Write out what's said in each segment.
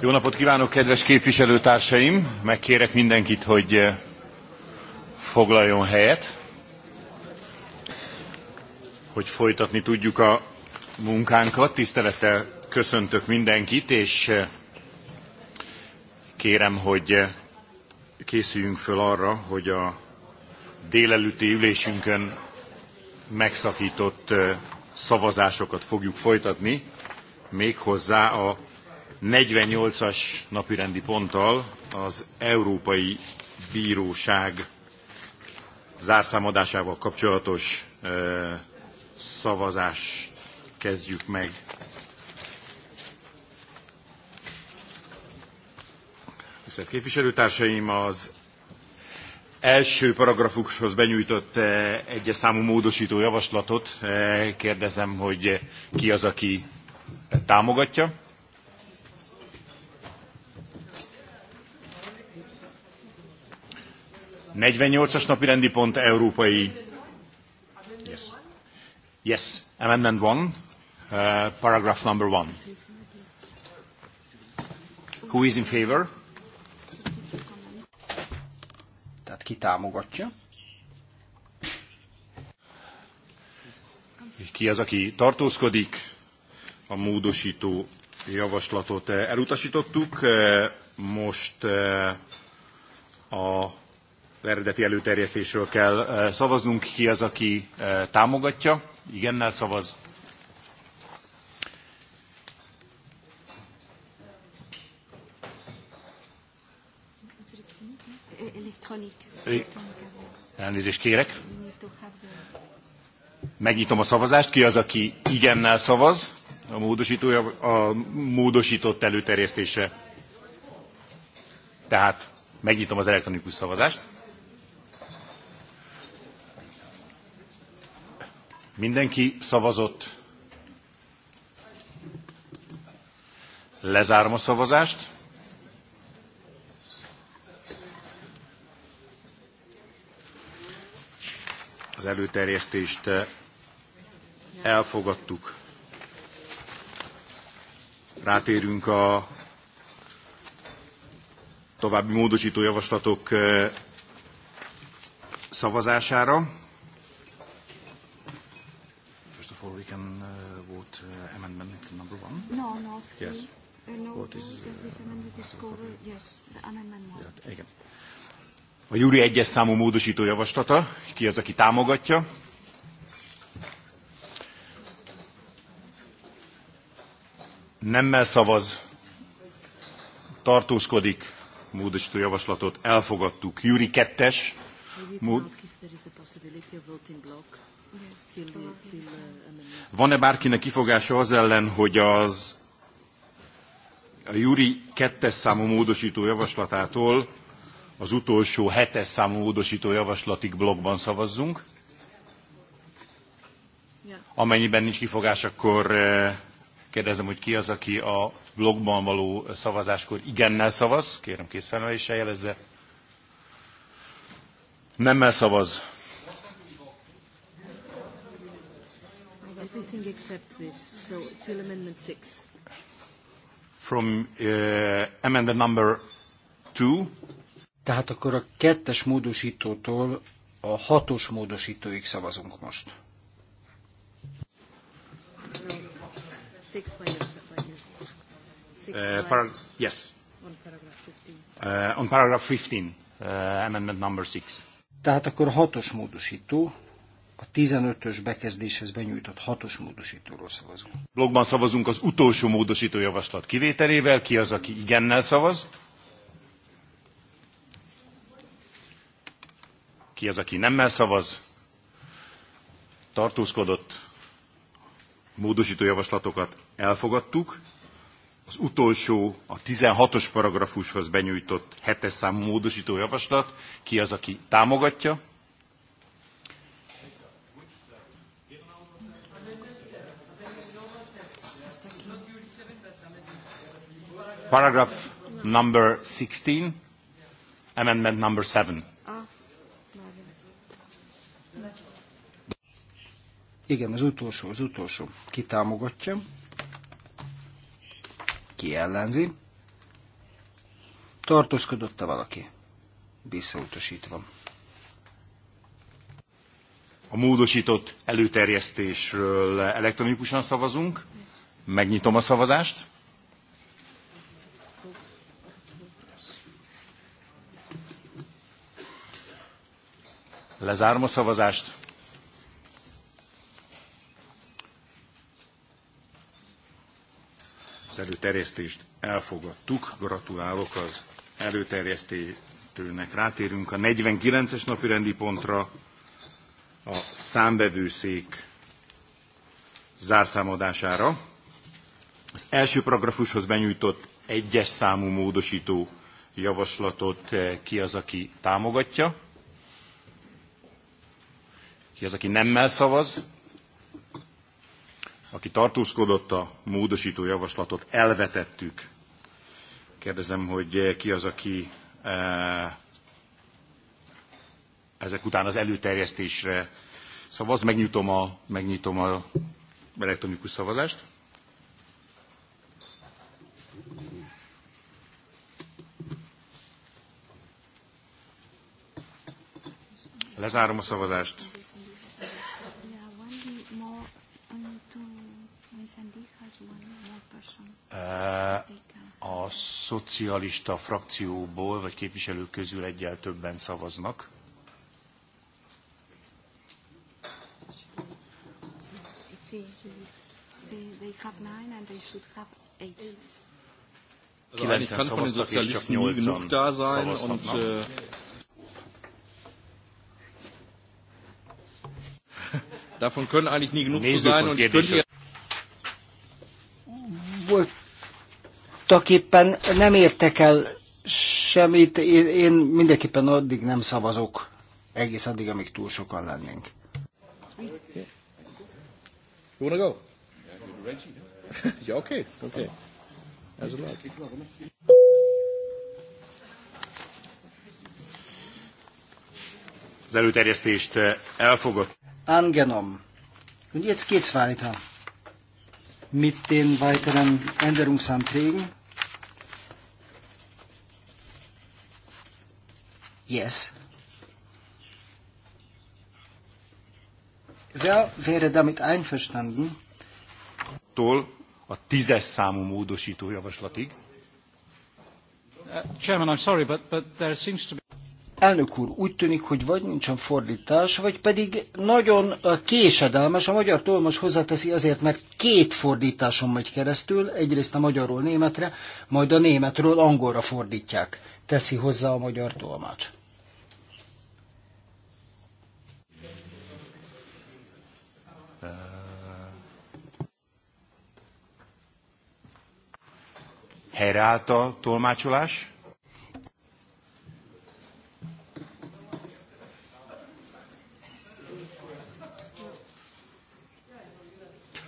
Jó napot kívánok, kedves képviselőtársaim! Megkérek mindenkit, hogy eh, foglaljon helyet, hogy folytatni tudjuk a munkánkat. Tisztelettel köszöntök mindenkit, és eh, kérem, hogy eh, készüljünk föl arra, hogy a délelőtti ülésünkön megszakított eh, szavazásokat fogjuk folytatni, méghozzá a 48-as napirendi ponttal az Európai Bíróság zárszámadásával kapcsolatos szavazás kezdjük meg. Tisztelt képviselőtársaim, az első paragrafushoz benyújtott eh, egyes számú módosító javaslatot eh, kérdezem, hogy ki az, aki támogatja. Negyvennyolcas napi rendi pont európai. Yes. Yes, amendment one. Uh, paragraph number one. Who is in favor? Tehát ki támogatja? Ki az, aki tartózkodik? A módosító javaslatot uh, elutasítottuk. Uh, most a eredeti előterjesztésről kell szavaznunk. Ki az, aki támogatja? Igennel szavaz. Elnézést kérek. Megnyitom a szavazást. Ki az, aki igennel szavaz a, módosítója, a módosított előterjesztésre? Tehát megnyitom az elektronikus szavazást. Mindenki szavazott. Lezárom a szavazást. az előterjesztést elfogadtuk. Rátérünk a további módosító javaslatok szavazására. First of all, we can vote amendment number one. No, no. Yes. no, what is, uh, this amendment is covered. Yes, the amendment one. Yeah, igen. A Júri egyes számú módosító javaslata. Ki az, aki támogatja? Nemmel szavaz. Tartózkodik. Módosító javaslatot elfogadtuk. Júri kettes. Uh, Van-e bárkinek kifogása az ellen, hogy az a Júri kettes számú módosító javaslatától az utolsó hetes számú módosító javaslatig blogban szavazzunk. Amennyiben nincs kifogás, akkor eh, kérdezem, hogy ki az, aki a blogban való szavazáskor igennel szavaz. Kérem készfelmeléssel jelezze. Nemmel szavaz. Everything except this. So till amendment six. From uh, amendment number two tehát akkor a kettes módosítótól a hatos módosítóig szavazunk most. Uh, yes. Uh, on paragraph 15, uh, amendment number Tehát akkor hatos módosító, a 15-ös bekezdéshez benyújtott hatos módosítóról szavazunk. Blogban szavazunk az utolsó módosító javaslat kivételével. Ki az, aki igennel szavaz? Ki az, aki nemmel szavaz? Tartózkodott. Módosító javaslatokat elfogadtuk. Az utolsó, a 16-os paragrafushoz benyújtott 7-es számú módosító javaslat. Ki az, aki támogatja? Paragraph number 16, amendment number 7. Igen, az utolsó, az utolsó. Ki támogatja? Ki ellenzi? Tartózkodott-e valaki? Visszautasítva. A módosított előterjesztésről elektronikusan szavazunk. Megnyitom a szavazást. Lezárom a szavazást. előterjesztést elfogadtuk. Gratulálok az előterjesztőnek. Rátérünk a 49-es napi rendi pontra, a számbevőszék zárszámadására. Az első paragrafushoz benyújtott egyes számú módosító javaslatot eh, ki az, aki támogatja, ki az, aki nemmel szavaz, aki tartózkodott a módosító javaslatot, elvetettük. Kérdezem, hogy eh, ki az, aki eh, ezek után az előterjesztésre szavaz. Megnyitom a, megnyitom a elektronikus szavazást. Lezárom a szavazást. Eh, a szocialista frakcióból, vagy képviselők közül egyel többen szavaznak. Kilencen szavaztak, és csak nyolcan szavazhatnak. Äh, davon können eigentlich nie genug zu sein und ich könnte volt voltaképpen nem értek el semmit, én, én mindenképpen addig nem szavazok, egész addig, amíg túl sokan lennénk. You wanna go? yeah, okay, okay. a Az előterjesztést eh, elfogott. Angenom. Und jetzt geht's weiter. Mit den weiteren Änderungsanträgen. Yes. Wer wäre damit einverstanden? Tól a tízes számú módosító javaslatig. Uh, Chairman, I'm sorry, but, but there seems to be... Elnök úr, úgy tűnik, hogy vagy nincsen fordítás, vagy pedig nagyon uh, késedelmes. A magyar tolmas hozzáteszi azért, mert két fordításon megy keresztül, egyrészt a magyarról németre, majd a németről angolra fordítják, teszi hozzá a magyar tolmács. helyreállt a tolmácsolás?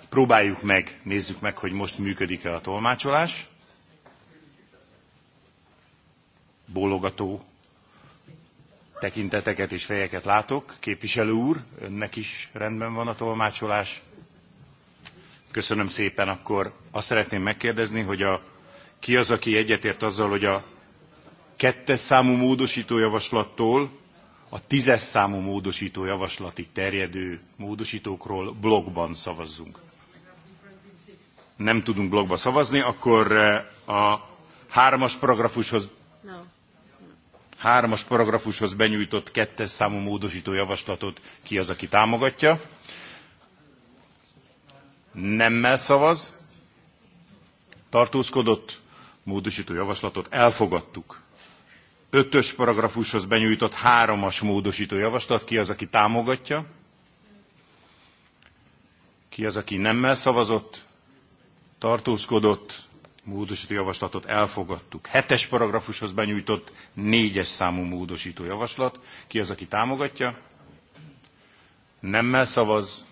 Próbáljuk meg, nézzük meg, hogy most működik-e a tolmácsolás. Bólogató tekinteteket és fejeket látok. Képviselő úr, önnek is rendben van a tolmácsolás. Köszönöm szépen, akkor azt szeretném megkérdezni, hogy a ki az, aki egyetért azzal, hogy a kettes számú módosítójavaslattól a tízes számú módosító javaslatig terjedő módosítókról blogban szavazzunk. Nem tudunk blogban szavazni, akkor eh, a hármas paragrafushoz, hármas paragrafushoz benyújtott kettes számú módosító javaslatot ki az, aki támogatja. Nemmel szavaz, tartózkodott, módosító javaslatot elfogadtuk. Ötös paragrafushoz benyújtott háromas módosító javaslat, ki az, aki támogatja, ki az, aki nemmel szavazott, tartózkodott, módosító javaslatot elfogadtuk. Hetes paragrafushoz benyújtott négyes számú módosító javaslat, ki az, aki támogatja, nemmel szavaz,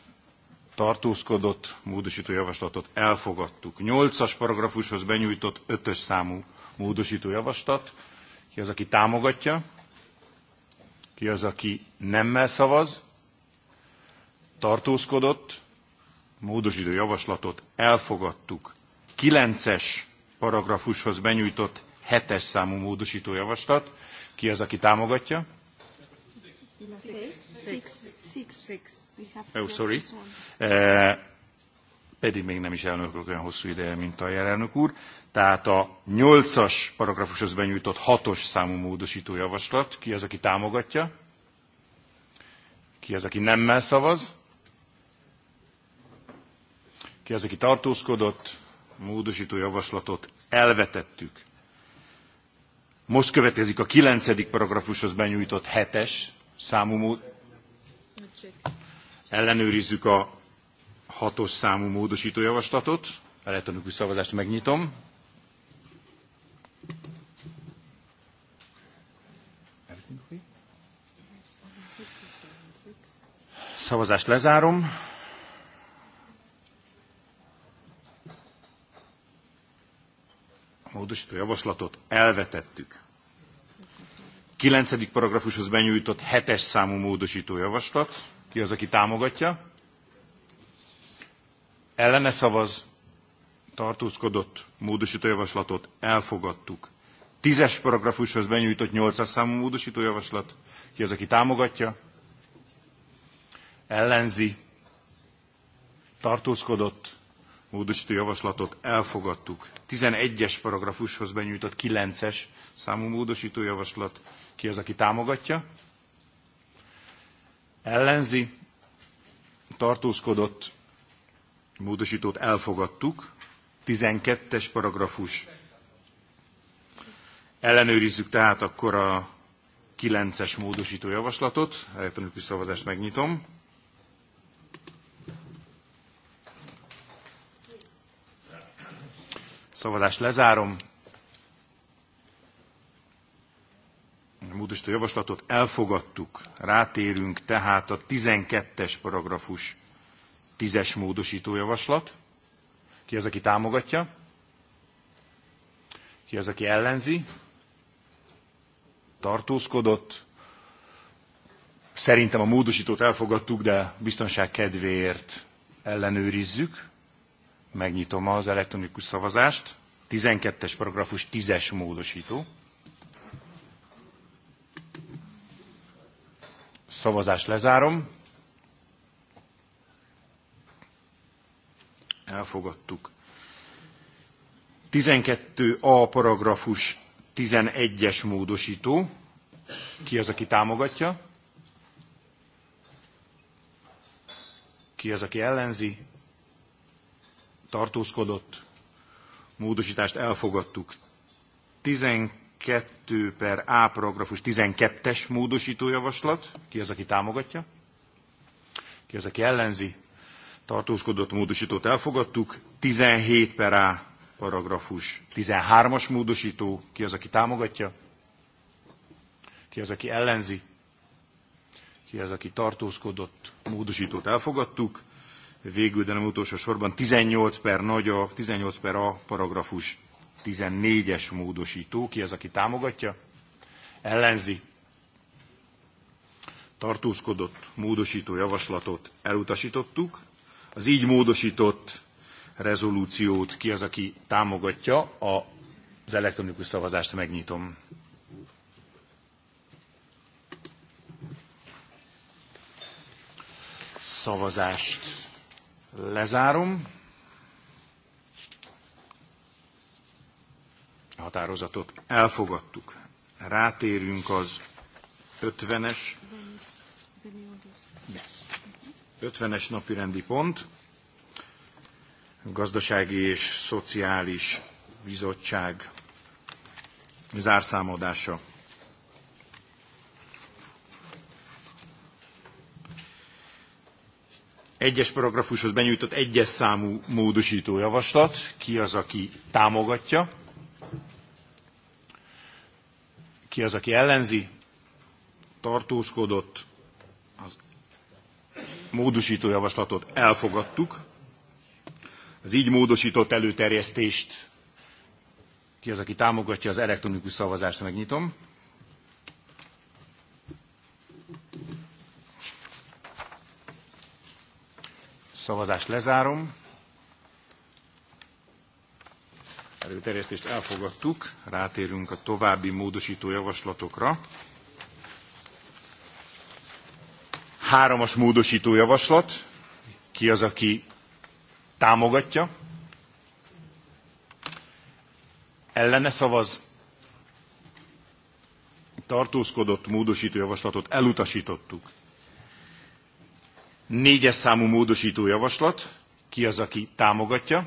tartózkodott, módosító javaslatot elfogadtuk. Nyolcas paragrafushoz benyújtott ötös számú módosító javaslat. Ki az, aki támogatja? Ki az, aki nemmel szavaz? Tartózkodott, módosító javaslatot elfogadtuk. Kilences paragrafushoz benyújtott hetes számú módosító javaslat. Ki az, aki támogatja? Six. Six. Six. Six. Oh, sorry. Eh, pedig még nem is elnökök olyan hosszú ideje, mint a jelenlök úr. Tehát a 8-as paragrafushoz benyújtott 6-os számú módosító javaslat, ki az, aki támogatja? Ki az, aki nemmel szavaz? Ki az, aki tartózkodott? Módosító javaslatot elvetettük. Most következik a 9. paragrafushoz benyújtott 7-es számú módosító ellenőrizzük a hatos számú módosító javaslatot. Elektronikus szavazást megnyitom. Szavazást lezárom. A módosító javaslatot elvetettük. 9. paragrafushoz benyújtott 7-es számú módosító javaslat. Ki az, aki támogatja? Ellene szavaz, tartózkodott, módosító javaslatot elfogadtuk. Tízes paragrafushoz benyújtott 800 számú módosító javaslat. Ki az, aki támogatja? Ellenzi, tartózkodott, módosító javaslatot elfogadtuk. 11-es paragrafushoz benyújtott 9-es számú módosító javaslat. Ki az, aki támogatja? ellenzi, tartózkodott, módosítót elfogadtuk, 12-es paragrafus. Ellenőrizzük tehát akkor a 9-es módosító javaslatot, elektronikus szavazást megnyitom. Szavazást lezárom. módosító javaslatot elfogadtuk. Rátérünk tehát a 12-es paragrafus 10-es módosító javaslat. Ki az, aki támogatja? Ki az, aki ellenzi? Tartózkodott. Szerintem a módosítót elfogadtuk, de biztonság kedvéért ellenőrizzük. Megnyitom az elektronikus szavazást. 12-es paragrafus 10-es módosító. Szavazást lezárom. Elfogadtuk. 12a paragrafus 11-es módosító. Ki az, aki támogatja? Ki az, aki ellenzi? Tartózkodott. Módosítást elfogadtuk. 12 2 per A paragrafus 12-es módosítójavaslat. Ki az, aki támogatja? Ki az, aki ellenzi? Tartózkodott módosítót elfogadtuk. 17 per A paragrafus 13-as módosító. Ki az, aki támogatja? Ki az, aki ellenzi? Ki az, aki tartózkodott módosítót elfogadtuk. Végül, de nem utolsó sorban 18 per nagy a, 18 per A paragrafus 14-es módosító. Ki az, aki támogatja? Ellenzi. Tartózkodott módosító javaslatot elutasítottuk. Az így módosított rezolúciót ki az, aki támogatja a az elektronikus szavazást megnyitom. Szavazást lezárom. határozatot elfogadtuk. Rátérünk az 50-es 50 napi rendi pont, gazdasági és szociális bizottság zárszámadása. Egyes paragrafushoz benyújtott egyes számú módosító javaslat, ki az, aki támogatja, Ki az, aki ellenzi? Tartózkodott. Az módosító javaslatot elfogadtuk. Az így módosított előterjesztést ki az, aki támogatja az elektronikus szavazást, megnyitom. Szavazást lezárom. előterjesztést elfogadtuk, rátérünk a további módosító javaslatokra. Háromas módosító javaslat, ki az, aki támogatja, ellene szavaz, tartózkodott módosító javaslatot elutasítottuk. Négyes számú módosító javaslat, ki az, aki támogatja,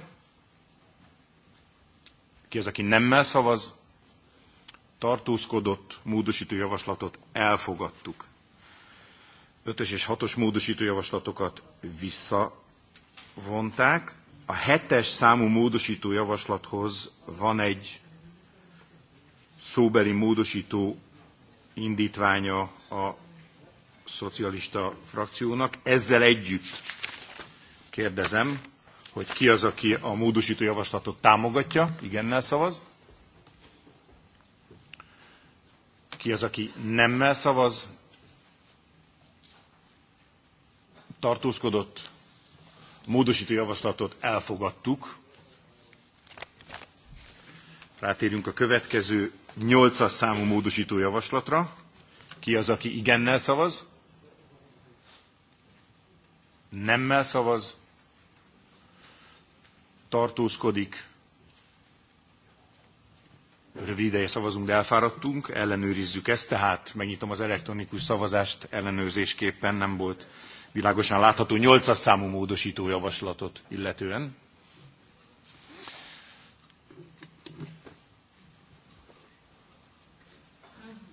ki az, aki nemmel szavaz? Tartózkodott módosító javaslatot elfogadtuk. Ötös és hatos módosító javaslatokat visszavonták. A hetes számú módosító javaslathoz van egy szóbeli módosító indítványa a szocialista frakciónak. Ezzel együtt kérdezem, hogy ki az, aki a módosító javaslatot támogatja, igennel szavaz. Ki az, aki nemmel szavaz, tartózkodott, módosító javaslatot elfogadtuk. Rátérünk a következő 8-as számú módosító javaslatra. Ki az, aki igennel szavaz? Nemmel szavaz? tartózkodik, rövid ideje szavazunk, de elfáradtunk, ellenőrizzük ezt, tehát megnyitom az elektronikus szavazást ellenőrzésképpen, nem volt világosan látható 800 számú módosító javaslatot illetően.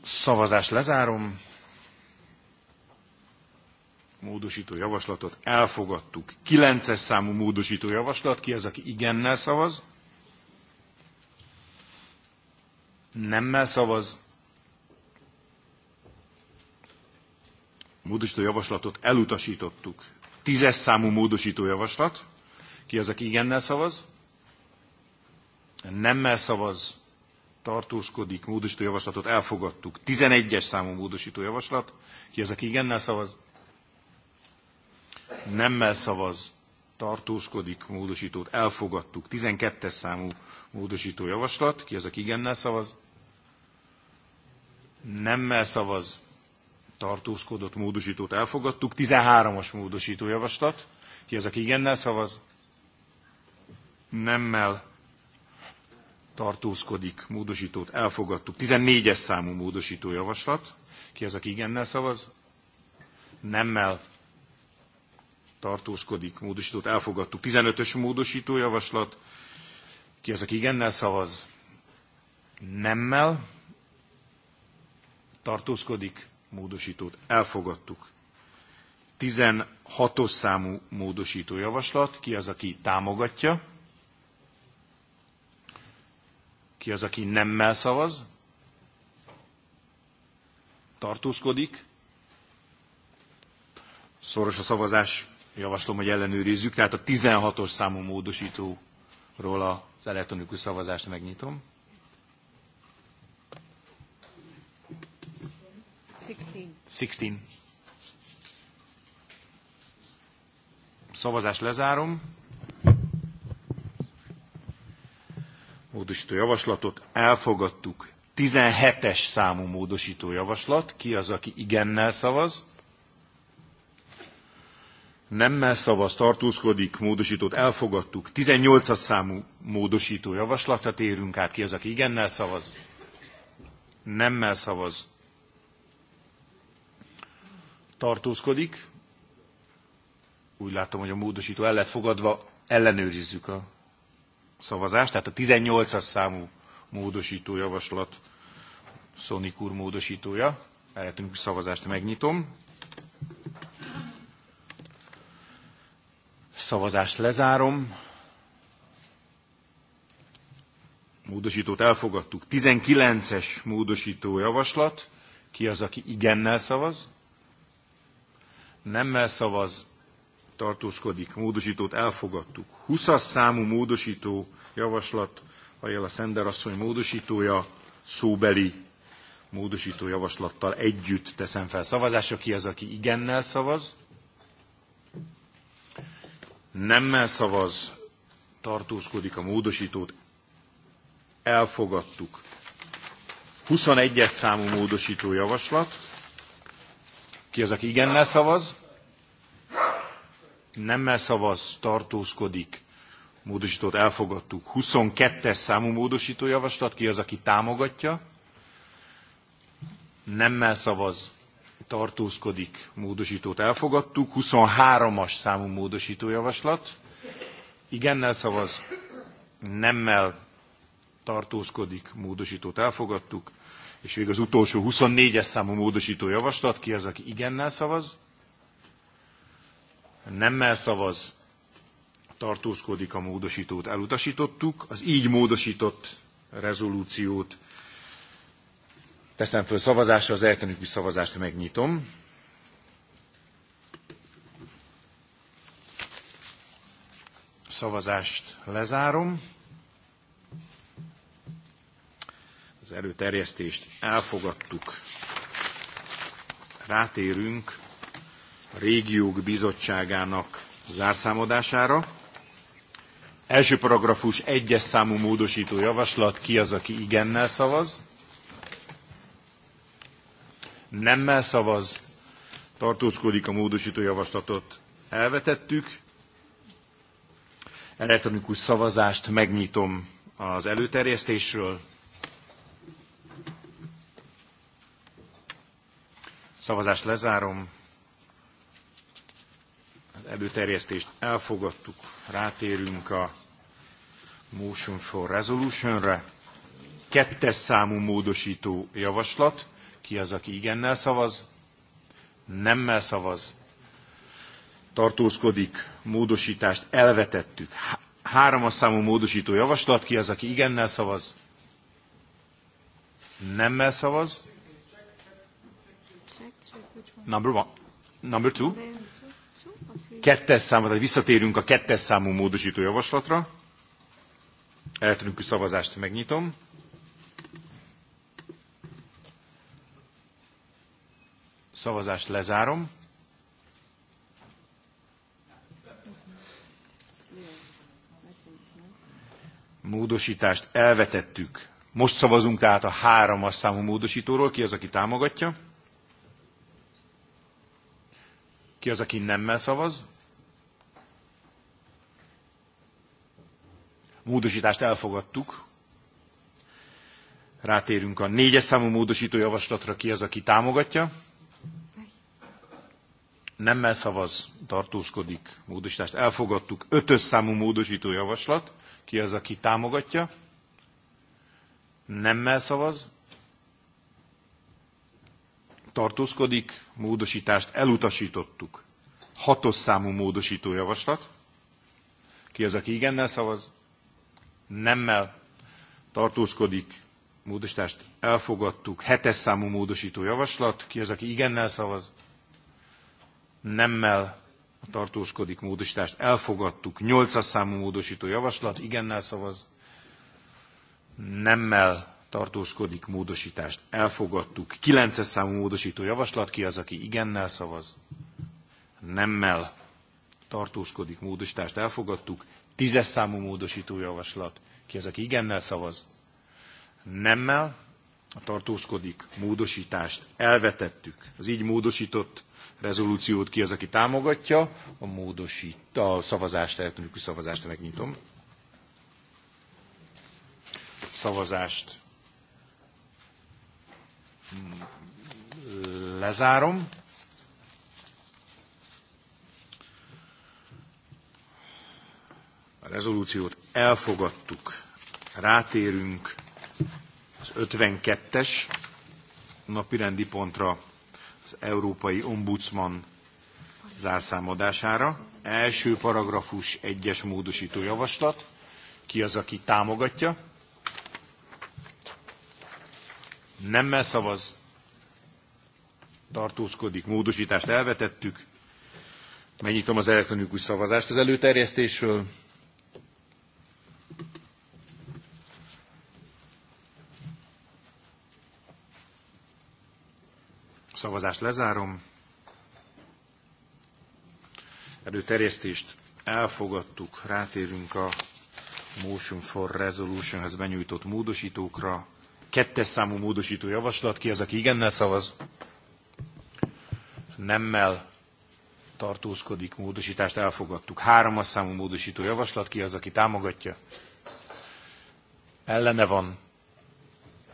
Szavazást lezárom módosító javaslatot elfogadtuk. 9 számú módosító javaslat, ki az, aki igennel szavaz? Nemmel szavaz? Módosító javaslatot elutasítottuk. Tízes számú módosító javaslat, ki az, aki igennel szavaz? Nemmel szavaz, tartózkodik, módosító javaslatot elfogadtuk. 11-es számú módosító javaslat, ki az, aki igennel szavaz? nemmel szavaz, tartózkodik módosítót, elfogadtuk. 12-es számú módosító javaslat, ki az, aki igennel szavaz, nemmel szavaz, tartózkodott módosítót elfogadtuk. 13-as módosító javaslat, ki az, aki igennel szavaz, nemmel tartózkodik módosítót elfogadtuk. 14-es számú módosító javaslat, ki az, aki igennel szavaz, nemmel tartózkodik, módosítót elfogadtuk. 15-ös módosító javaslat, ki az, aki igennel szavaz, nemmel, tartózkodik, módosítót elfogadtuk. 16-os számú módosító javaslat, ki az, aki támogatja, ki az, aki nemmel szavaz, tartózkodik, szoros a szavazás, javaslom, hogy ellenőrizzük. Tehát a 16-os számú módosítóról az elektronikus szavazást megnyitom. Sixteen. Szavazást lezárom. Módosító javaslatot elfogadtuk. 17-es számú módosító javaslat. Ki az, aki igennel szavaz? nemmel szavaz, tartózkodik, módosítót elfogadtuk. 18-as számú módosító javaslatra térünk át. Ki az, aki igennel szavaz? Nemmel szavaz. Tartózkodik. Úgy látom, hogy a módosító el lett fogadva. Ellenőrizzük a szavazást. Tehát a 18-as számú módosító javaslat Szonik módosítója. Elhetünk szavazást megnyitom. Szavazást lezárom. Módosítót elfogadtuk. 19-es módosító javaslat. Ki az, aki igennel szavaz? Nemmel szavaz, tartózkodik. Módosítót elfogadtuk. 20-as számú módosító javaslat, ajánl a Szender asszony módosítója, szóbeli módosító javaslattal együtt teszem fel szavazásra. Ki az, aki igennel szavaz? nemmel szavaz, tartózkodik a módosítót, elfogadtuk. 21-es számú módosító javaslat. Ki az, aki igennel szavaz? Nemmel szavaz, tartózkodik, módosítót elfogadtuk. 22-es számú módosító javaslat. Ki az, aki támogatja? Nemmel szavaz, tartózkodik módosítót elfogadtuk, 23-as számú módosítójavaslat, igennel szavaz, nemmel tartózkodik módosítót elfogadtuk, és végül az utolsó 24-es számú módosítójavaslat, ki az, aki igennel szavaz, nemmel szavaz, tartózkodik a módosítót, elutasítottuk. Az így módosított rezolúciót Teszem föl szavazásra, az elektronikus szavazást megnyitom. Szavazást lezárom. Az előterjesztést elfogadtuk. Rátérünk a régiók bizottságának zárszámodására. Első paragrafus egyes számú módosító javaslat, ki az, aki igennel szavaz nemmel szavaz, tartózkodik a módosító javaslatot. Elvetettük. Elektronikus szavazást megnyitom az előterjesztésről. Szavazást lezárom. Az előterjesztést elfogadtuk. Rátérünk a Motion for Resolution-re. Kettes számú módosító javaslat. Ki az, aki igennel szavaz? Nemmel szavaz. Tartózkodik. Módosítást elvetettük. Háromas számú módosító javaslat. Ki az, aki igennel szavaz? Nemmel szavaz. Number one. Number two. Kettes számú, tehát visszatérünk a kettes számú módosító javaslatra. Eltűnünk szavazást megnyitom. Szavazást lezárom. Módosítást elvetettük. Most szavazunk tehát a három számú módosítóról. Ki az, aki támogatja? Ki az, aki nemmel szavaz? Módosítást elfogadtuk. Rátérünk a négyes számú módosító javaslatra. Ki az, aki támogatja? nemmel szavaz, tartózkodik, módosítást elfogadtuk. Ötös számú módosító javaslat. Ki az, aki támogatja? Nemmel szavaz, tartózkodik, módosítást elutasítottuk. Hatos számú módosító javaslat. Ki az, aki igennel szavaz? Nemmel tartózkodik, módosítást elfogadtuk. Hetes számú módosító javaslat. Ki az, aki igennel szavaz? nemmel tartózkodik módosítást. Elfogadtuk. 8 számú módosító javaslat. Igennel szavaz. Nemmel tartózkodik módosítást. Elfogadtuk. 9 számú módosító javaslat. Ki az, aki igennel szavaz? Nemmel tartózkodik módosítást. Elfogadtuk. 10 számú módosító javaslat. Ki az, aki igennel szavaz? Nemmel a tartózkodik módosítást elvetettük. Az így módosított rezolúciót, ki az, aki támogatja, a módosít, a szavazást, elektronikus szavazást megnyitom. Szavazást lezárom. A rezolúciót elfogadtuk. Rátérünk az 52-es napirendi pontra az Európai Ombudsman zárszámadására. Első paragrafus egyes módosító javaslat. Ki az, aki támogatja? Nemmel szavaz. Tartózkodik. Módosítást elvetettük. Megnyitom az elektronikus szavazást az előterjesztésről. Szavazást lezárom. Előterjesztést elfogadtuk, rátérünk a Motion for Resolutionhez benyújtott módosítókra. Kettes számú módosító javaslat, ki az, aki igennel szavaz? Nemmel tartózkodik, módosítást elfogadtuk. Háromas számú módosító javaslat, ki az, aki támogatja? Ellene van,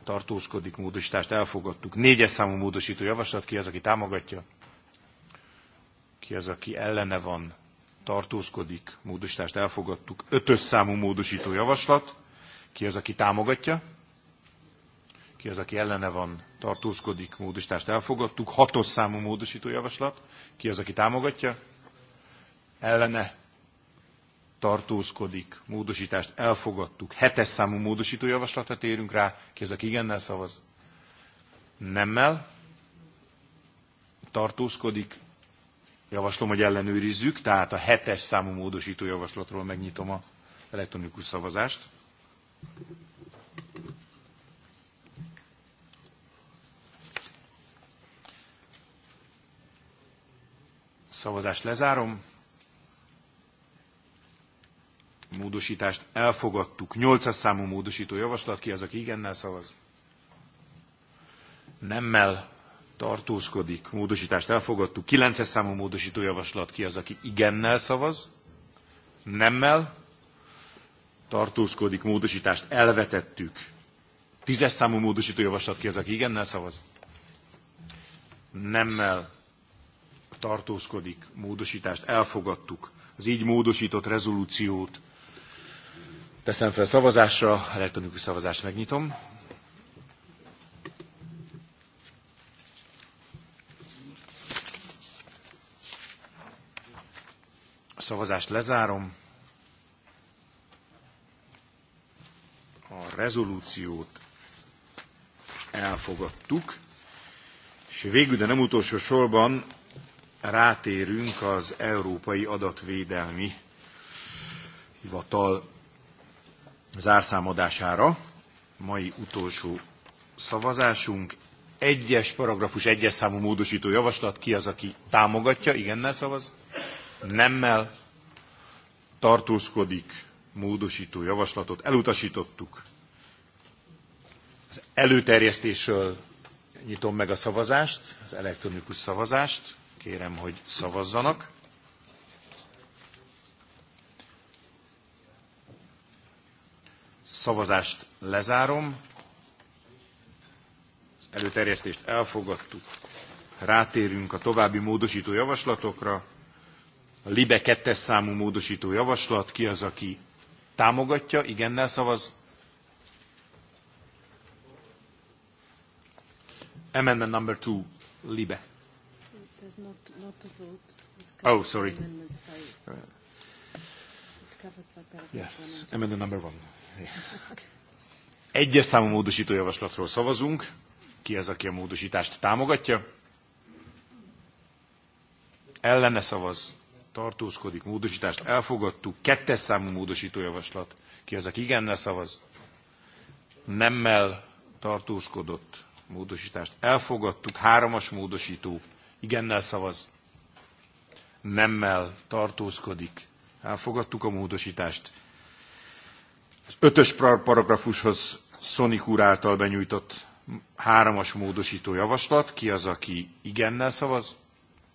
tartózkodik, módosítást elfogadtuk. Négyes számú módosító javaslat, ki az, aki támogatja? Ki az, aki ellene van, tartózkodik, módosítást elfogadtuk. Ötös számú módosító javaslat, ki az, aki támogatja? Ki az, aki ellene van, tartózkodik, módosítást elfogadtuk. Hatos számú módosító javaslat, ki az, aki támogatja? Ellene tartózkodik, módosítást elfogadtuk. Hetes számú módosító javaslatot térünk rá. Ki az, aki igennel szavaz? Nemmel. Tartózkodik. Javaslom, hogy ellenőrizzük. Tehát a hetes számú módosító javaslatról megnyitom a elektronikus szavazást. Szavazást lezárom módosítást elfogadtuk. 8 számú módosító javaslat, ki az, aki igennel szavaz? Nemmel tartózkodik, módosítást elfogadtuk. 9 számú módosító javaslat, ki az, aki igennel szavaz? Nemmel tartózkodik, módosítást elvetettük. 10 számú módosító javaslat ki az, aki igennel szavaz? Nemmel tartózkodik, módosítást elfogadtuk. Az így módosított rezolúciót Teszem fel szavazásra, elektronikus szavazást megnyitom. A szavazást lezárom. A rezolúciót elfogadtuk, és végül, de nem utolsó sorban rátérünk az Európai Adatvédelmi Hivatal zárszámadására. Mai utolsó szavazásunk. Egyes paragrafus, egyes számú módosító javaslat. Ki az, aki támogatja? Igennel szavaz? Nemmel tartózkodik módosító javaslatot. Elutasítottuk. Az előterjesztésről nyitom meg a szavazást, az elektronikus szavazást. Kérem, hogy szavazzanak. Szavazást lezárom. Az előterjesztést elfogadtuk. Rátérünk a további módosító javaslatokra. A LIBE 2 számú módosító javaslat, ki az, aki támogatja, igennel szavaz. Amendment number two, LIBE. oh, sorry. Yes, amendment number one. Egyes számú módosító javaslatról szavazunk. Ki az, aki a módosítást támogatja? Ellene szavaz, tartózkodik, módosítást elfogadtuk. Kettes számú módosító javaslat. Ki az, aki igennel szavaz? Nemmel tartózkodott, módosítást elfogadtuk. Háromas módosító igennel szavaz, nemmel tartózkodik. Elfogadtuk a módosítást. Az ötös paragrafushoz Szonik úr által benyújtott háromas módosító javaslat. Ki az, aki igennel szavaz?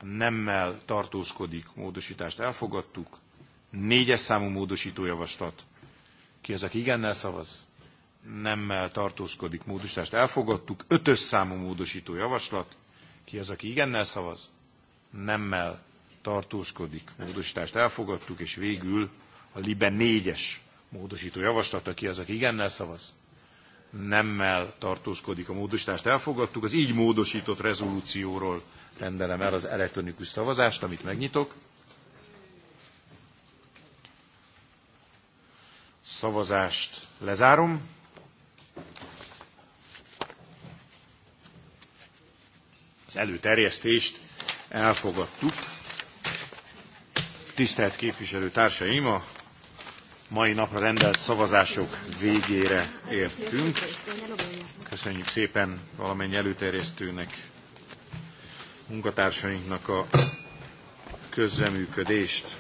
Nemmel tartózkodik, módosítást elfogadtuk. Négyes számú módosító javaslat. Ki az, aki igennel szavaz? Nemmel tartózkodik, módosítást elfogadtuk. Ötös számú módosító javaslat. Ki az, aki igennel szavaz? Nemmel tartózkodik, módosítást elfogadtuk, és végül a Libe négyes módosító javaslata, ki az, aki igennel szavaz, nemmel tartózkodik a módosítást. Elfogadtuk, az így módosított rezolúcióról rendelem el az elektronikus szavazást, amit megnyitok. Szavazást lezárom. Az előterjesztést elfogadtuk. Tisztelt képviselő társaim, a mai napra rendelt szavazások végére értünk. Köszönjük szépen valamennyi előterjesztőnek, munkatársainknak a közreműködést.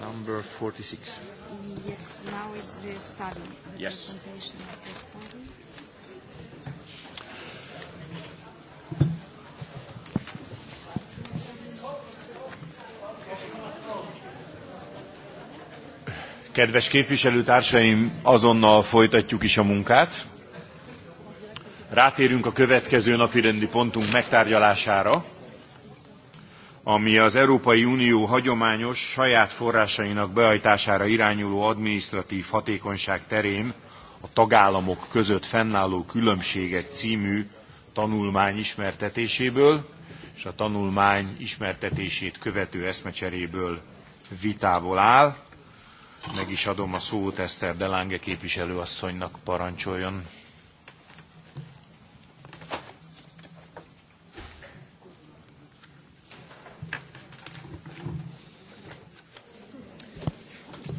Number 46. Yes, now is the study. The yes. Presentation of the study. Kedves képviselőtársaim, azonnal folytatjuk is a munkát. Rátérünk a következő napi rendi pontunk megtárgyalására ami az Európai Unió hagyományos saját forrásainak behajtására irányuló adminisztratív hatékonyság terén a tagállamok között fennálló különbségek című tanulmány ismertetéséből és a tanulmány ismertetését követő eszmecseréből vitából áll. Meg is adom a szót Eszter Delange képviselőasszonynak parancsoljon.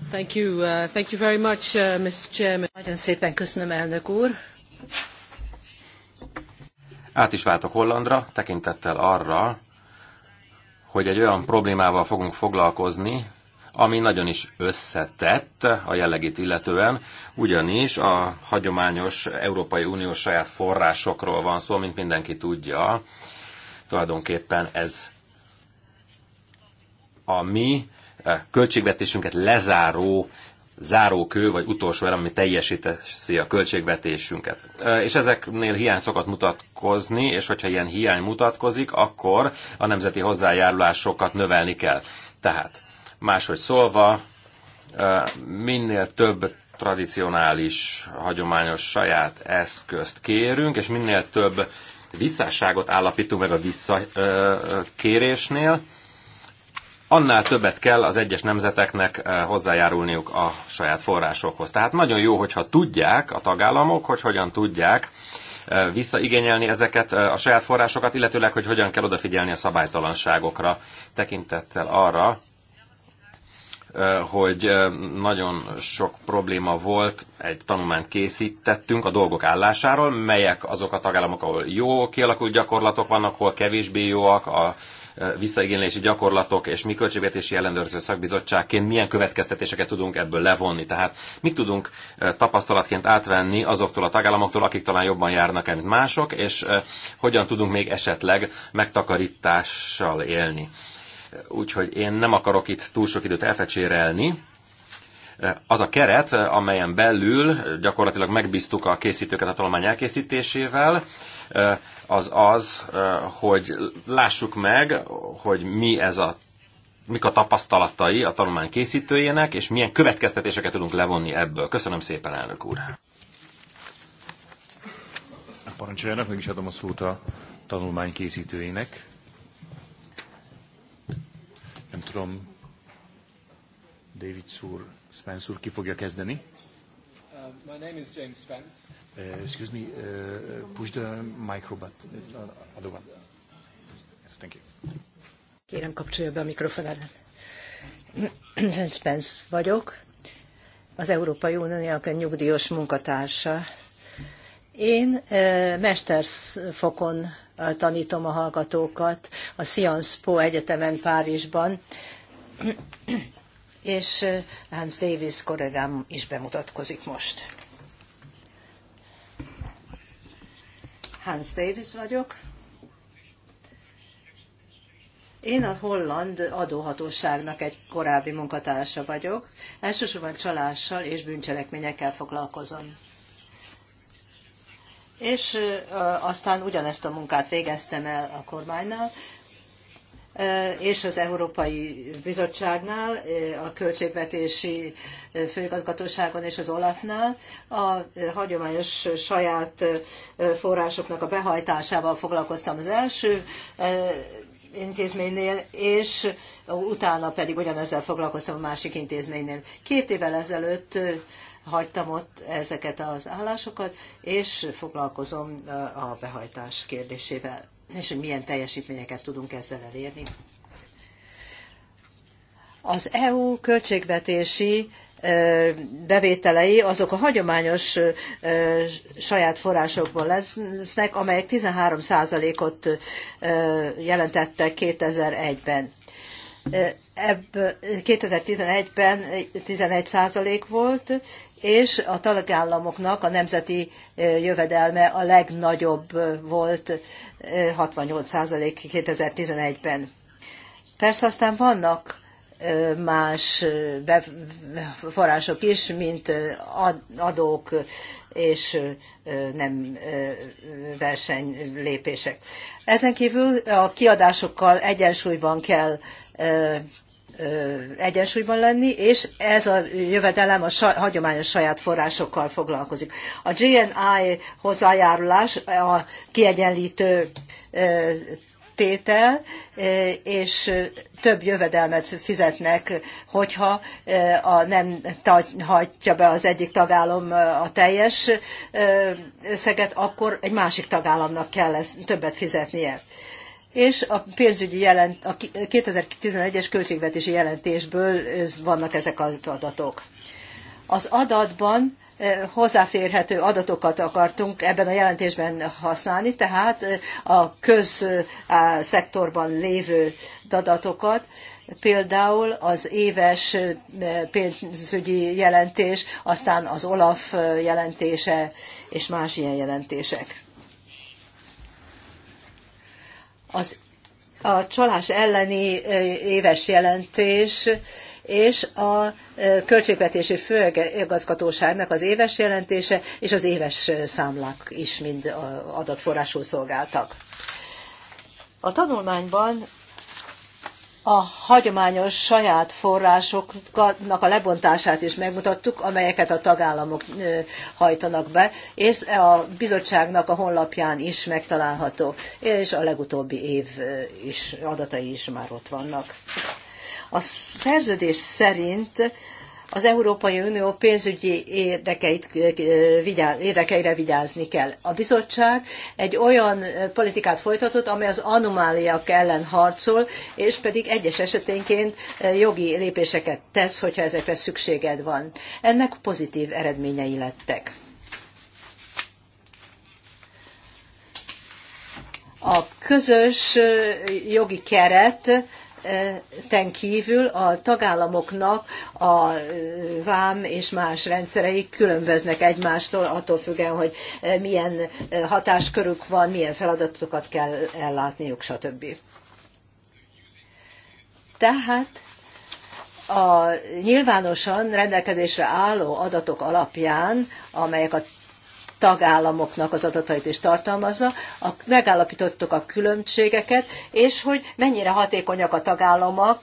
Thank you, uh, thank you very much, uh, Mr. Chairman. Nagyon szépen köszönöm, elnök úr. Át is váltok Hollandra, tekintettel arra, hogy egy olyan problémával fogunk foglalkozni, ami nagyon is összetett a jellegét illetően, ugyanis a hagyományos Európai Uniós saját forrásokról van szó, mint mindenki tudja. Tulajdonképpen ez a mi költségvetésünket lezáró zárókő, vagy utolsó elem, ami teljesíteszi a költségvetésünket. És ezeknél hiány szokott mutatkozni, és hogyha ilyen hiány mutatkozik, akkor a nemzeti hozzájárulásokat növelni kell. Tehát, máshogy szólva, minél több tradicionális, hagyományos saját eszközt kérünk, és minél több visszásságot állapítunk meg a visszakérésnél, annál többet kell az egyes nemzeteknek eh, hozzájárulniuk a saját forrásokhoz. Tehát nagyon jó, hogyha tudják a tagállamok, hogy hogyan tudják eh, visszaigényelni ezeket eh, a saját forrásokat, illetőleg, hogy hogyan kell odafigyelni a szabálytalanságokra tekintettel arra, hogy nagyon sok probléma volt, egy tanulmányt készítettünk a dolgok állásáról, melyek azok a tagállamok, ahol jó kialakult gyakorlatok vannak, hol kevésbé jóak a visszaigénylési gyakorlatok és mi költségvetési ellenőrző szakbizottságként milyen következtetéseket tudunk ebből levonni. Tehát mit tudunk tapasztalatként átvenni azoktól a tagállamoktól, akik talán jobban járnak el, mint mások, és hogyan tudunk még esetleg megtakarítással élni. Úgyhogy én nem akarok itt túl sok időt elfecsérelni, az a keret, amelyen belül gyakorlatilag megbíztuk a készítőket a tanulmány elkészítésével, az az, hogy lássuk meg, hogy mi ez a mik a tapasztalatai a tanulmány készítőjének, és milyen következtetéseket tudunk levonni ebből. Köszönöm szépen, elnök úr! Parancsoljanak, meg is adom a szót a tanulmány készítőjének. Nem tudom, David Szúr, Spence úr, ki fogja kezdeni? Uh, my name is James Spence. Uh, excuse me, uh, push the micro button, other one. Yes, thank you. Kérem, kapcsolja be a mikrofonát. Spence vagyok, az Európai Uniónak nyugdíjas munkatársa. Én mesterfokon tanítom a hallgatókat a Sciences Po Egyetemen Párizsban, és Hans Davis kollégám is bemutatkozik most. Hans Davis vagyok. Én a holland adóhatóságnak egy korábbi munkatársa vagyok. Elsősorban csalással és bűncselekményekkel foglalkozom. És aztán ugyanezt a munkát végeztem el a kormánynál, Eh, és az Európai Bizottságnál, eh, a Költségvetési eh, Főigazgatóságon és az olaf-nál a hagyományos saját forrásoknak a behajtásával foglalkoztam az első intézménynél, és utána pedig ugyanezzel foglalkoztam a másik intézménynél. Két évvel ezelőtt hagytam ott ezeket az állásokat, és foglalkozom a behajtás kérdésével és hogy milyen teljesítményeket tudunk ezzel elérni. Az EU költségvetési bevételei azok a hagyományos saját forrásokból lesznek, amelyek 13%-ot jelentettek 2001-ben. Ebből 2011-ben 11% volt, és a tagállamoknak a nemzeti jövedelme a legnagyobb volt 68% 2011-ben. Persze aztán vannak más források is, mint adók és nem versenylépések. Ezen kívül a kiadásokkal egyensúlyban kell egyensúlyban lenni, és ez a jövedelem a saj, hagyományos saját forrásokkal foglalkozik. A GNI hozzájárulás a kiegyenlítő tétel, és több jövedelmet fizetnek, hogyha a nem hagyja be az egyik tagállam a teljes összeget, akkor egy másik tagállamnak kell ezt többet fizetnie és a pénzügyi jelent, a 2011-es költségvetési jelentésből vannak ezek az adatok. Az adatban eh, hozzáférhető adatokat akartunk ebben a jelentésben használni, tehát eh, a közszektorban eh, lévő adatokat, például az éves pénzügyi jelentés, aztán az OLAF jelentése és más ilyen jelentések az a csalás elleni éves jelentés és a költségvetési főigazgatóságnak az éves jelentése és az éves számlák is mind adatforrásul szolgáltak. A tanulmányban a hagyományos saját forrásoknak a lebontását is megmutattuk, amelyeket a tagállamok hajtanak be, és a bizottságnak a honlapján is megtalálható, és a legutóbbi év is, adatai is már ott vannak. A szerződés szerint az Európai Unió pénzügyi érdekeit, érdekeire vigyázni kell. A bizottság egy olyan politikát folytatott, amely az anomáliák ellen harcol, és pedig egyes eseténként jogi lépéseket tesz, hogyha ezekre szükséged van. Ennek pozitív eredményei lettek. A közös jogi keret ten kívül a tagállamoknak a vám és más rendszerei különböznek egymástól, attól függően, hogy milyen hatáskörük van, milyen feladatokat kell ellátniuk, stb. Tehát a nyilvánosan rendelkezésre álló adatok alapján, amelyek a tagállamoknak az adatait is tartalmazza. A, megállapítottuk a különbségeket, és hogy mennyire hatékonyak a tagállamok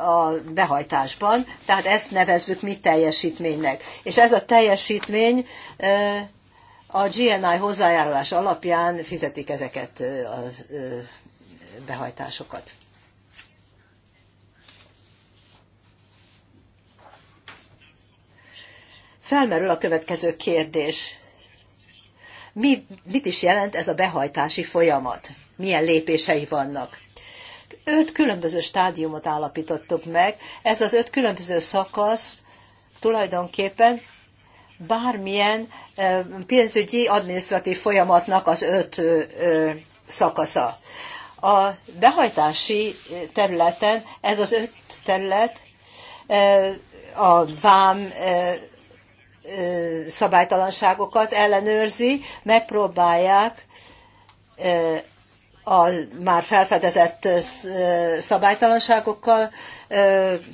a behajtásban, tehát ezt nevezzük mi teljesítménynek. És ez a teljesítmény a GNI hozzájárulás alapján fizetik ezeket a behajtásokat. Felmerül a következő kérdés mi, mit is jelent ez a behajtási folyamat? Milyen lépései vannak? Öt különböző stádiumot állapítottuk meg. Ez az öt különböző szakasz tulajdonképpen bármilyen pénzügyi, adminisztratív folyamatnak az öt szakasza. A behajtási területen ez az öt terület a vám szabálytalanságokat ellenőrzi, megpróbálják a már felfedezett szabálytalanságokkal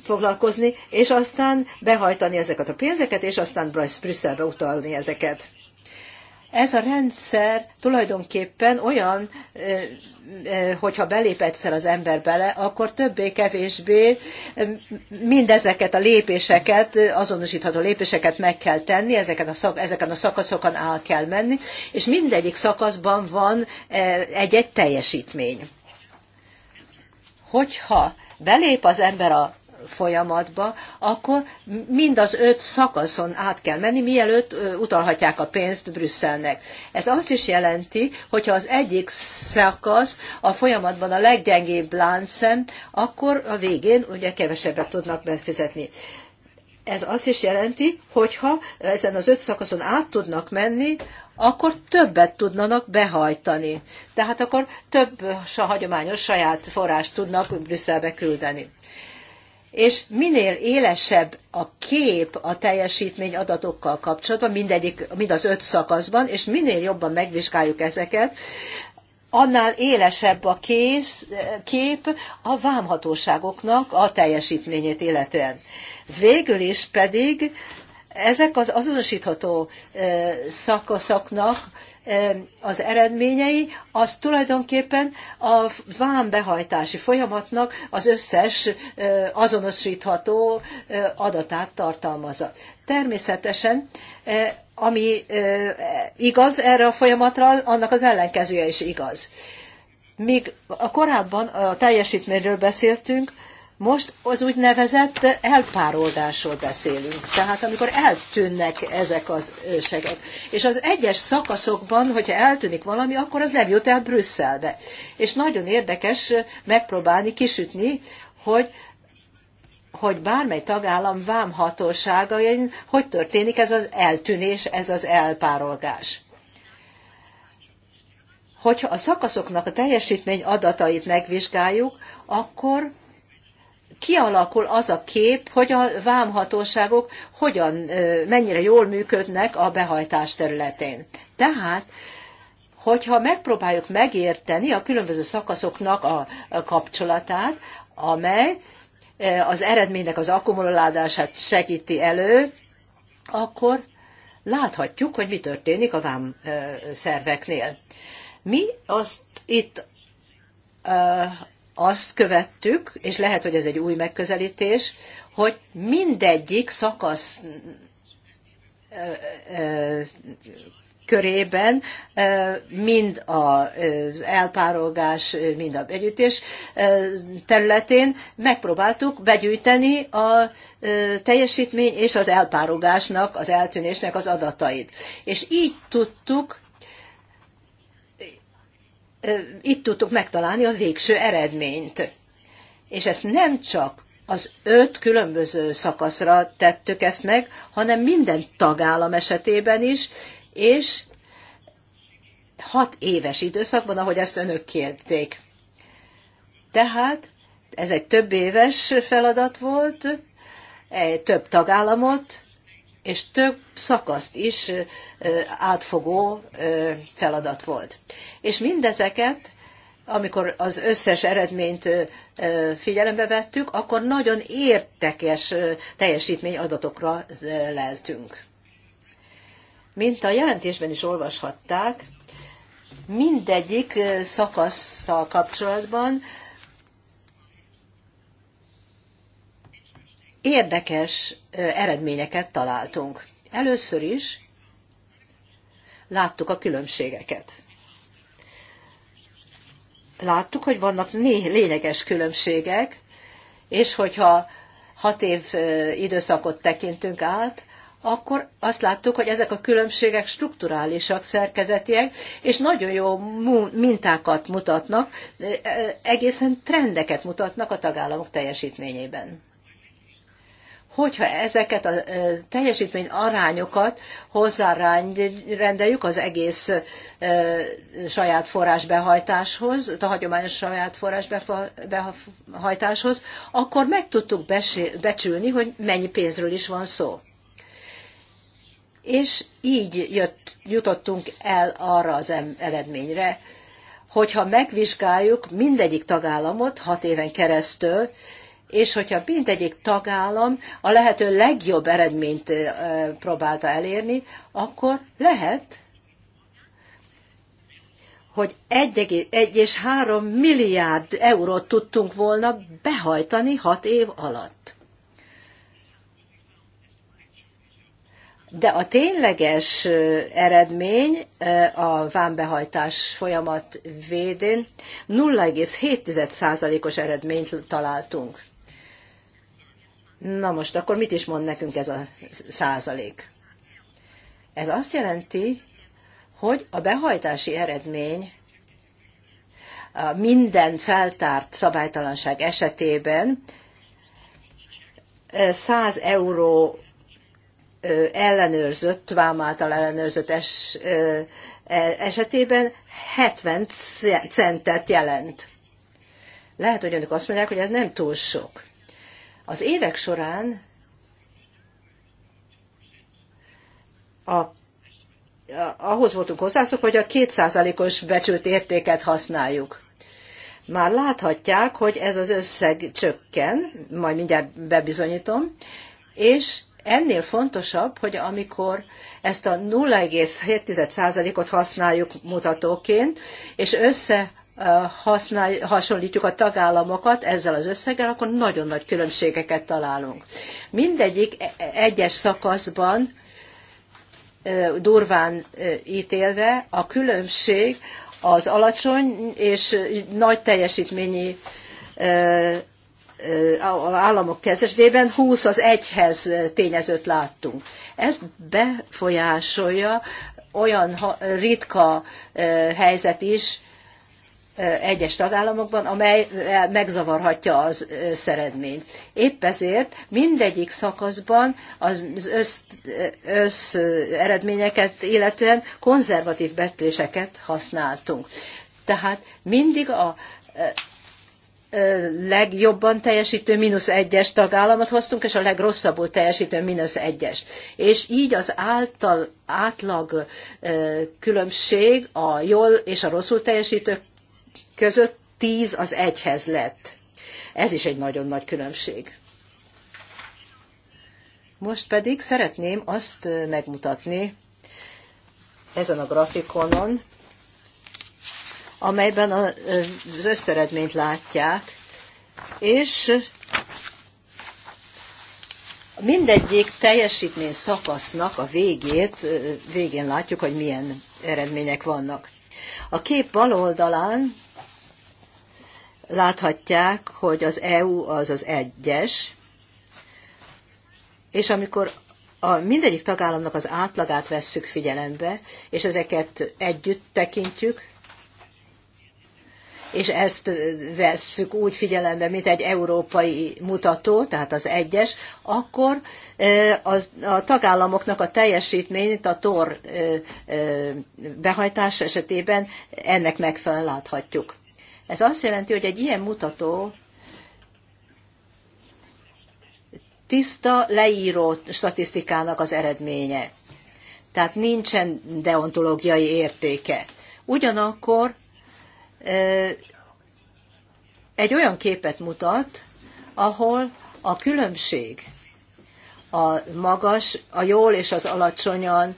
foglalkozni, és aztán behajtani ezeket a pénzeket, és aztán Brüsszelbe utalni ezeket. Ez a rendszer tulajdonképpen olyan, hogyha belép egyszer az ember bele, akkor többé-kevésbé mindezeket a lépéseket, azonosítható lépéseket meg kell tenni, ezeken a szak, ezeken a szakaszokon áll kell menni, és mindegyik szakaszban van egy-egy teljesítmény. Hogyha belép az ember a folyamatba, akkor mind az öt szakaszon át kell menni, mielőtt utalhatják a pénzt Brüsszelnek. Ez azt is jelenti, hogyha az egyik szakasz a folyamatban a leggyengébb láncszem, akkor a végén ugye kevesebbet tudnak befizetni. Ez azt is jelenti, hogyha ezen az öt szakaszon át tudnak menni, akkor többet tudnának behajtani. Tehát akkor több hagyományos saját forrást tudnak Brüsszelbe küldeni és minél élesebb a kép a teljesítmény adatokkal kapcsolatban, mindegyik, mind az öt szakaszban, és minél jobban megvizsgáljuk ezeket, annál élesebb a kész, kép a vámhatóságoknak a teljesítményét illetően. Végül is pedig ezek az azonosítható szakaszoknak az eredményei, az tulajdonképpen a vámbehajtási folyamatnak az összes azonosítható adatát tartalmazza. Természetesen ami igaz erre a folyamatra, annak az ellenkezője is igaz. Míg a korábban a teljesítményről beszéltünk, most az úgynevezett elpároldásról beszélünk, tehát amikor eltűnnek ezek az segek. És az egyes szakaszokban, hogyha eltűnik valami, akkor az nem jut el Brüsszelbe. És nagyon érdekes megpróbálni kisütni, hogy hogy bármely tagállam vámhatóságain hogy történik ez az eltűnés, ez az elpárolgás. Hogyha a szakaszoknak a teljesítmény adatait megvizsgáljuk, akkor kialakul az a kép, hogy a vámhatóságok hogyan, mennyire jól működnek a behajtás területén. Tehát hogyha megpróbáljuk megérteni a különböző szakaszoknak a kapcsolatát, amely az eredménynek az akkumulálását segíti elő, akkor láthatjuk, hogy mi történik a vám szerveknél. Mi azt itt azt követtük, és lehet, hogy ez egy új megközelítés, hogy mindegyik szakasz körében mind az elpárolgás, mind a begyűjtés területén megpróbáltuk begyűjteni a teljesítmény és az elpárolgásnak, az eltűnésnek az adatait. És így tudtuk itt tudtuk megtalálni a végső eredményt. És ezt nem csak az öt különböző szakaszra tettük ezt meg, hanem minden tagállam esetében is, és hat éves időszakban, ahogy ezt önök kérték. Tehát ez egy több éves feladat volt, több tagállamot és több szakaszt is átfogó feladat volt. És mindezeket, amikor az összes eredményt figyelembe vettük, akkor nagyon értekes adatokra leltünk. Mint a jelentésben is olvashatták, mindegyik szakasszal kapcsolatban érdekes eredményeket találtunk. Először is láttuk a különbségeket. Láttuk, hogy vannak lényeges különbségek, és hogyha hat év időszakot tekintünk át, akkor azt láttuk, hogy ezek a különbségek strukturálisak, szerkezetiek, és nagyon jó mintákat mutatnak, egészen trendeket mutatnak a tagállamok teljesítményében hogyha ezeket a teljesítmény arányokat hozzárendeljük az egész saját forrásbehajtáshoz, a hagyományos saját forrásbehajtáshoz, akkor meg tudtuk becsülni, hogy mennyi pénzről is van szó. És így jött, jutottunk el arra az eredményre, hogyha megvizsgáljuk mindegyik tagállamot hat éven keresztül, és hogyha mindegyik tagállam a lehető legjobb eredményt próbálta elérni, akkor lehet, hogy 1 és 3 milliárd eurót tudtunk volna behajtani 6 év alatt. De a tényleges eredmény a vámbehajtás folyamat védén 0,7%-os eredményt találtunk. Na most akkor mit is mond nekünk ez a százalék? Ez azt jelenti, hogy a behajtási eredmény minden feltárt szabálytalanság esetében 100 euró ellenőrzött, vám által ellenőrzött es, e, esetében 70 centet jelent. Lehet, hogy önök azt mondják, hogy ez nem túl sok. Az évek során a ahhoz voltunk hozzászok, hogy a kétszázalékos becsült értéket használjuk. Már láthatják, hogy ez az összeg csökken, majd mindjárt bebizonyítom, és ennél fontosabb, hogy amikor ezt a 0,7%-ot használjuk mutatóként, és össze használj, hasonlítjuk a tagállamokat ezzel az összeggel, akkor nagyon nagy különbségeket találunk. Mindegyik e, e, egyes szakaszban durván ítélve a különbség az alacsony és nagy teljesítményi államok kezdésében 20 az egyhez tényezőt láttunk. Ez befolyásolja olyan ritka helyzet is, egyes tagállamokban, amely megzavarhatja az szeredményt. Épp ezért mindegyik szakaszban az össz, össz eredményeket illetően konzervatív betéseket használtunk. Tehát mindig a legjobban teljesítő mínusz egyes tagállamot hoztunk, és a legrosszabbul teljesítő mínusz egyes. És így az által, átlag különbség a jól és a rosszul teljesítők között 10 az egyhez lett. Ez is egy nagyon nagy különbség. Most pedig szeretném azt megmutatni ezen a grafikonon, amelyben az összeredményt látják, és mindegyik teljesítmény szakasznak a végét, végén látjuk, hogy milyen eredmények vannak. A kép bal oldalán láthatják, hogy az EU az az egyes, és amikor a mindegyik tagállamnak az átlagát vesszük figyelembe, és ezeket együtt tekintjük, és ezt vesszük úgy figyelembe, mint egy európai mutató, tehát az egyes, akkor e, az, a tagállamoknak a teljesítményt a TOR e, e, behajtása esetében ennek megfelelően láthatjuk. Ez azt jelenti, hogy egy ilyen mutató tiszta leíró statisztikának az eredménye. Tehát nincsen deontológiai értéke. Ugyanakkor egy olyan képet mutat, ahol a különbség a magas, a jól és az alacsonyan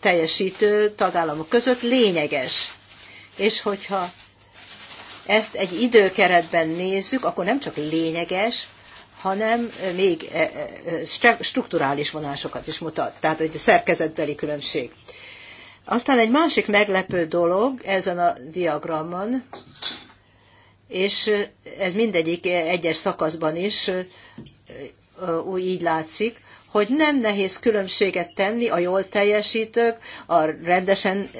teljesítő tagállamok között lényeges és hogyha ezt egy időkeretben nézzük, akkor nem csak lényeges, hanem még e, e, e, strukturális vonásokat is mutat, tehát egy szerkezetbeli különbség. Aztán egy másik meglepő dolog ezen a diagramon, és ez mindegyik egyes szakaszban is úgy így látszik, hogy nem nehéz különbséget tenni a jól teljesítők, a rendesen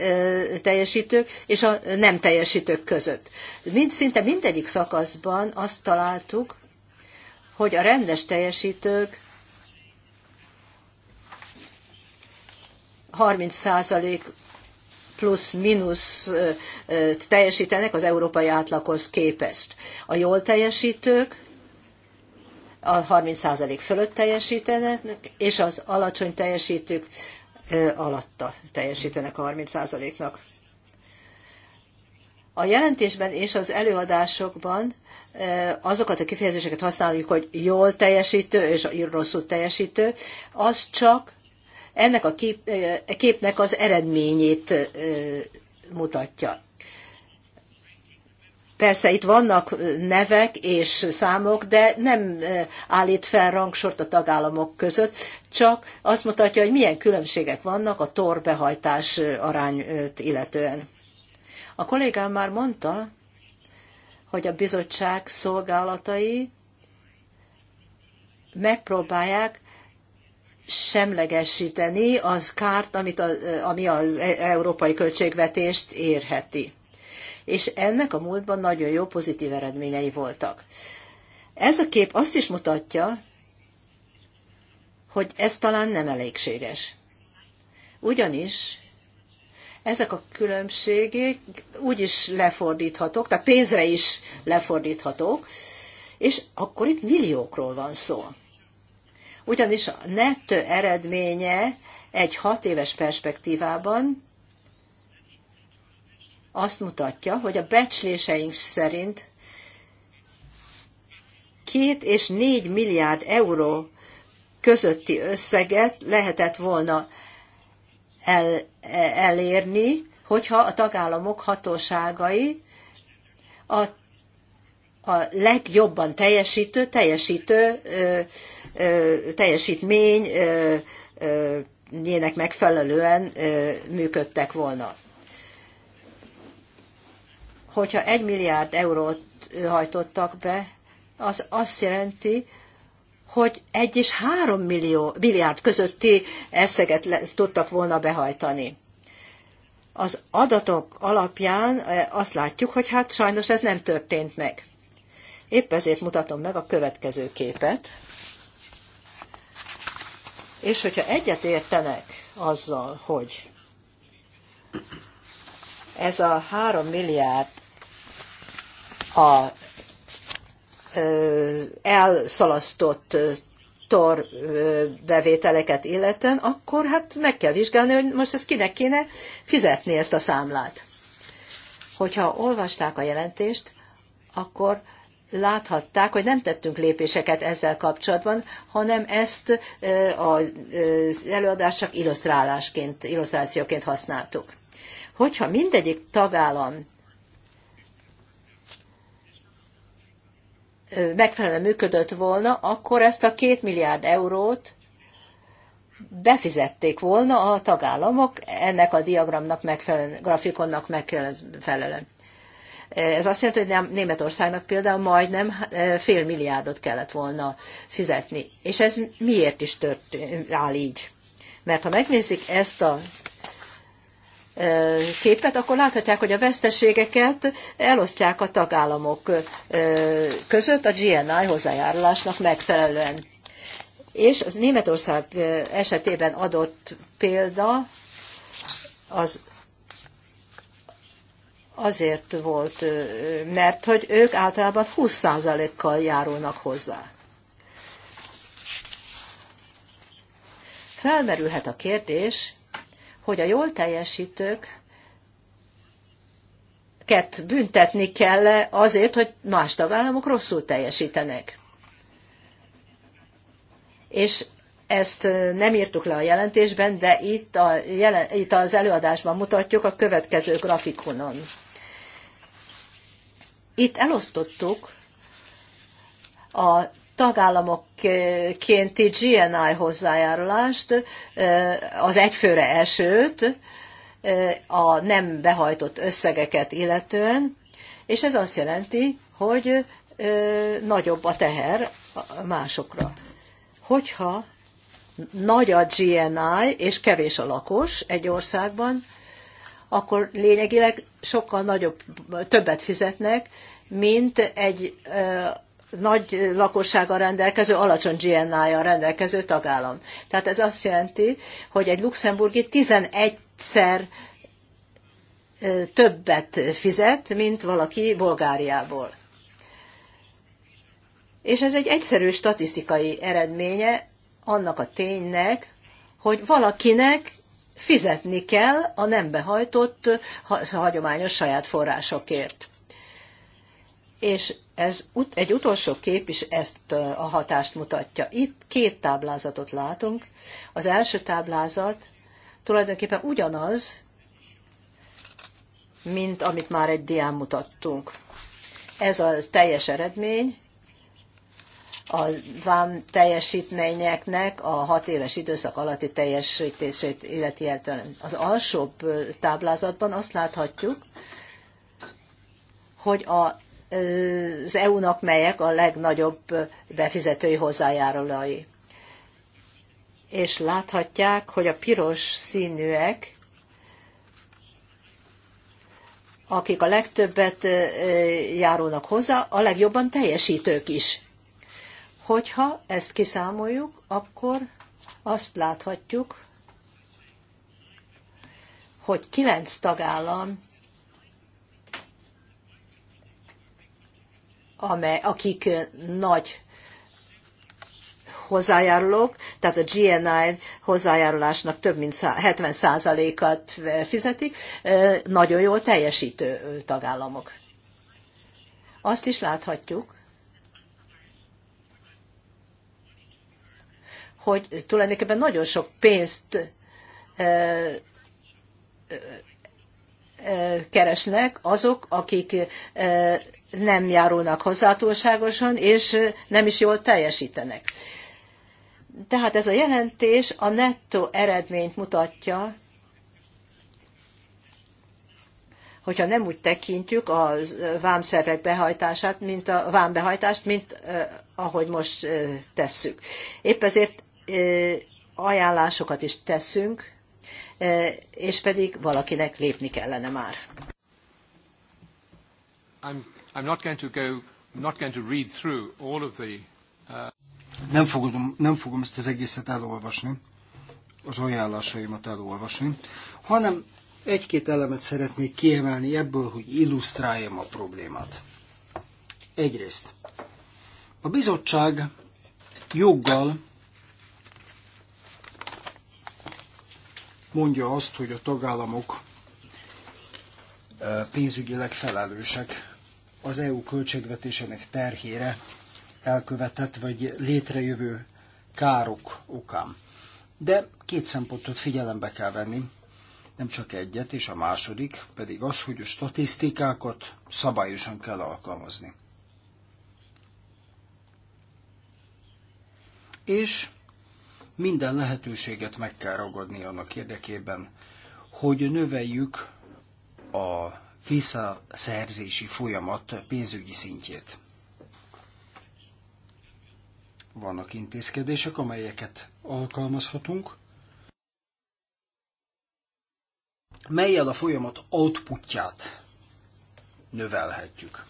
teljesítők és a nem teljesítők között. Mind, szinte mindegyik szakaszban azt találtuk, hogy a rendes teljesítők 30% plusz-minusz teljesítenek az európai átlaghoz képest. A jól teljesítők a 30% fölött teljesítenek, és az alacsony teljesítők alatta teljesítenek a 30%-nak. A jelentésben és az előadásokban azokat a kifejezéseket használjuk, hogy jól teljesítő és rosszul teljesítő, az csak ennek a kép, e képnek az eredményét mutatja. Persze itt vannak nevek és számok, de nem állít fel rangsort a tagállamok között, csak azt mutatja, hogy milyen különbségek vannak a torbehajtás arányt illetően. A kollégám már mondta, hogy a bizottság szolgálatai megpróbálják semlegesíteni az kárt, amit a, ami az e-, európai költségvetést érheti és ennek a múltban nagyon jó pozitív eredményei voltak. Ez a kép azt is mutatja, hogy ez talán nem elégséges. Ugyanis ezek a különbségek úgy is lefordíthatók, tehát pénzre is lefordíthatók, és akkor itt milliókról van szó. Ugyanis a nettő eredménye egy hat éves perspektívában azt mutatja, hogy a becsléseink szerint 2 és 4 milliárd euró közötti összeget lehetett volna el, elérni, hogyha a tagállamok hatóságai a, a legjobban teljesítő, teljesítő ö, ö, teljesítmény ö, ö, nyének megfelelően ö, működtek volna hogyha egy milliárd eurót hajtottak be, az azt jelenti, hogy egy és három millió, milliárd közötti eszeget le, tudtak volna behajtani. Az adatok alapján e, azt látjuk, hogy hát sajnos ez nem történt meg. Épp ezért mutatom meg a következő képet. És hogyha egyet értenek azzal, hogy ez a három milliárd a elszalasztott tor bevételeket illetően, akkor hát meg kell vizsgálni, hogy most ezt kinek kéne fizetni ezt a számlát. Hogyha olvasták a jelentést, akkor láthatták, hogy nem tettünk lépéseket ezzel kapcsolatban, hanem ezt az előadást csak illusztrálásként, illusztrációként használtuk. Hogyha mindegyik tagállam megfelelően működött volna, akkor ezt a két milliárd eurót befizették volna a tagállamok ennek a diagramnak megfelelően, grafikonnak megfelelően. Ez azt jelenti, hogy Németországnak például majdnem fél milliárdot kellett volna fizetni. És ez miért is történt, áll így? Mert ha megnézik ezt a képet, akkor láthatják, hogy a veszteségeket elosztják a tagállamok között a GNI hozzájárulásnak megfelelően. És az Németország esetében adott példa az azért volt, mert hogy ők általában 20%-kal járulnak hozzá. Felmerülhet a kérdés, hogy a jól teljesítők büntetni kell -e azért, hogy más tagállamok rosszul teljesítenek. És ezt nem írtuk le a jelentésben, de itt, a, jelen, itt az előadásban mutatjuk a következő grafikonon. Itt elosztottuk a tagállamokkénti GNI hozzájárulást, az egyfőre esőt, a nem behajtott összegeket illetően, és ez azt jelenti, hogy nagyobb a teher másokra. Hogyha nagy a GNI és kevés a lakos egy országban, akkor lényegileg sokkal nagyobb, többet fizetnek, mint egy nagy lakossággal rendelkező, alacsony GNI-jal rendelkező tagállam. Tehát ez azt jelenti, hogy egy luxemburgi 11-szer többet fizet, mint valaki Bulgáriából. És ez egy egyszerű statisztikai eredménye annak a ténynek, hogy valakinek fizetni kell a nem behajtott hagyományos saját forrásokért. És ez egy utolsó kép is ezt a hatást mutatja. Itt két táblázatot látunk. Az első táblázat tulajdonképpen ugyanaz, mint amit már egy dián mutattunk. Ez a teljes eredmény a vám teljesítményeknek a hat éves időszak alatti teljesítését illeti értelem. Az alsóbb táblázatban azt láthatjuk, hogy a az EU-nak melyek a legnagyobb befizetői hozzájárulói. És láthatják, hogy a piros színűek, akik a legtöbbet járulnak hozzá, a legjobban teljesítők is. Hogyha ezt kiszámoljuk, akkor azt láthatjuk, hogy kilenc tagállam amely, akik nagy hozzájárulók, tehát a GNI hozzájárulásnak több mint 70%-at fizetik, nagyon jól teljesítő tagállamok. Azt is láthatjuk, hogy tulajdonképpen nagyon sok pénzt keresnek azok, akik nem járulnak hozzá túlságosan, és nem is jól teljesítenek. Tehát ez a jelentés a nettó eredményt mutatja, hogyha nem úgy tekintjük a vámszervek behajtását, mint a vámbehajtást, mint ahogy most tesszük. Épp ezért ajánlásokat is teszünk, és pedig valakinek lépni kellene már. I'm I'm not going to go, I'm not going to read through all of the... Uh... Nem, fogom, nem fogom ezt az egészet elolvasni, az ajánlásaimat elolvasni, hanem egy-két elemet szeretnék kiemelni ebből, hogy illusztráljam a problémát. Egyrészt, a bizottság joggal mondja azt, hogy a tagállamok uh, pénzügyileg felelősek az EU költségvetésének terhére elkövetett vagy létrejövő károk okán. De két szempontot figyelembe kell venni, nem csak egyet, és a második pedig az, hogy a statisztikákat szabályosan kell alkalmazni. És minden lehetőséget meg kell ragadni annak érdekében, hogy növeljük a visszaszerzési folyamat pénzügyi szintjét. Vannak intézkedések, amelyeket alkalmazhatunk, melyel a folyamat outputját növelhetjük.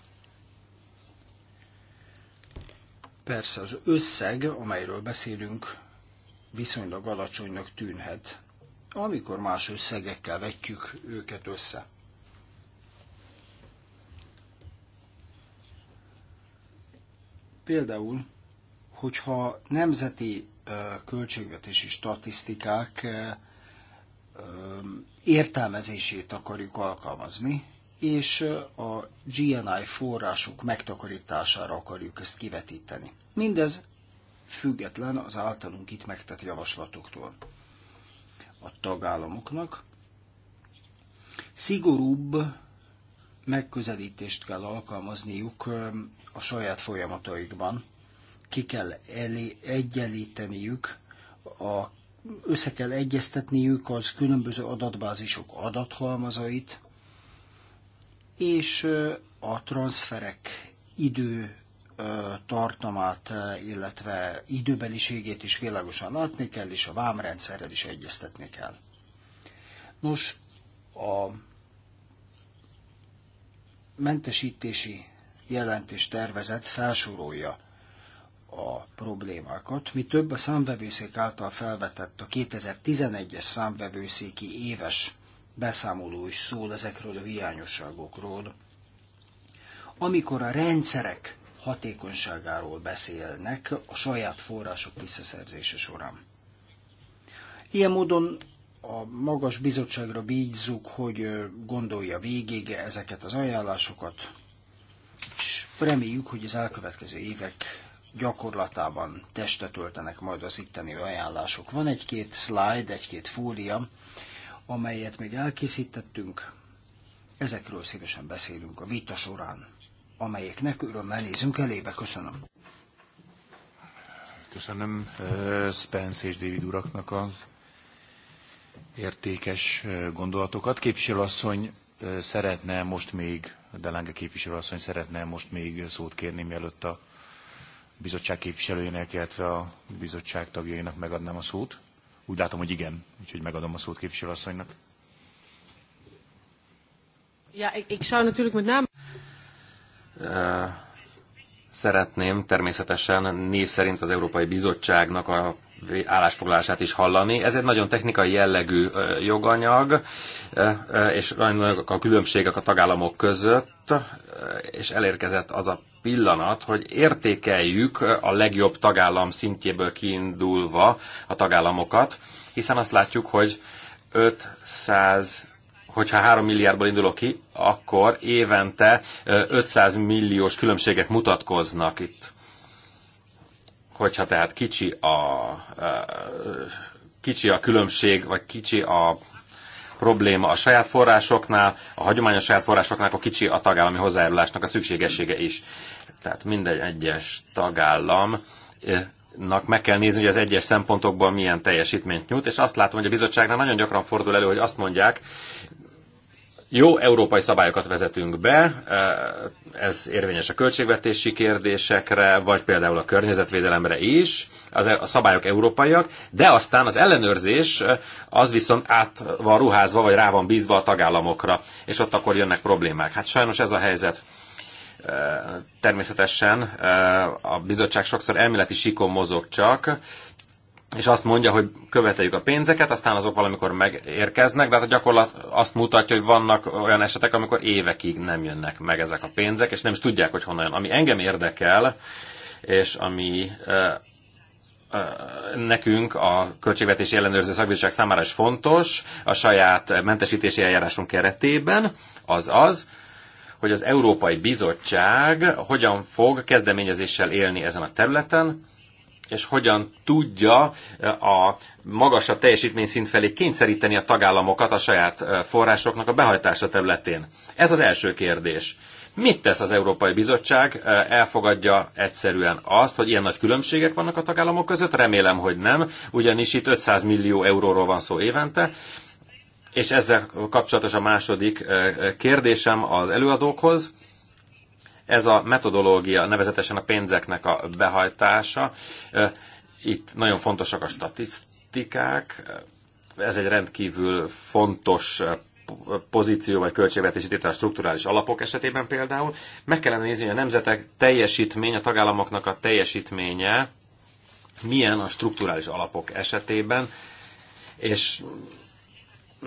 Persze az összeg, amelyről beszélünk, viszonylag alacsonynak tűnhet, amikor más összegekkel vetjük őket össze. Például, hogyha nemzeti költségvetési statisztikák értelmezését akarjuk alkalmazni, és a GNI források megtakarítására akarjuk ezt kivetíteni. Mindez független az általunk itt megtett javaslatoktól. A tagállamoknak szigorúbb megközelítést kell alkalmazniuk a saját folyamataikban. Ki kell elé, egyenlíteniük, a, össze kell egyeztetniük az különböző adatbázisok adathalmazait, és a transferek idő tartamát, illetve időbeliségét is világosan látni kell, és a vámrendszerrel is egyeztetni kell. Nos, a mentesítési jelentés tervezet felsorolja a problémákat. Mi több a számvevőszék által felvetett a 2011-es számvevőszéki éves beszámoló is szól ezekről a hiányosságokról. Amikor a rendszerek hatékonyságáról beszélnek a saját források visszaszerzése során. Ilyen módon a magas bizottságra bízzuk, hogy gondolja végig ezeket az ajánlásokat, és reméljük, hogy az elkövetkező évek gyakorlatában testet öltenek majd az itteni ajánlások. Van egy-két slide, egy-két fólia, amelyet még elkészítettünk, ezekről szívesen beszélünk a vita során, amelyeknek örömmel nézünk elébe. Köszönöm. Köszönöm eh, Spence és David uraknak a értékes eh, gondolatokat. asszony eh, szeretne most még de Lange képviselőasszony szeretne most még szót kérni, mielőtt a bizottság képviselőjének, illetve a bizottság tagjainak megadnám a szót. Úgy látom, hogy igen, úgyhogy megadom a szót képviselőasszonynak. Ja, ik, ik zou szeretném természetesen név szerint az Európai Bizottságnak a állásfoglalását is hallani. Ez egy nagyon technikai jellegű joganyag, és nagyon nagyok a különbségek a tagállamok között, és elérkezett az a pillanat, hogy értékeljük a legjobb tagállam szintjéből kiindulva a tagállamokat, hiszen azt látjuk, hogy 500 hogyha 3 milliárdból indulok ki, akkor évente 500 milliós különbségek mutatkoznak itt. Hogyha tehát kicsi a, kicsi a különbség, vagy kicsi a probléma a saját forrásoknál, a hagyományos saját forrásoknál, akkor kicsi a tagállami hozzájárulásnak a szükségessége is. Tehát minden egyes tagállamnak meg kell nézni, hogy az egyes szempontokból milyen teljesítményt nyújt, és azt látom, hogy a bizottságnál nagyon gyakran fordul elő, hogy azt mondják, jó európai szabályokat vezetünk be, eh, ez érvényes a költségvetési kérdésekre, vagy például a környezetvédelemre is, az, e- a szabályok európaiak, de aztán az ellenőrzés eh, az viszont át van ruházva, vagy rá van bízva a tagállamokra, és ott akkor jönnek problémák. Hát sajnos ez a helyzet. Eh, természetesen a bizottság sokszor elméleti sikon mozog csak, és azt mondja, hogy követeljük a pénzeket, aztán azok valamikor megérkeznek, de hát a gyakorlat azt mutatja, hogy vannak olyan esetek, amikor évekig nem jönnek meg ezek a pénzek, és nem is tudják, hogy honnan jön. Ami engem érdekel, és ami nekünk a Költségvetési Ellenőrző Szakbizottság számára is fontos a saját mentesítési eljárásunk keretében, az az, hogy az Európai Bizottság hogyan fog kezdeményezéssel élni ezen a területen, és hogyan tudja eh, a magasabb teljesítményszint felé kényszeríteni a tagállamokat a saját eh, forrásoknak a behajtása területén. Ez az első kérdés. Mit tesz az Európai Bizottság? Eh, elfogadja egyszerűen azt, hogy ilyen nagy különbségek vannak a tagállamok között? Remélem, hogy nem, ugyanis itt 500 millió euróról van szó évente. És ezzel kapcsolatos a második kérdésem az előadókhoz. Ez a metodológia, nevezetesen a pénzeknek a behajtása. Itt nagyon fontosak a statisztikák. Ez egy rendkívül fontos pozíció vagy költségvetési tétel a strukturális alapok esetében például. Meg kellene nézni, hogy a nemzetek teljesítmény, a tagállamoknak a teljesítménye milyen a strukturális alapok esetében, és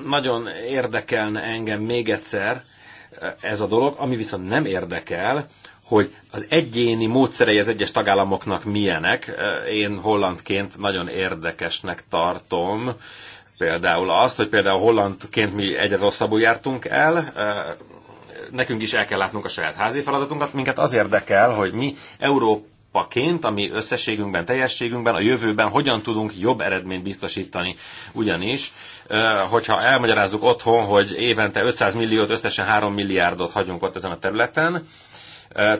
nagyon érdekelne engem még egyszer, ez a dolog, ami viszont nem érdekel, hogy az egyéni módszerei az egyes tagállamoknak milyenek. Én hollandként nagyon érdekesnek tartom például azt, hogy például hollandként mi egyre rosszabbul jártunk el, nekünk is el kell látnunk a saját házi feladatunkat, minket az érdekel, hogy mi Európa Európaként, ami összességünkben, teljességünkben, a jövőben hogyan tudunk jobb eredményt biztosítani. Ugyanis, hogyha elmagyarázzuk otthon, hogy évente 500 milliót, összesen 3 milliárdot hagyunk ott ezen a területen,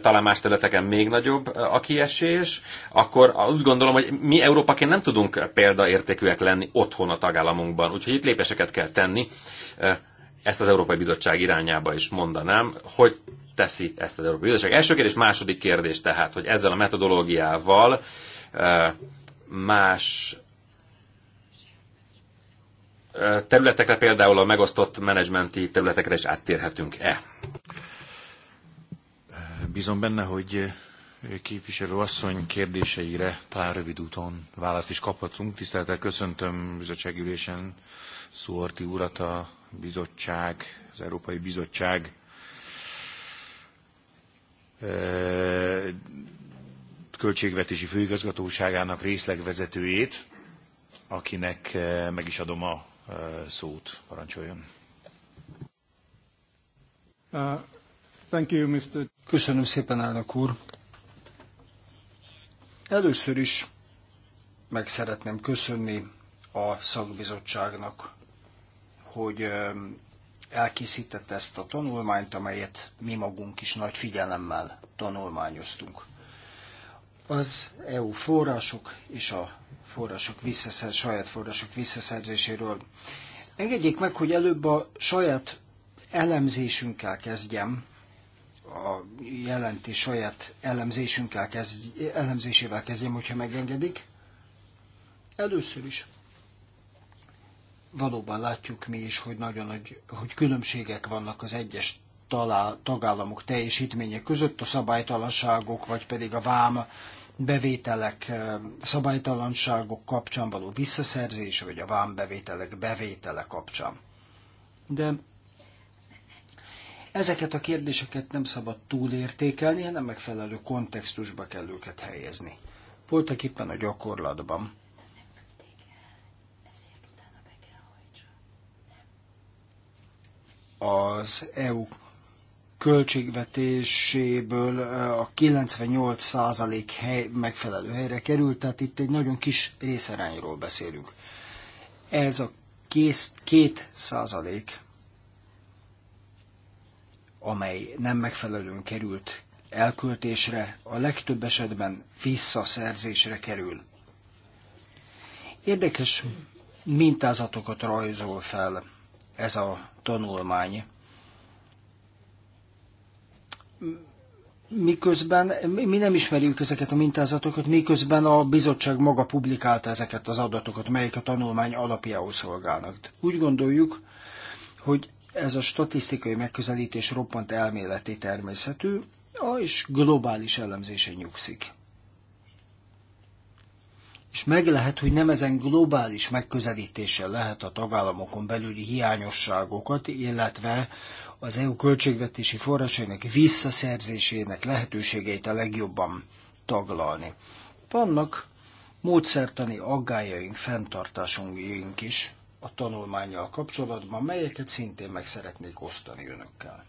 talán más területeken még nagyobb a kiesés, akkor úgy gondolom, hogy mi Európaként nem tudunk példaértékűek lenni otthon a tagállamunkban. Úgyhogy itt lépéseket kell tenni ezt az Európai Bizottság irányába is mondanám, hogy teszi ezt az Európai Bizottság. Első kérdés, második kérdés tehát, hogy ezzel a metodológiával eh, más eh, területekre, például a megosztott menedzsmenti területekre is áttérhetünk-e? Bízom benne, hogy eh, képviselő asszony kérdéseire talán rövid úton választ is kaphatunk. Tiszteltel köszöntöm bizottságülésen Szuorti urat a bizottság, az Európai Bizottság költségvetési főigazgatóságának részlegvezetőjét, akinek meg is adom a szót. Parancsoljon. Uh, thank you, Mr. Köszönöm szépen, elnök úr. Először is meg szeretném köszönni a szakbizottságnak, hogy elkészített ezt a tanulmányt, amelyet mi magunk is nagy figyelemmel tanulmányoztunk. Az EU források és a források visszaszer, saját források visszaszerzéséről. Engedjék meg, hogy előbb a saját elemzésünkkel kezdjem, a jelentés saját elemzésünkkel kezd, elemzésével kezdjem, hogyha megengedik. Először is valóban látjuk mi is, hogy nagyon nagy, hogy különbségek vannak az egyes talál, tagállamok teljesítménye között, a szabálytalanságok, vagy pedig a vám bevételek szabálytalanságok kapcsán való visszaszerzés, vagy a vám bevételek bevétele kapcsán. De ezeket a kérdéseket nem szabad túlértékelni, hanem megfelelő kontextusba kell őket helyezni. Voltak éppen a gyakorlatban az EU költségvetéséből eh, a 98% hely, megfelelő helyre került, tehát itt egy nagyon kis részarányról beszélünk. Ez a kész, két százalék, amely nem megfelelően került elköltésre, a legtöbb esetben visszaszerzésre kerül. Érdekes mintázatokat rajzol fel ez a tanulmány. Miközben mi nem ismerjük ezeket a mintázatokat, miközben a bizottság maga publikálta ezeket az adatokat, melyek a tanulmány alapjául szolgálnak. Úgy gondoljuk, hogy ez a statisztikai megközelítés roppant elméleti természetű, és globális elemzése nyugszik és meg lehet, hogy nem ezen globális megközelítéssel lehet a tagállamokon belüli hiányosságokat, illetve az EU költségvetési forrásainak visszaszerzésének lehetőségeit a legjobban taglalni. Vannak módszertani aggájaink, fenntartásunk is a tanulmányjal kapcsolatban, melyeket szintén meg szeretnék osztani önökkel.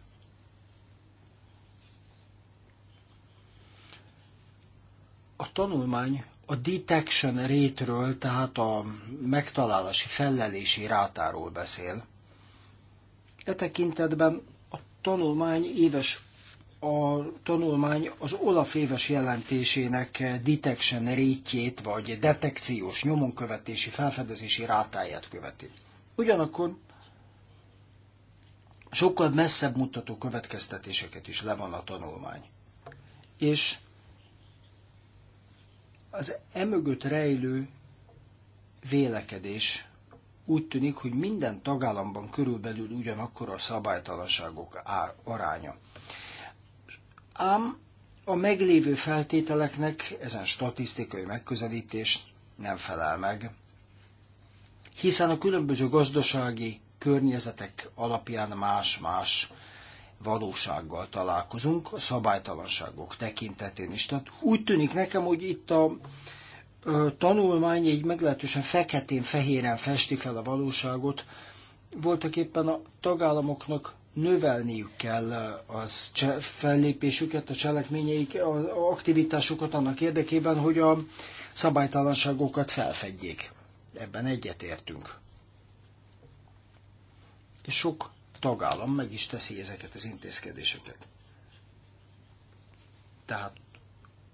A tanulmány a detection rétről, tehát a megtalálási, fellelési rátáról beszél. E tekintetben a tanulmány éves a tanulmány az Olaf éves jelentésének detection rétjét, vagy detekciós nyomonkövetési, felfedezési rátáját követi. Ugyanakkor sokkal messzebb mutató következtetéseket is levon a tanulmány. És az emögött rejlő vélekedés úgy tűnik, hogy minden tagállamban körülbelül ugyanakkor a szabálytalanságok aránya. Ám a meglévő feltételeknek ezen statisztikai megközelítés nem felel meg, hiszen a különböző gazdasági környezetek alapján más-más valósággal találkozunk, a szabálytalanságok tekintetén is. Tehát úgy tűnik nekem, hogy itt a tanulmány egy meglehetősen feketén-fehéren festi fel a valóságot. Voltak éppen a tagállamoknak növelniük kell az fellépésüket, a cselekményeik, a aktivitásukat annak érdekében, hogy a szabálytalanságokat felfedjék. Ebben egyetértünk. És sok tagállam meg is teszi ezeket az intézkedéseket. Tehát,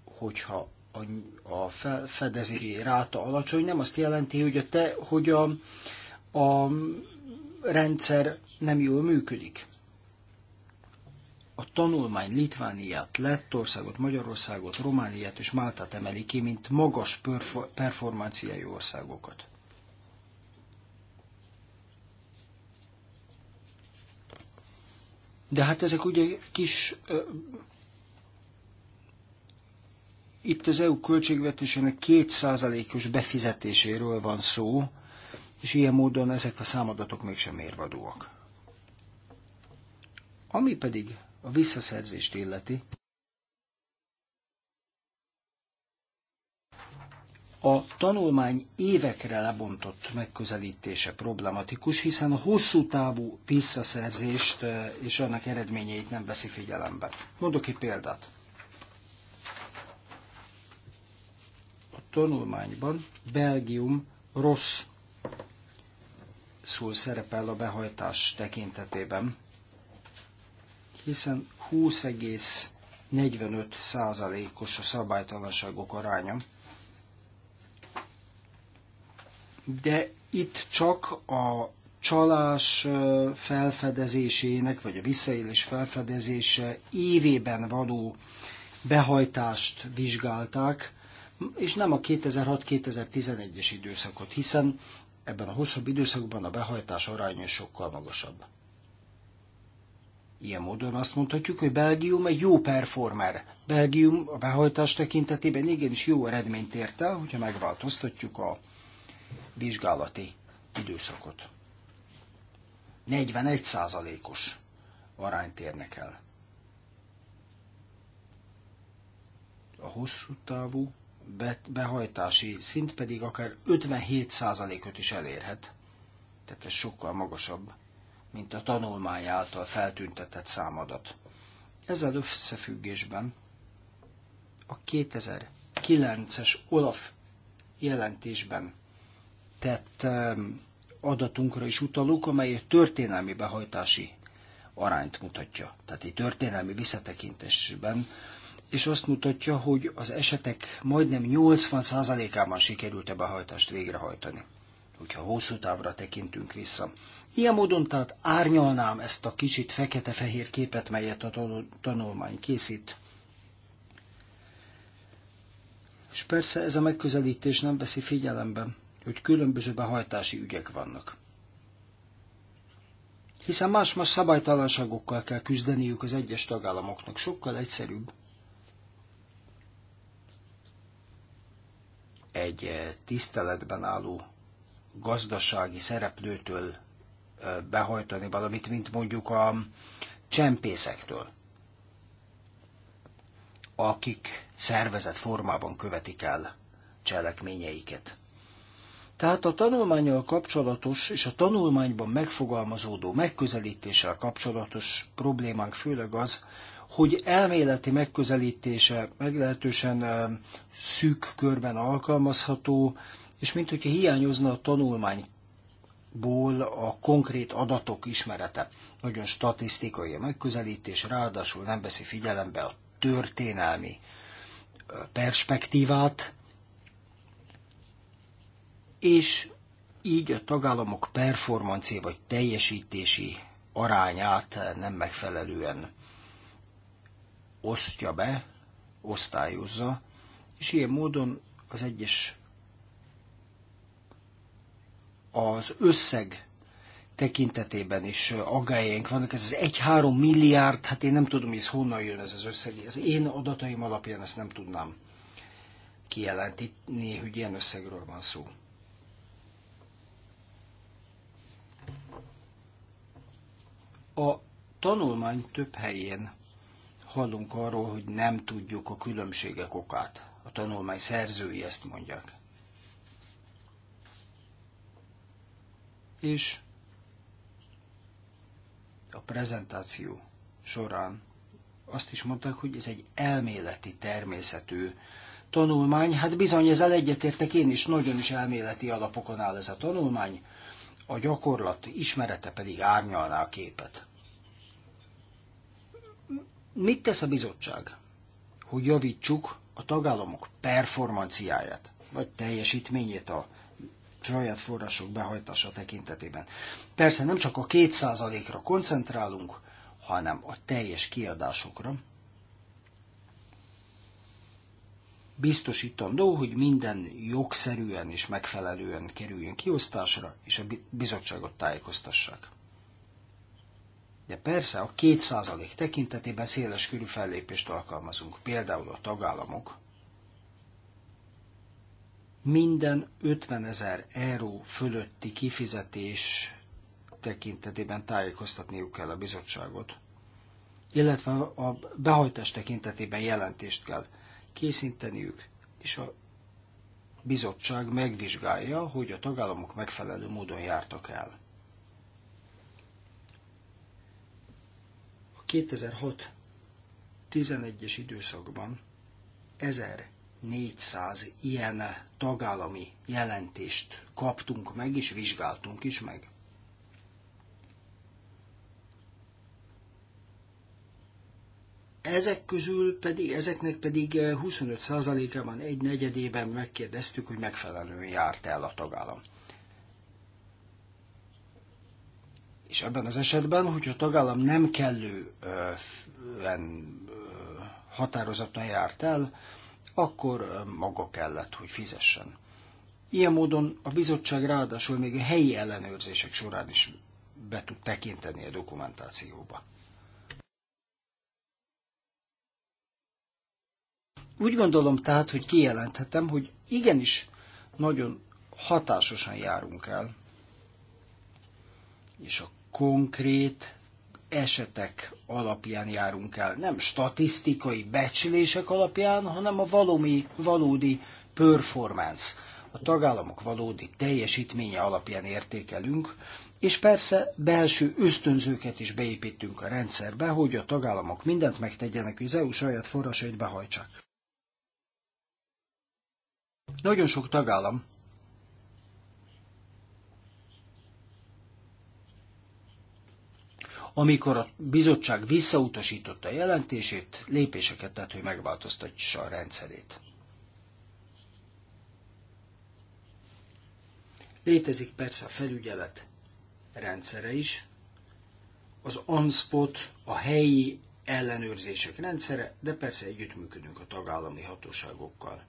hogyha a, a fedezési ráta alacsony, nem azt jelenti, hogy a, te, hogy a, a rendszer nem jól működik. A tanulmány Litvániát, Lettországot, Magyarországot, Romániát és Máltát emeli ki, mint magas performanciájú országokat. De hát ezek ugye kis itt az EU költségvetésének kétszázalékos os befizetéséről van szó, és ilyen módon ezek a számadatok mégsem érvadóak Ami pedig a visszaszerzést illeti, A tanulmány évekre lebontott megközelítése problematikus, hiszen a hosszú távú visszaszerzést és annak eredményeit nem veszi figyelembe. Mondok egy példát. A tanulmányban Belgium rossz szól szerepel a behajtás tekintetében, hiszen 20,45 százalékos a szabálytalanságok aránya, de itt csak a csalás felfedezésének, vagy a visszaélés felfedezése évében való behajtást vizsgálták, és nem a 2006-2011-es időszakot, hiszen ebben a hosszabb időszakban a behajtás aránya sokkal magasabb. Ilyen módon azt mondhatjuk, hogy Belgium egy jó performer. Belgium a behajtás tekintetében igenis jó eredményt ért el, hogyha megváltoztatjuk a vizsgálati időszakot. 41 százalékos arányt érnek el. A hosszú távú behajtási szint pedig akár 57 százalékot is elérhet, tehát ez sokkal magasabb, mint a tanulmány által feltüntetett számadat. Ezzel összefüggésben a 2009-es Olaf jelentésben említett adatunkra is utalunk, amely egy történelmi behajtási arányt mutatja. Tehát egy történelmi visszatekintésben és azt mutatja, hogy az esetek majdnem 80%-ában sikerült a behajtást végrehajtani, hogyha hosszú távra tekintünk vissza. Ilyen módon tehát árnyalnám ezt a kicsit fekete-fehér képet, melyet a tanulmány készít. És persze ez a megközelítés nem veszi figyelembe hogy különböző behajtási ügyek vannak. Hiszen más-más szabálytalanságokkal kell küzdeniük az egyes tagállamoknak, sokkal egyszerűbb egy eh, tiszteletben álló gazdasági szereplőtől eh, behajtani valamit, mint mondjuk a csempészektől, akik szervezet formában követik el cselekményeiket. Tehát a tanulmányal kapcsolatos és a tanulmányban megfogalmazódó megközelítéssel kapcsolatos problémánk főleg az, hogy elméleti megközelítése meglehetősen szűk körben alkalmazható, és mint hogyha hiányozna a tanulmányból a konkrét adatok ismerete. Nagyon statisztikai a megközelítés, ráadásul nem veszi figyelembe a történelmi perspektívát, és így a tagállamok performancé vagy teljesítési arányát nem megfelelően osztja be, osztályozza, és ilyen módon az egyes az összeg tekintetében is aggájaink vannak. Ez az 1-3 milliárd, hát én nem tudom, hogy ez honnan jön ez az összeg. Az én adataim alapján ezt nem tudnám kijelenteni, hogy ilyen összegről van szó. A tanulmány több helyén hallunk arról, hogy nem tudjuk a különbségek okát. A tanulmány szerzői ezt mondják. És a prezentáció során azt is mondták, hogy ez egy elméleti természetű tanulmány. Hát bizony, ezzel egyetértek én is, nagyon is elméleti alapokon áll ez a tanulmány a gyakorlat ismerete pedig árnyalná a képet. Mit tesz a bizottság, hogy javítsuk a tagállamok performanciáját, vagy teljesítményét a saját források behajtása tekintetében? Persze nem csak a kétszázalékra koncentrálunk, hanem a teljes kiadásokra, biztosítandó, hogy minden jogszerűen és megfelelően kerüljön kiosztásra, és a bizottságot tájékoztassák. De persze a 2% tekintetében széles körű fellépést alkalmazunk, például a tagállamok. Minden 50 ezer euró fölötti kifizetés tekintetében tájékoztatniuk kell a bizottságot, illetve a behajtás tekintetében jelentést kell készíteniük, és a bizottság megvizsgálja, hogy a tagállamok megfelelő módon jártak el. A 2006-11-es időszakban 1400 ilyen tagállami jelentést kaptunk meg, és vizsgáltunk is meg. Ezek közül pedig, ezeknek pedig 25%-ában, eh, egy negyedében megkérdeztük, hogy megfelelően járt el a tagállam. És ebben az esetben, hogyha a tagállam nem kellően eh, határozottan járt el, akkor eh, maga kellett, hogy fizessen. Ilyen módon a bizottság ráadásul még a helyi ellenőrzések során is be tud tekinteni a dokumentációba. Úgy gondolom tehát, hogy kijelenthetem, hogy igenis nagyon hatásosan járunk el, és a konkrét esetek alapján járunk el. Nem statisztikai becslések alapján, hanem a valami, valódi performance, a tagállamok valódi teljesítménye alapján értékelünk, és persze belső ösztönzőket is beépítünk a rendszerbe, hogy a tagállamok mindent megtegyenek, hogy az EU saját forrásait behajtsák. Nagyon sok tagállam amikor a bizottság visszautasította a jelentését, lépéseket tett, hogy megváltoztatja a rendszerét. Létezik persze a felügyelet rendszere is, az ANSPOT, a helyi ellenőrzések rendszere, de persze együttműködünk a tagállami hatóságokkal.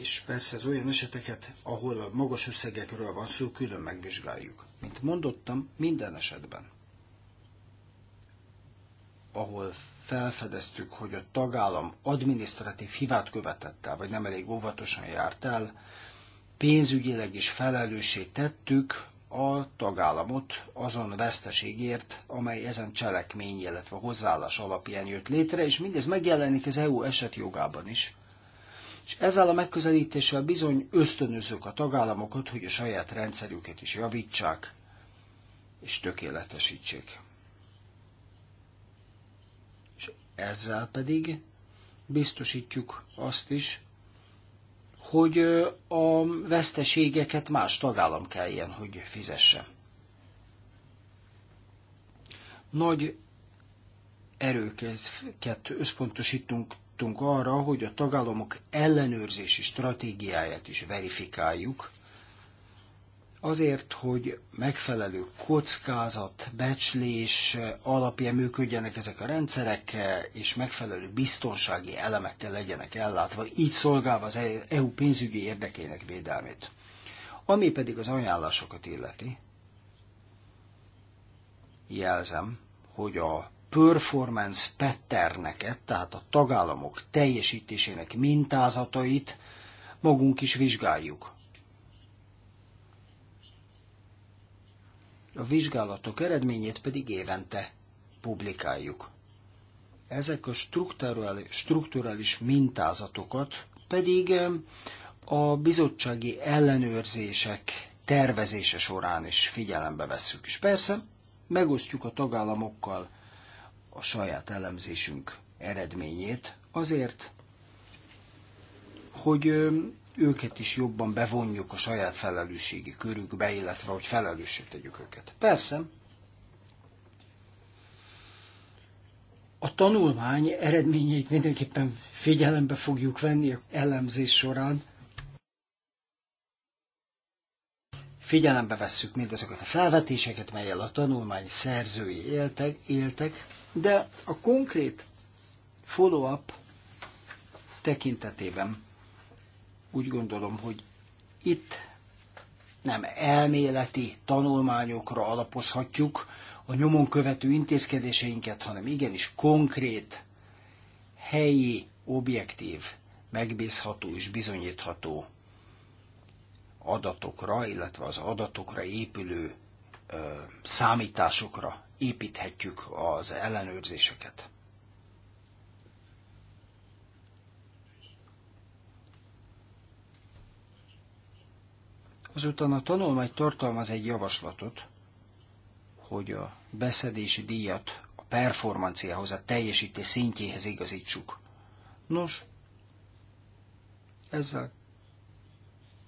és persze az olyan eseteket, ahol a magas összegekről van szó, külön megvizsgáljuk. Mint mondottam, minden esetben, ahol felfedeztük, hogy a tagállam adminisztratív hivát követett el, vagy nem elég óvatosan járt el, pénzügyileg is felelőssé tettük a tagállamot azon veszteségért, amely ezen cselekmény, illetve hozzáállás alapján jött létre, és mindez megjelenik az EU esetjogában is, és ezzel a megközelítéssel bizony ösztönözők a tagállamokat, hogy a saját rendszerüket is javítsák és tökéletesítsék. És ezzel pedig biztosítjuk azt is, hogy a veszteségeket más tagállam kelljen, hogy fizesse. Nagy erőket összpontosítunk jutottunk arra, hogy a tagállamok ellenőrzési stratégiáját is verifikáljuk, azért, hogy megfelelő kockázat, becslés alapján működjenek ezek a rendszerek, és megfelelő biztonsági elemekkel legyenek ellátva, így szolgálva az EU pénzügyi érdekének védelmét. Ami pedig az ajánlásokat illeti, jelzem, hogy a performance patterneket, tehát a tagállamok teljesítésének mintázatait magunk is vizsgáljuk. A vizsgálatok eredményét pedig évente publikáljuk. Ezek a strukturális mintázatokat pedig a bizottsági ellenőrzések tervezése során is figyelembe vesszük. És persze megosztjuk a tagállamokkal a saját elemzésünk eredményét, azért, hogy őket is jobban bevonjuk a saját felelősségi körükbe, illetve hogy felelősség tegyük őket. Persze, a tanulmány eredményeit mindenképpen figyelembe fogjuk venni a elemzés során. Figyelembe vesszük mindazokat a felvetéseket, melyel a tanulmány szerzői éltek, éltek de a konkrét follow-up tekintetében úgy gondolom, hogy itt nem elméleti tanulmányokra alapozhatjuk a nyomon követő intézkedéseinket, hanem igenis konkrét, helyi, objektív, megbízható és bizonyítható adatokra, illetve az adatokra épülő ö, számításokra építhetjük az ellenőrzéseket. Azután a tanulmány tartalmaz egy javaslatot, hogy a beszedési díjat a performanciához, a teljesítés szintjéhez igazítsuk. Nos, ezzel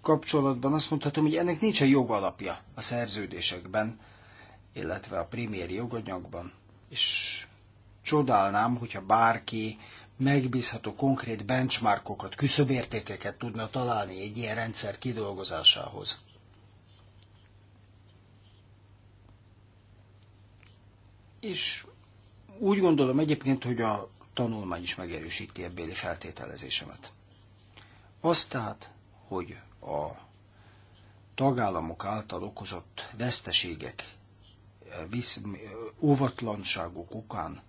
kapcsolatban azt mondhatom, hogy ennek nincs a jogalapja a szerződésekben, illetve a primér joganyagban, és csodálnám, hogyha bárki megbízható konkrét benchmarkokat, küszöbértékeket tudna találni egy ilyen rendszer kidolgozásához. És úgy gondolom egyébként, hogy a tanulmány is megerősíti ebbéli feltételezésemet. Azt tehát, hogy a tagállamok által okozott veszteségek visz, óvatlanságok okán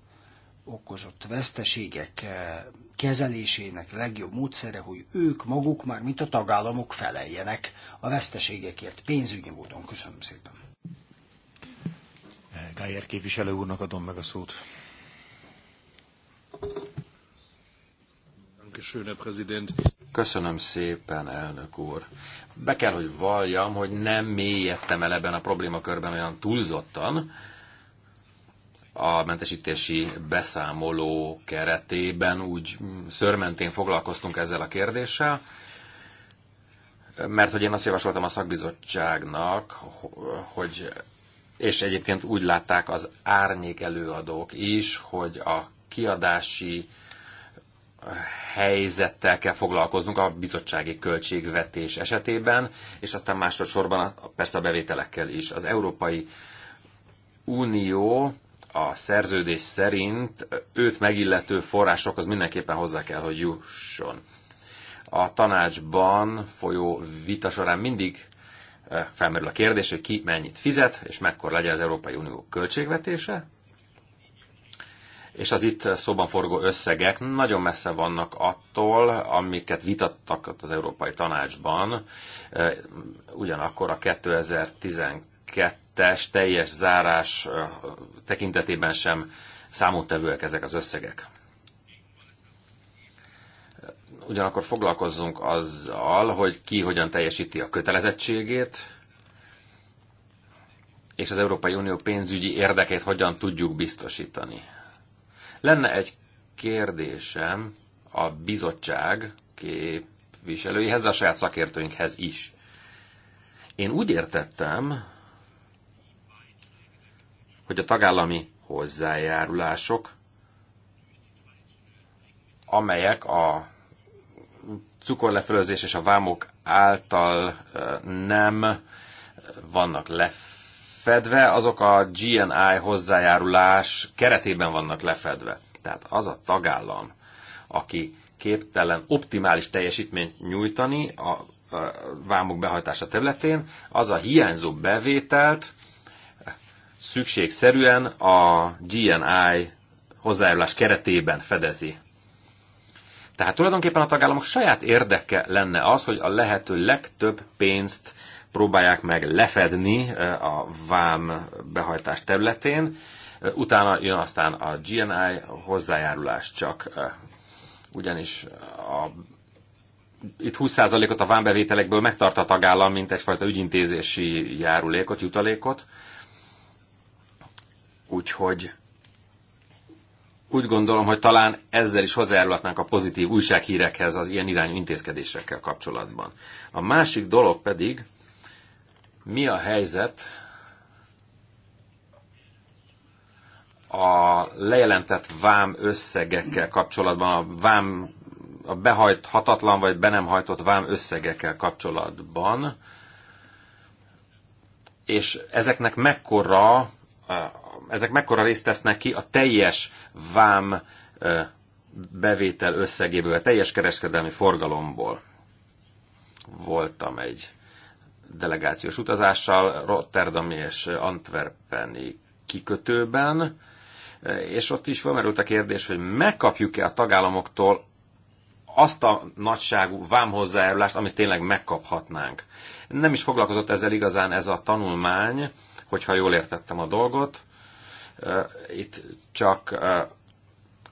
okozott veszteségek eh, kezelésének legjobb módszere, hogy ők maguk már, mint a tagállamok feleljenek a veszteségekért pénzügyi módon. Köszönöm szépen. Eh, Gájer képviselő úrnak adom meg a szót. Köszönöm, Herr Köszönöm szépen, elnök úr. Be kell, hogy valljam, hogy nem mélyedtem el ebben a problémakörben olyan túlzottan, a mentesítési beszámoló keretében úgy szörmentén foglalkoztunk ezzel a kérdéssel, mert hogy én azt javasoltam a szakbizottságnak, hogy, és egyébként úgy látták az árnyék előadók is, hogy a kiadási helyzettel kell foglalkoznunk a bizottsági költségvetés esetében, és aztán másodszorban persze a bevételekkel is. Az Európai Unió a szerződés szerint őt megillető forrásokhoz mindenképpen hozzá kell, hogy jusson. A tanácsban folyó vita során mindig eh, felmerül a kérdés, hogy ki mennyit fizet, és mekkor legyen az Európai Unió költségvetése, és az itt szóban forgó összegek nagyon messze vannak attól, amiket vitattak az Európai Tanácsban. E, ugyanakkor a 2012-es teljes zárás e, tekintetében sem számottevőek ezek az összegek ugyanakkor foglalkozzunk azzal, hogy ki hogyan teljesíti a kötelezettségét, és az Európai Unió pénzügyi érdekét hogyan tudjuk biztosítani. Lenne egy kérdésem a bizottság képviselőihez, de a saját szakértőinkhez is. Én úgy értettem, hogy a tagállami hozzájárulások, amelyek a cukorlefölözés és a vámok által nem vannak lef lefedve, azok a GNI hozzájárulás keretében vannak lefedve. Tehát az a tagállam, aki képtelen optimális teljesítményt nyújtani a, a vámok behajtása területén, az a hiányzó bevételt szükségszerűen a GNI hozzájárulás keretében fedezi. Tehát tulajdonképpen a tagállamok saját érdeke lenne az, hogy a lehető legtöbb pénzt próbálják meg lefedni a vám behajtás területén, utána jön aztán a GNI hozzájárulás csak, ugyanis a itt 20%-ot a vámbevételekből megtart a tagállam, mint egyfajta ügyintézési járulékot, jutalékot. Úgyhogy úgy gondolom, hogy talán ezzel is hozzájárulhatnánk a pozitív újsághírekhez az ilyen irányú intézkedésekkel kapcsolatban. A másik dolog pedig, mi a helyzet a lejelentett vám összegekkel kapcsolatban, a vám a behajthatatlan vagy be nem hajtott vám összegekkel kapcsolatban, és ezeknek mekkora, ezek mekkora részt tesznek ki a teljes vám bevétel összegéből, a teljes kereskedelmi forgalomból. Voltam egy delegációs utazással Rotterdami és Antwerpeni kikötőben, és ott is felmerült a kérdés, hogy megkapjuk-e a tagállamoktól azt a nagyságú vámhozzájárulást, amit tényleg megkaphatnánk. Nem is foglalkozott ezzel igazán ez a tanulmány, hogyha jól értettem a dolgot. Itt csak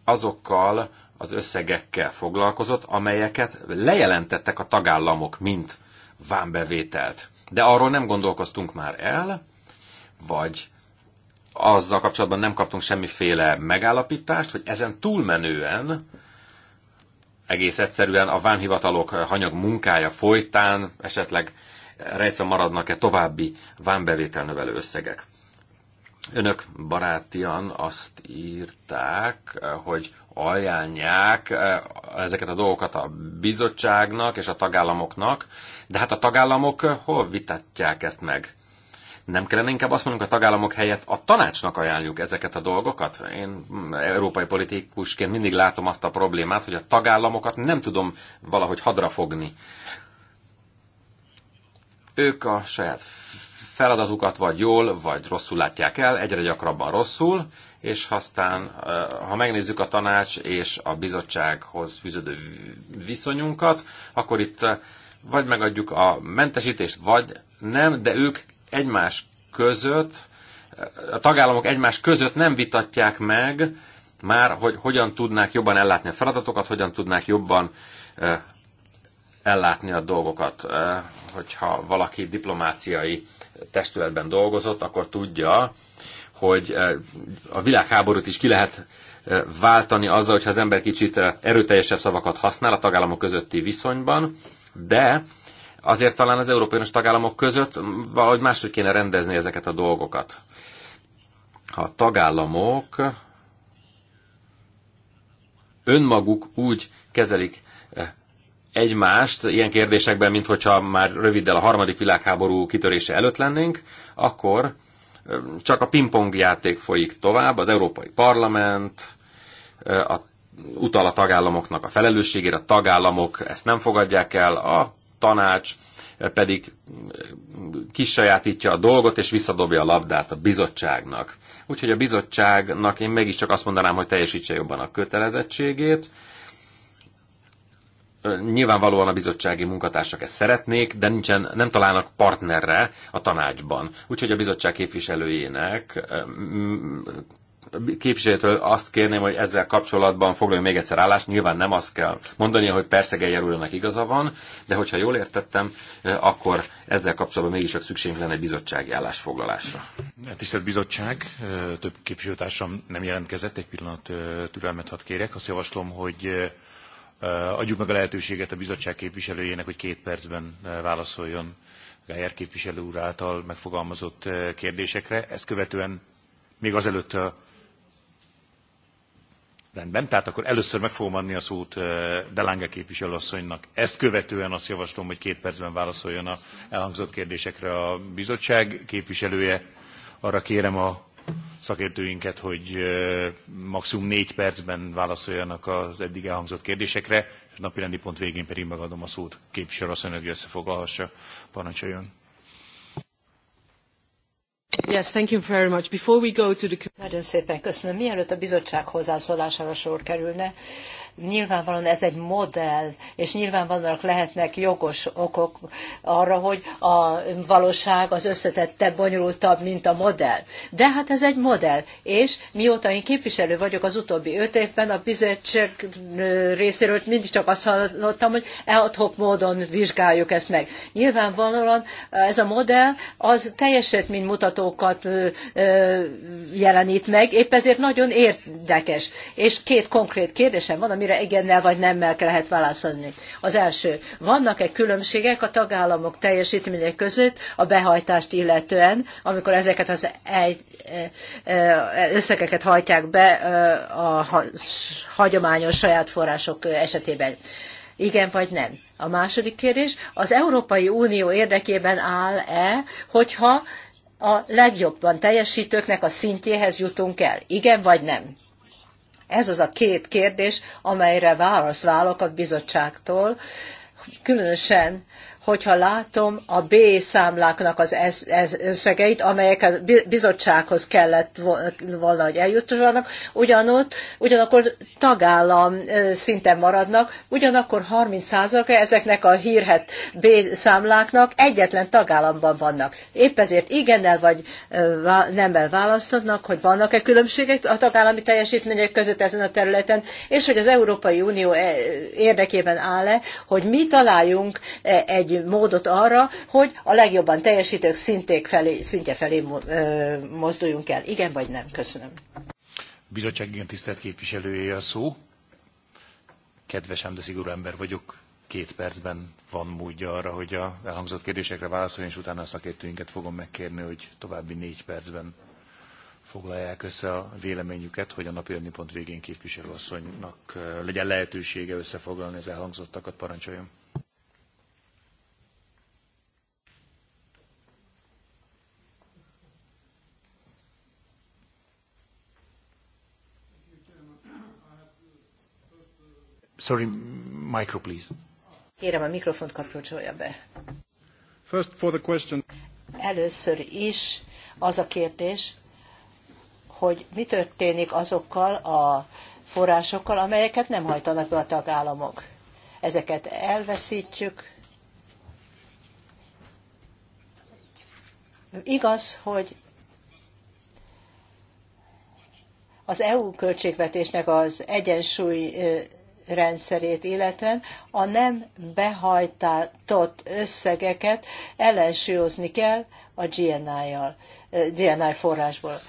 azokkal az összegekkel foglalkozott, amelyeket lejelentettek a tagállamok, mint vámbevételt. De arról nem gondolkoztunk már el, vagy azzal kapcsolatban nem kaptunk semmiféle megállapítást, hogy ezen túlmenően egész egyszerűen a vámhivatalok hanyag munkája folytán esetleg rejtve maradnak-e további növelő összegek. Önök barátian azt írták, hogy ajánlják eh, ezeket a dolgokat a bizottságnak és a tagállamoknak, de hát a tagállamok eh, hol vitatják ezt meg? Nem kellene inkább azt mondjuk a tagállamok helyett a tanácsnak ajánljuk ezeket a dolgokat? Én hm, európai politikusként mindig látom azt a problémát, hogy a tagállamokat nem tudom valahogy hadrafogni. Ők a saját feladatukat vagy jól, vagy rosszul látják el, egyre gyakrabban rosszul, és aztán, ha megnézzük a tanács és a bizottsághoz fűződő viszonyunkat, akkor itt vagy megadjuk a mentesítést, vagy nem, de ők egymás között, a tagállamok egymás között nem vitatják meg már, hogy hogyan tudnák jobban ellátni a feladatokat, hogyan tudnák jobban ellátni a dolgokat. Eh, hogyha valaki diplomáciai testületben dolgozott, akkor tudja, hogy eh, a világháborút is ki lehet eh, váltani azzal, hogyha az ember kicsit erőteljesebb szavakat használ a tagállamok közötti viszonyban, de azért talán az Európai Uniós tagállamok között valahogy máshogy kéne rendezni ezeket a dolgokat. Ha a tagállamok önmaguk úgy kezelik egymást ilyen kérdésekben, mint hogyha már röviddel a harmadik világháború kitörése előtt lennénk, akkor csak a pingpong játék folyik tovább, az Európai Parlament a, utal a tagállamoknak a felelősségére, a tagállamok ezt nem fogadják el, a tanács pedig kisajátítja a dolgot, és visszadobja a labdát a bizottságnak. Úgyhogy a bizottságnak én is csak azt mondanám, hogy teljesítse jobban a kötelezettségét, nyilvánvalóan a bizottsági munkatársak ezt szeretnék, de nincsen, nem találnak partnerre a tanácsban. Úgyhogy a bizottság képviselőjének képviselőtől azt kérném, hogy ezzel kapcsolatban foglaljon még egyszer állást. Nyilván nem azt kell mondani, hogy persze Geyer úrnak igaza van, de hogyha jól értettem, akkor ezzel kapcsolatban mégis csak szükségünk lenne egy bizottsági állásfoglalásra. Tisztelt bizottság, több képviselőtársam nem jelentkezett, egy pillanat türelmet hadd kérek. Azt javaslom, hogy Eh, adjuk meg a lehetőséget a bizottság képviselőjének, hogy két percben eh, válaszoljon Gájer képviselő úr által megfogalmazott eh, kérdésekre. Ezt követően még azelőtt a Rendben, tehát akkor először meg fogom adni a szót Delange képviselőasszonynak. Ezt követően azt javaslom, hogy két percben válaszoljon a elhangzott kérdésekre a bizottság képviselője. Arra kérem a szakértőinket, hogy maximum négy percben válaszoljanak az eddig elhangzott kérdésekre, és napi rendi pont végén pedig megadom a szót képviselőasszonynak, hogy összefoglalhassa. Parancsoljon! Yes, thank you very much. Before we go to the... Nagyon szépen köszönöm. Mielőtt a bizottság hozzászólására sor kerülne, Nyilvánvalóan ez egy modell, és nyilvánvalóan lehetnek jogos okok arra, hogy a valóság az összetettebb, bonyolultabb, mint a modell. De hát ez egy modell, és mióta én képviselő vagyok az utóbbi öt évben, a bizottság részéről mindig csak azt hallottam, hogy adhok módon vizsgáljuk ezt meg. Nyilvánvalóan ez a modell az teljesítmény mutatókat jelenít meg, épp ezért nagyon érdekes. És két konkrét kérdésem van, amire igennel vagy nemmel lehet válaszolni. Az első, vannak-e különbségek a tagállamok teljesítmények között a behajtást illetően, amikor ezeket az egy, összegeket hajtják be a hagyományos saját források esetében? Igen vagy nem? A második kérdés, az Európai Unió érdekében áll-e, hogyha a legjobban teljesítőknek a szintjéhez jutunk el? Igen vagy nem? Ez az a két kérdés, amelyre válasz válok a bizottságtól, különösen hogyha látom a B számláknak az összegeit, amelyek a bizottsághoz kellett volna, hogy eljutassanak, ugyanott, ugyanakkor tagállam szinten maradnak, ugyanakkor 30%-a ezeknek a hírhet B számláknak egyetlen tagállamban vannak. Épp ezért igennel vagy nemmel választatnak, hogy vannak-e különbségek a tagállami teljesítmények között ezen a területen, és hogy az Európai Unió e, érdekében áll-e, hogy mi találjunk e, egy módot arra, hogy a legjobban teljesítők szinték felé, szintje felé mozduljunk el. Igen vagy nem? Köszönöm. Bizottság igen tisztelt képviselője a szó. Kedvesem, de szigorú ember vagyok. Két percben van módja arra, hogy a elhangzott kérdésekre válaszoljon, és utána a szakértőinket fogom megkérni, hogy további négy percben foglalják össze a véleményüket, hogy a napi pont végén képviselőasszonynak legyen lehetősége összefoglalni az elhangzottakat, parancsoljon. Sorry, micro, please. Kérem, a mikrofont kapcsolja be. First for the question. Először is az a kérdés, hogy mi történik azokkal a forrásokkal, amelyeket nem hajtanak be a tagállamok. Ezeket elveszítjük. Igaz, hogy az EU költségvetésnek az egyensúly rendszerét, illetően a nem behajtatott összegeket ellensúlyozni kell a GNI-jal, GNI forrásból.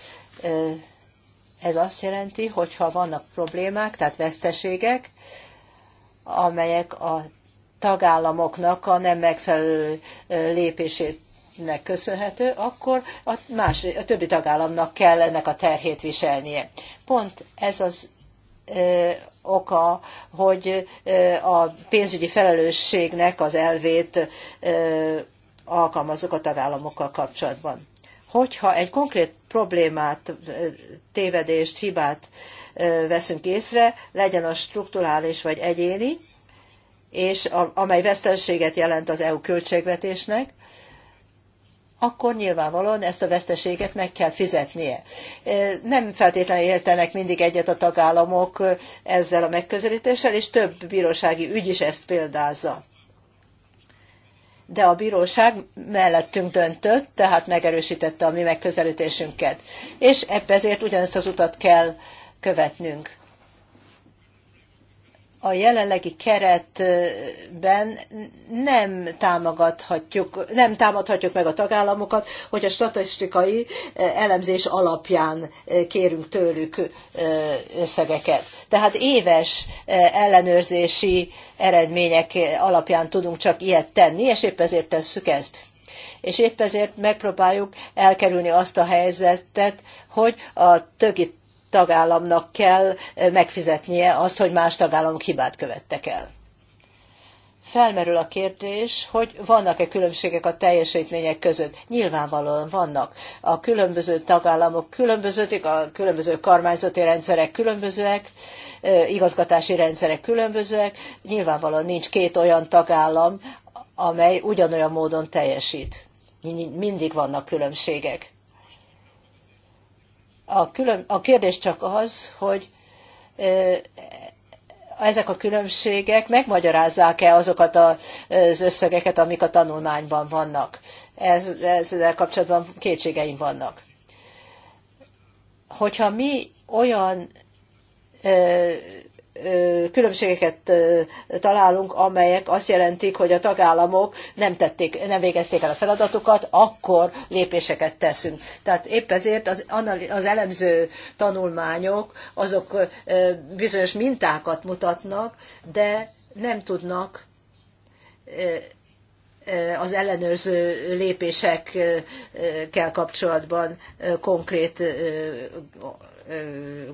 Ez azt jelenti, hogy ha vannak problémák, tehát veszteségek, amelyek a tagállamoknak a nem megfelelő lépését köszönhető, akkor a, más, a többi tagállamnak kell ennek a terhét viselnie. Pont ez az oka, hogy a pénzügyi felelősségnek az elvét alkalmazok a tagállamokkal kapcsolatban. Hogyha egy konkrét problémát, tévedést, hibát veszünk észre, legyen az strukturális vagy egyéni, és amely veszteséget jelent az EU költségvetésnek, akkor nyilvánvalóan ezt a veszteséget meg kell fizetnie. Nem feltétlenül értenek mindig egyet a tagállamok ezzel a megközelítéssel, és több bírósági ügy is ezt példázza. De a bíróság mellettünk döntött, tehát megerősítette a mi megközelítésünket. És ezért ugyanezt az utat kell követnünk a jelenlegi keretben nem támogathatjuk, nem támadhatjuk meg a tagállamokat, hogy a statisztikai eh, elemzés alapján eh, kérünk tőlük eh, összegeket. Tehát éves ellenőrzési eredmények alapján tudunk csak ilyet tenni, és épp ezért tesszük ezt. És épp ezért megpróbáljuk elkerülni azt a helyzetet, hogy a többi tagállamnak kell megfizetnie azt, hogy más tagállamok hibát követtek el. Felmerül a kérdés, hogy vannak-e különbségek a teljesítmények között. Nyilvánvalóan vannak. A különböző tagállamok különbözőek, a különböző kormányzati rendszerek különbözőek, igazgatási rendszerek különbözőek. Nyilvánvalóan nincs két olyan tagállam, amely ugyanolyan módon teljesít. Mindig vannak különbségek a, külön, a kérdés csak az, hogy ezek a különbségek megmagyarázzák-e azokat az összegeket, amik a tanulmányban vannak. Ez, ezzel kapcsolatban kétségeim vannak. Hogyha mi olyan különbségeket találunk, amelyek azt jelentik, hogy a tagállamok nem, tették, nem végezték el a feladatokat, akkor lépéseket teszünk. Tehát épp ezért az, az elemző tanulmányok azok bizonyos mintákat mutatnak, de nem tudnak az ellenőrző lépésekkel kapcsolatban konkrét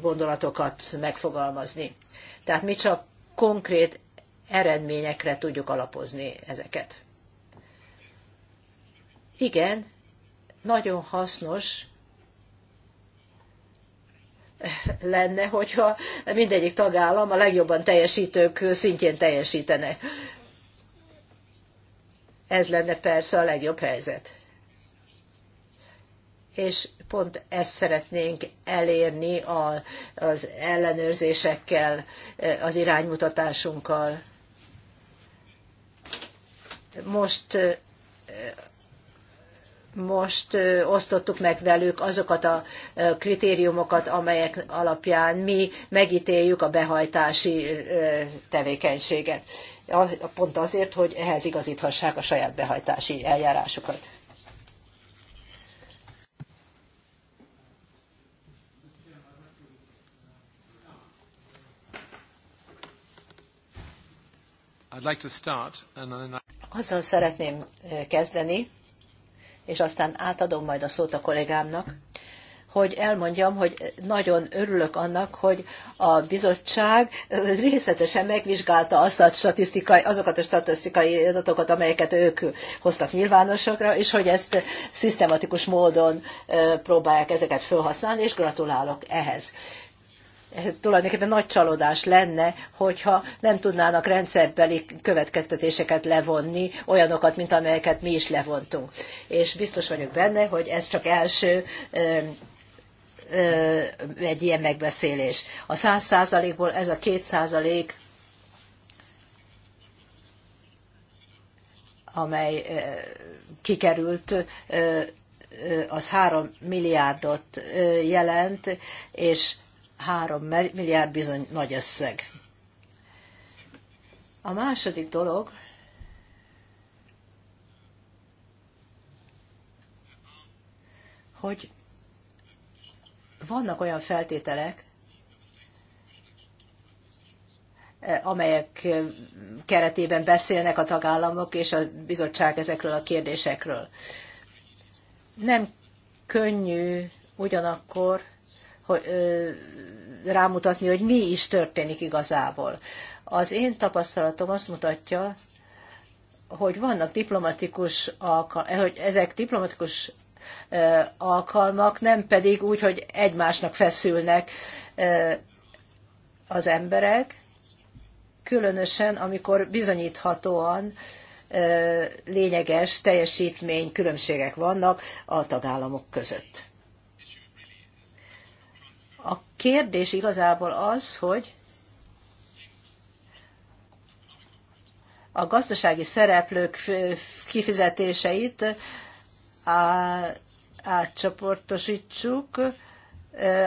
gondolatokat megfogalmazni. Tehát mi csak konkrét eredményekre tudjuk alapozni ezeket. Igen, nagyon hasznos lenne, hogyha mindegyik tagállam a legjobban teljesítők szintjén teljesítene. Ez lenne persze a legjobb helyzet és pont ezt szeretnénk elérni a, az ellenőrzésekkel, az iránymutatásunkkal. Most most osztottuk meg velük azokat a kritériumokat, amelyek alapján mi megítéljük a behajtási tevékenységet. Pont azért, hogy ehhez igazíthassák a saját behajtási eljárásukat. I'd like to start, and then I... Azzal szeretném kezdeni, és aztán átadom majd a szót a kollégámnak, hogy elmondjam, hogy nagyon örülök annak, hogy a bizottság részletesen megvizsgálta azt a statisztikai, azokat a statisztikai adatokat, amelyeket ők hoztak nyilvánosokra, és hogy ezt szisztematikus módon próbálják ezeket felhasználni, és gratulálok ehhez tulajdonképpen nagy csalódás lenne, hogyha nem tudnának rendszerbeli következtetéseket levonni, olyanokat, mint amelyeket mi is levontunk. És biztos vagyok benne, hogy ez csak első egy ilyen megbeszélés. A 100 százalékból ez a 2 százalék, amely kikerült, az 3 milliárdot jelent, és 3 milliárd bizony nagy összeg. A második dolog, hogy vannak olyan feltételek, eh, amelyek eh, keretében beszélnek a tagállamok és a bizottság ezekről a kérdésekről. Nem könnyű ugyanakkor hogy, rámutatni, hogy mi is történik igazából. Az én tapasztalatom azt mutatja, hogy vannak diplomatikus alkalmak, hogy ezek diplomatikus alkalmak, nem pedig úgy, hogy egymásnak feszülnek az emberek, különösen amikor bizonyíthatóan lényeges teljesítmény különbségek vannak a tagállamok között kérdés igazából az, hogy a gazdasági szereplők kifizetéseit átcsoportosítsuk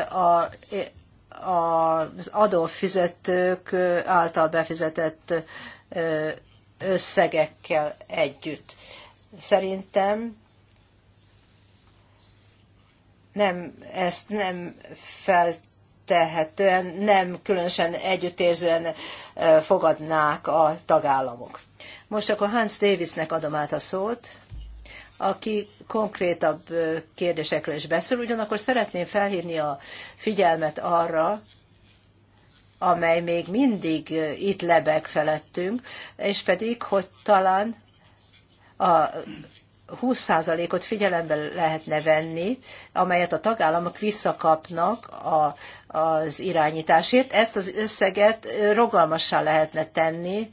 a, az adófizetők által befizetett összegekkel együtt. Szerintem nem, ezt nem felt telhetően nem különösen együttérzően fogadnák a tagállamok. Most akkor Hans Davisnek adom át a szót, aki konkrétabb kérdésekről is beszél, ugyanakkor szeretném felhívni a figyelmet arra, amely még mindig itt lebeg felettünk, és pedig, hogy talán a 20%-ot figyelembe lehetne venni, amelyet a tagállamok visszakapnak a, az irányításért. Ezt az összeget rogalmassá lehetne tenni,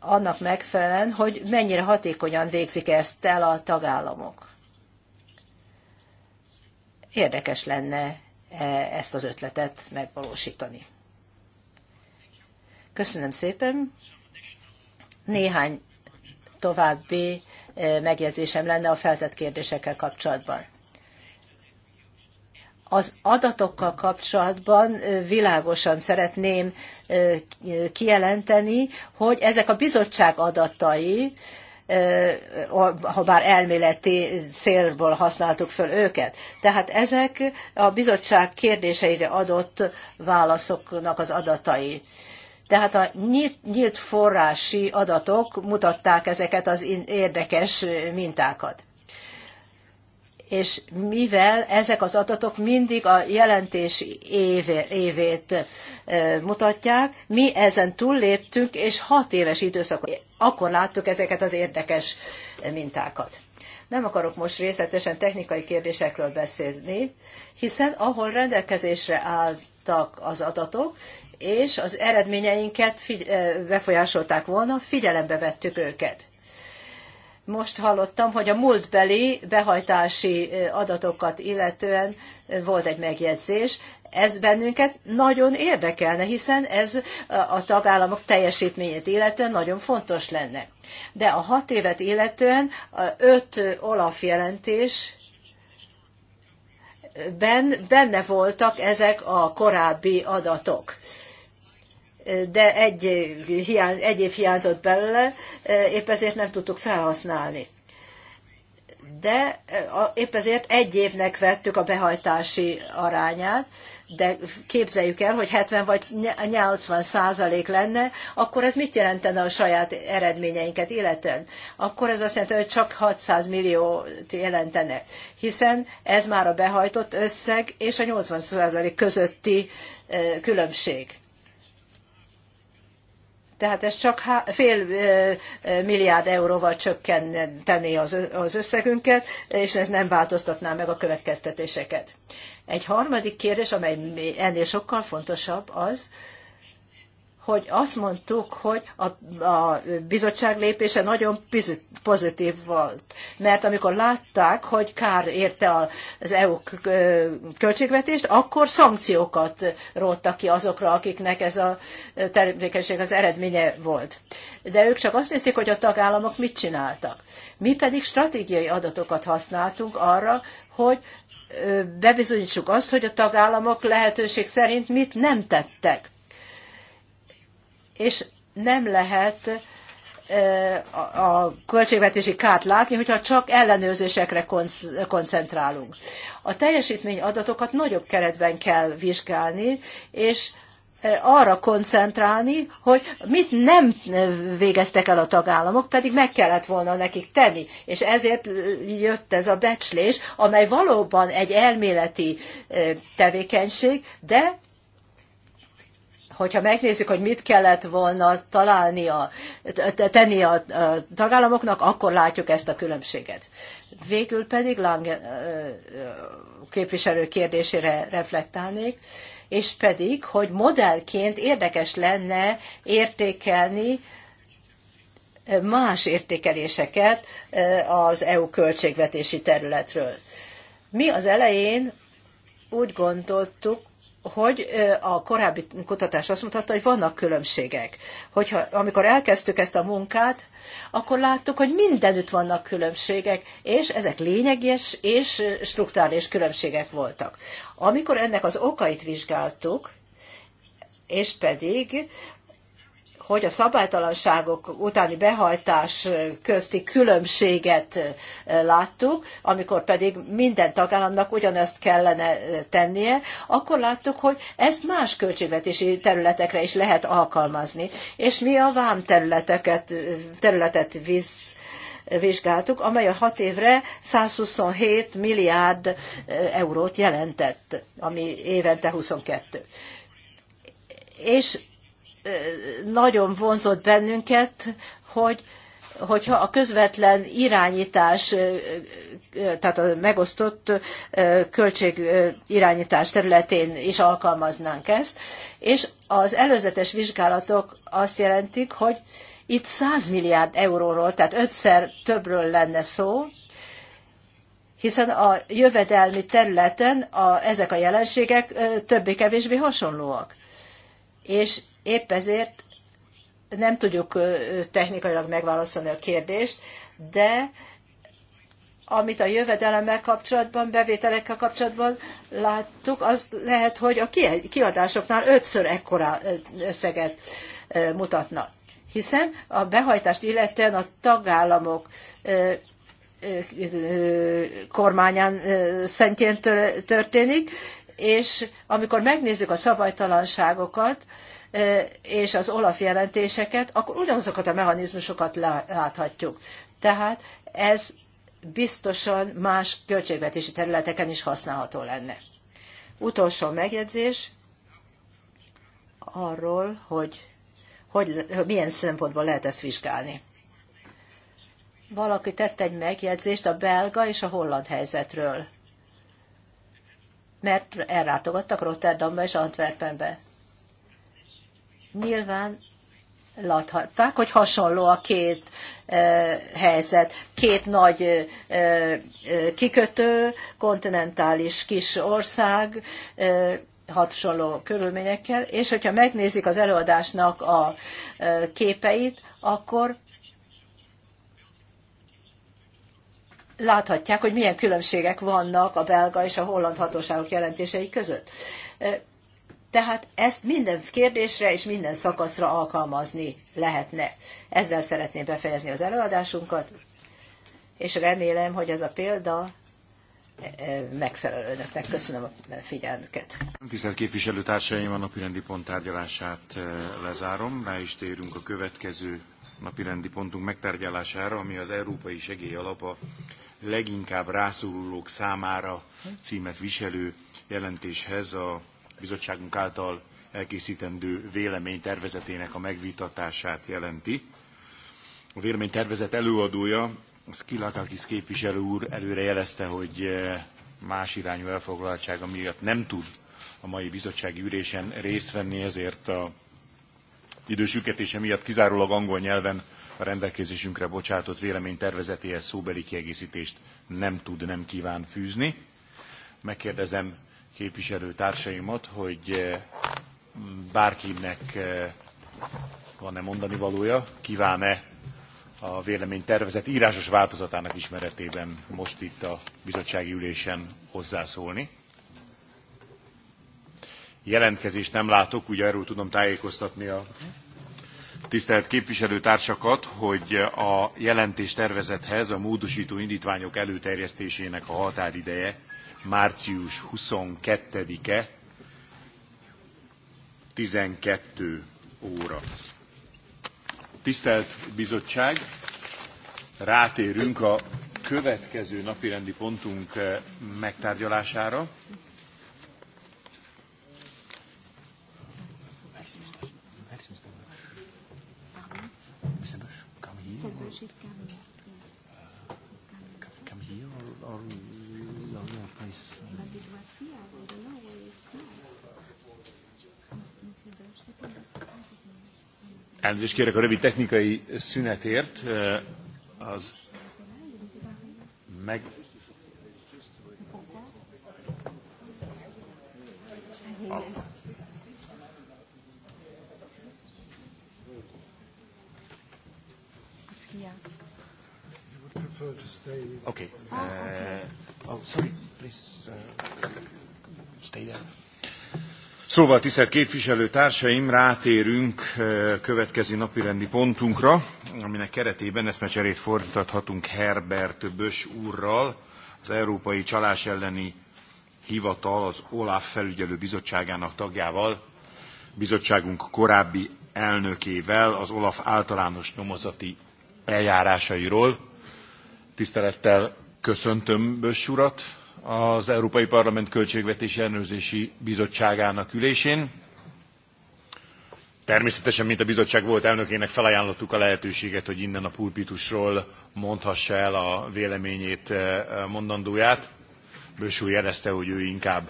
annak megfelelően, hogy mennyire hatékonyan végzik ezt el a tagállamok. Érdekes lenne e, ezt az ötletet megvalósítani. Köszönöm szépen. Néhány további eh, megjegyzésem lenne a feltett kérdésekkel kapcsolatban. Az adatokkal kapcsolatban eh, világosan szeretném eh, kijelenteni, hogy ezek a bizottság adatai, ha bár elméleti célból használtuk föl őket. Tehát ezek a bizottság kérdéseire adott válaszoknak az adatai. Tehát a nyílt, nyílt forrási adatok mutatták ezeket az érdekes mintákat. És mivel ezek az adatok mindig a jelentés évét mutatják, mi ezen túlléptünk, és hat éves időszakon akkor láttuk ezeket az érdekes mintákat. Nem akarok most részletesen technikai kérdésekről beszélni, hiszen ahol rendelkezésre álltak az adatok, és az eredményeinket befolyásolták volna, figyelembe vettük őket. Most hallottam, hogy a múltbeli behajtási adatokat illetően volt egy megjegyzés. Ez bennünket nagyon érdekelne, hiszen ez a tagállamok teljesítményét illetően nagyon fontos lenne. De a hat évet illetően a öt Olaf jelentés ben benne voltak ezek a korábbi adatok de egy, hiány, egy év hiányzott belőle, e, épp ezért nem tudtuk felhasználni. De e, épp ezért egy évnek vettük a behajtási arányát, de képzeljük el, hogy 70 vagy 80 százalék lenne, akkor ez mit jelentene a saját eredményeinket illetően? Akkor ez azt jelenti, hogy csak 600 millió jelentene, hiszen ez már a behajtott összeg és a 80 százalék közötti e, különbség. Tehát ez csak fél milliárd euróval csökkenteni az összegünket, és ez nem változtatná meg a következtetéseket. Egy harmadik kérdés, amely ennél sokkal fontosabb az, hogy azt mondtuk, hogy a, a bizottság lépése nagyon pozitív volt. Mert amikor látták, hogy kár érte az EU költségvetést, akkor szankciókat róttak ki azokra, akiknek ez a termékenység az eredménye volt. De ők csak azt nézték, hogy a tagállamok mit csináltak. Mi pedig stratégiai adatokat használtunk arra, hogy bebizonyítsuk azt, hogy a tagállamok lehetőség szerint mit nem tettek és nem lehet a költségvetési kárt látni, hogyha csak ellenőrzésekre koncentrálunk. A teljesítmény adatokat nagyobb keretben kell vizsgálni, és arra koncentrálni, hogy mit nem végeztek el a tagállamok, pedig meg kellett volna nekik tenni. És ezért jött ez a becslés, amely valóban egy elméleti tevékenység, de hogyha megnézzük, hogy mit kellett volna találnia, tenni a tagállamoknak, akkor látjuk ezt a különbséget. Végül pedig Lange képviselő kérdésére reflektálnék, és pedig, hogy modellként érdekes lenne értékelni más értékeléseket az EU költségvetési területről. Mi az elején úgy gondoltuk, hogy a korábbi kutatás azt mutatta, hogy vannak különbségek. Hogyha, amikor elkezdtük ezt a munkát, akkor láttuk, hogy mindenütt vannak különbségek, és ezek lényeges és struktúrális különbségek voltak. Amikor ennek az okait vizsgáltuk, és pedig hogy a szabálytalanságok utáni behajtás közti különbséget láttuk, amikor pedig minden tagállamnak ugyanezt kellene tennie, akkor láttuk, hogy ezt más költségvetési területekre is lehet alkalmazni. És mi a vám területeket, területet visz, vizsgáltuk, amely a hat évre 127 milliárd eurót jelentett, ami évente 22. És nagyon vonzott bennünket, hogy hogyha a közvetlen irányítás, tehát a megosztott költség irányítás területén is alkalmaznánk ezt, és az előzetes vizsgálatok azt jelentik, hogy itt 100 milliárd euróról, tehát ötszer többről lenne szó, hiszen a jövedelmi területen a, ezek a jelenségek többé-kevésbé hasonlóak. És Épp ezért nem tudjuk technikailag megválaszolni a kérdést, de amit a jövedelemmel kapcsolatban, bevételekkel kapcsolatban láttuk, az lehet, hogy a kiadásoknál ötször ekkora összeget mutatna. Hiszen a behajtást illetően a tagállamok kormányán szentjén történik, és amikor megnézzük a szabálytalanságokat, és az Olaf jelentéseket, akkor ugyanazokat a mechanizmusokat láthatjuk. Tehát ez biztosan más költségvetési területeken is használható lenne. Utolsó megjegyzés arról, hogy, hogy, hogy milyen szempontból lehet ezt vizsgálni. Valaki tett egy megjegyzést a belga és a holland helyzetről, mert elrátogattak Rotterdamba és Antwerpenbe. Nyilván láthatták, hogy hasonló a két helyzet. Két nagy kikötő, kontinentális kis ország, hasonló körülményekkel, és hogyha megnézik az előadásnak a képeit, akkor láthatják, hogy milyen különbségek vannak a belga és a holland hatóságok jelentései között. Tehát ezt minden kérdésre és minden szakaszra alkalmazni lehetne. Ezzel szeretném befejezni az előadásunkat, és remélem, hogy ez a példa e, e, megfelelőnek, önöknek. Köszönöm a figyelmüket. Tisztelt képviselőtársaim, a napirendi pont tárgyalását e, lezárom. Rá is térünk a következő napirendi pontunk megtárgyalására, ami az Európai Segély a leginkább rászorulók számára címet viselő jelentéshez a bizottságunk által elkészítendő véleménytervezetének a megvitatását jelenti. A véleménytervezet előadója, Skilakakis képviselő úr előre jelezte, hogy eh, más irányú elfoglaltsága miatt nem tud a mai bizottsági ülésen részt venni, ezért a idősüketése miatt kizárólag angol nyelven a rendelkezésünkre bocsátott véleménytervezetéhez szóbeli kiegészítést nem tud, nem kíván fűzni. Megkérdezem, képviselő társaimat, hogy eh, bárkinek eh, van-e mondani valója, kíván-e a vélemény tervezet írásos változatának ismeretében most itt a bizottsági ülésen hozzászólni. Jelentkezést nem látok, ugye erről tudom tájékoztatni a tisztelt képviselőtársakat, hogy a jelentés tervezethez a módosító indítványok előterjesztésének a határideje március 22-e 12 óra. Tisztelt Bizottság, rátérünk a következő napirendi pontunk eh, megtárgyalására. Elnézést kérek a rövid technikai szünetért. Az meg... A... Okay. Uh, oh, sorry. Please uh, stay there. Szóval, tisztelt képviselő társaim, rátérünk következő napirendi pontunkra, aminek keretében eszmecserét fordíthatunk Herbert Bös úrral, az Európai Csalás elleni Hivatal az OLAF felügyelő bizottságának tagjával, bizottságunk korábbi elnökével, az OLAF általános nyomozati eljárásairól. Tisztelettel köszöntöm Bös urat, az Európai Parlament Költségvetési Ellenőrzési Bizottságának ülésén. Természetesen, mint a bizottság volt elnökének felajánlottuk a lehetőséget, hogy innen a pulpitusról mondhassa el a véleményét, eh, mondandóját. Bősú jelezte, hogy ő inkább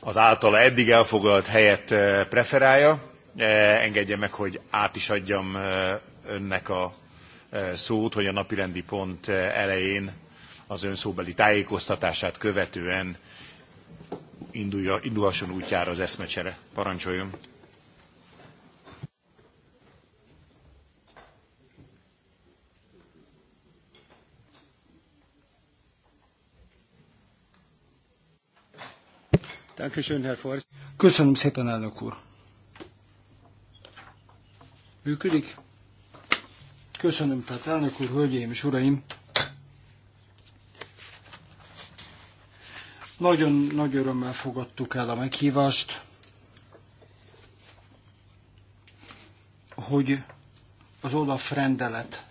az általa eddig elfoglalt helyet eh, preferálja. Eh, engedje meg, hogy át is adjam önnek a szót, hogy a napirendi pont elején az ön szóbeli tájékoztatását követően indulja, indulhasson útjára az eszmecsere. Parancsoljon! Köszönöm szépen, elnök úr. Működik? Köszönöm, tehát elnök úr, hölgyeim és uraim. Nagyon nagy örömmel fogadtuk el a meghívást, hogy az Olaf rendelet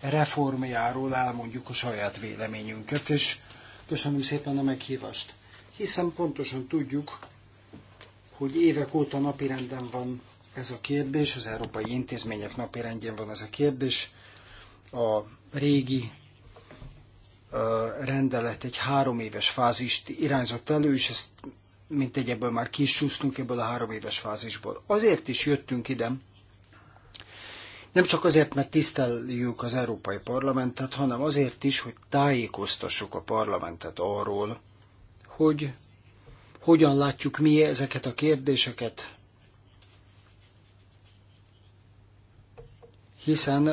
reformjáról elmondjuk a saját véleményünket, és köszönöm szépen a meghívást. Hiszen pontosan tudjuk, hogy évek óta napirenden van ez a kérdés, az európai intézmények napirendjén van ez a kérdés, a régi rendelet egy három éves fázist irányzott elő, és ezt mint egy ebből már kisúsztunk ebből a három éves fázisból. Azért is jöttünk ide, nem csak azért, mert tiszteljük az Európai Parlamentet, hanem azért is, hogy tájékoztassuk a parlamentet arról, hogy hogyan látjuk mi ezeket a kérdéseket, hiszen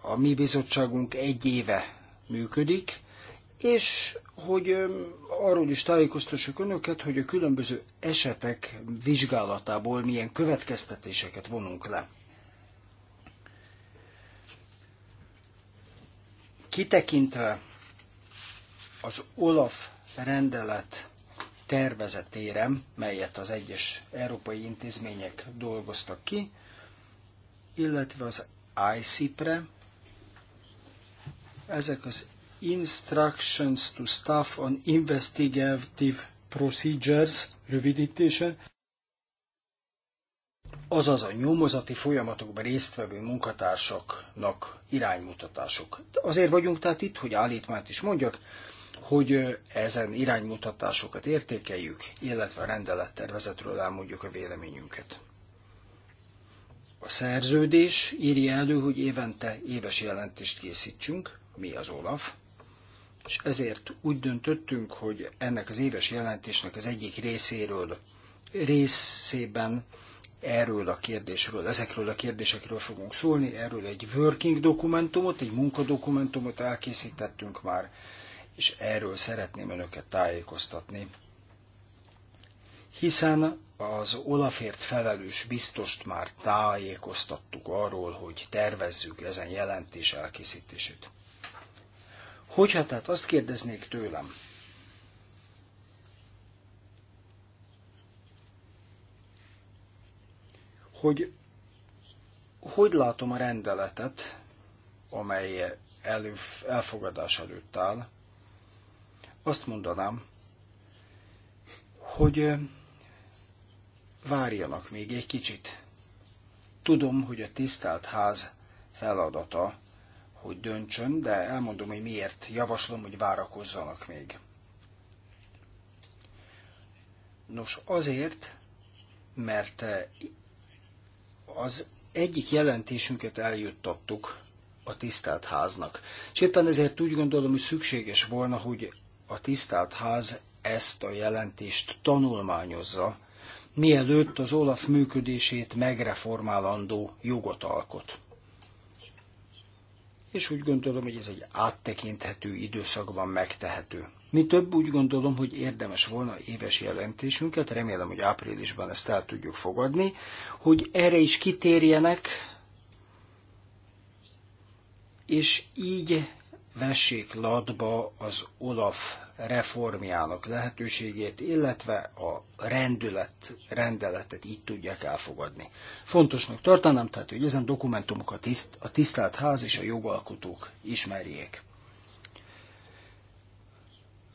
a mi bizottságunk egy éve működik, és hogy arról is tájékoztassuk önöket, hogy a különböző esetek vizsgálatából milyen következtetéseket vonunk le. Kitekintve az OLAF rendelet tervezetére, melyet az egyes európai intézmények dolgoztak ki, illetve az ICIP-re, ezek az Instructions to Staff on Investigative Procedures rövidítése, azaz a nyomozati folyamatokban résztvevő munkatársaknak iránymutatások. Azért vagyunk tehát itt, hogy állítmányt is mondjak, hogy ezen iránymutatásokat értékeljük, illetve a rendelettervezetről elmondjuk a véleményünket. A szerződés írja elő, hogy évente éves jelentést készítsünk, mi az Olaf, és ezért úgy döntöttünk, hogy ennek az éves jelentésnek az egyik részéről, részében erről a kérdésről, ezekről a kérdésekről fogunk szólni, erről egy working dokumentumot, egy munkadokumentumot elkészítettünk már, és erről szeretném önöket tájékoztatni. Hiszen az Olafért felelős biztost már tájékoztattuk arról, hogy tervezzük ezen jelentés elkészítését. Hogyha tehát azt kérdeznék tőlem, hogy hogy látom a rendeletet, amely előf, elfogadás előtt áll, azt mondanám, hogy várjanak még egy kicsit. Tudom, hogy a tisztelt ház feladata hogy döntsön, de elmondom, hogy miért javaslom, hogy várakozzanak még. Nos, azért, mert eh, az egyik jelentésünket eljuttattuk a tisztelt háznak. És éppen ezért úgy gondolom, hogy szükséges volna, hogy a tisztelt ház ezt a jelentést tanulmányozza, mielőtt az Olaf működését megreformálandó jogot alkot és úgy gondolom, hogy ez egy áttekinthető időszakban megtehető. Mi több úgy gondolom, hogy érdemes volna éves jelentésünket, remélem, hogy áprilisban ezt el tudjuk fogadni, hogy erre is kitérjenek, és így vessék latba az Olaf reformjának lehetőségét, illetve a rendület, rendeletet így tudják elfogadni. Fontosnak tartanám tehát, hogy ezen dokumentumokat tiszt, a tisztelt ház és a jogalkotók ismerjék.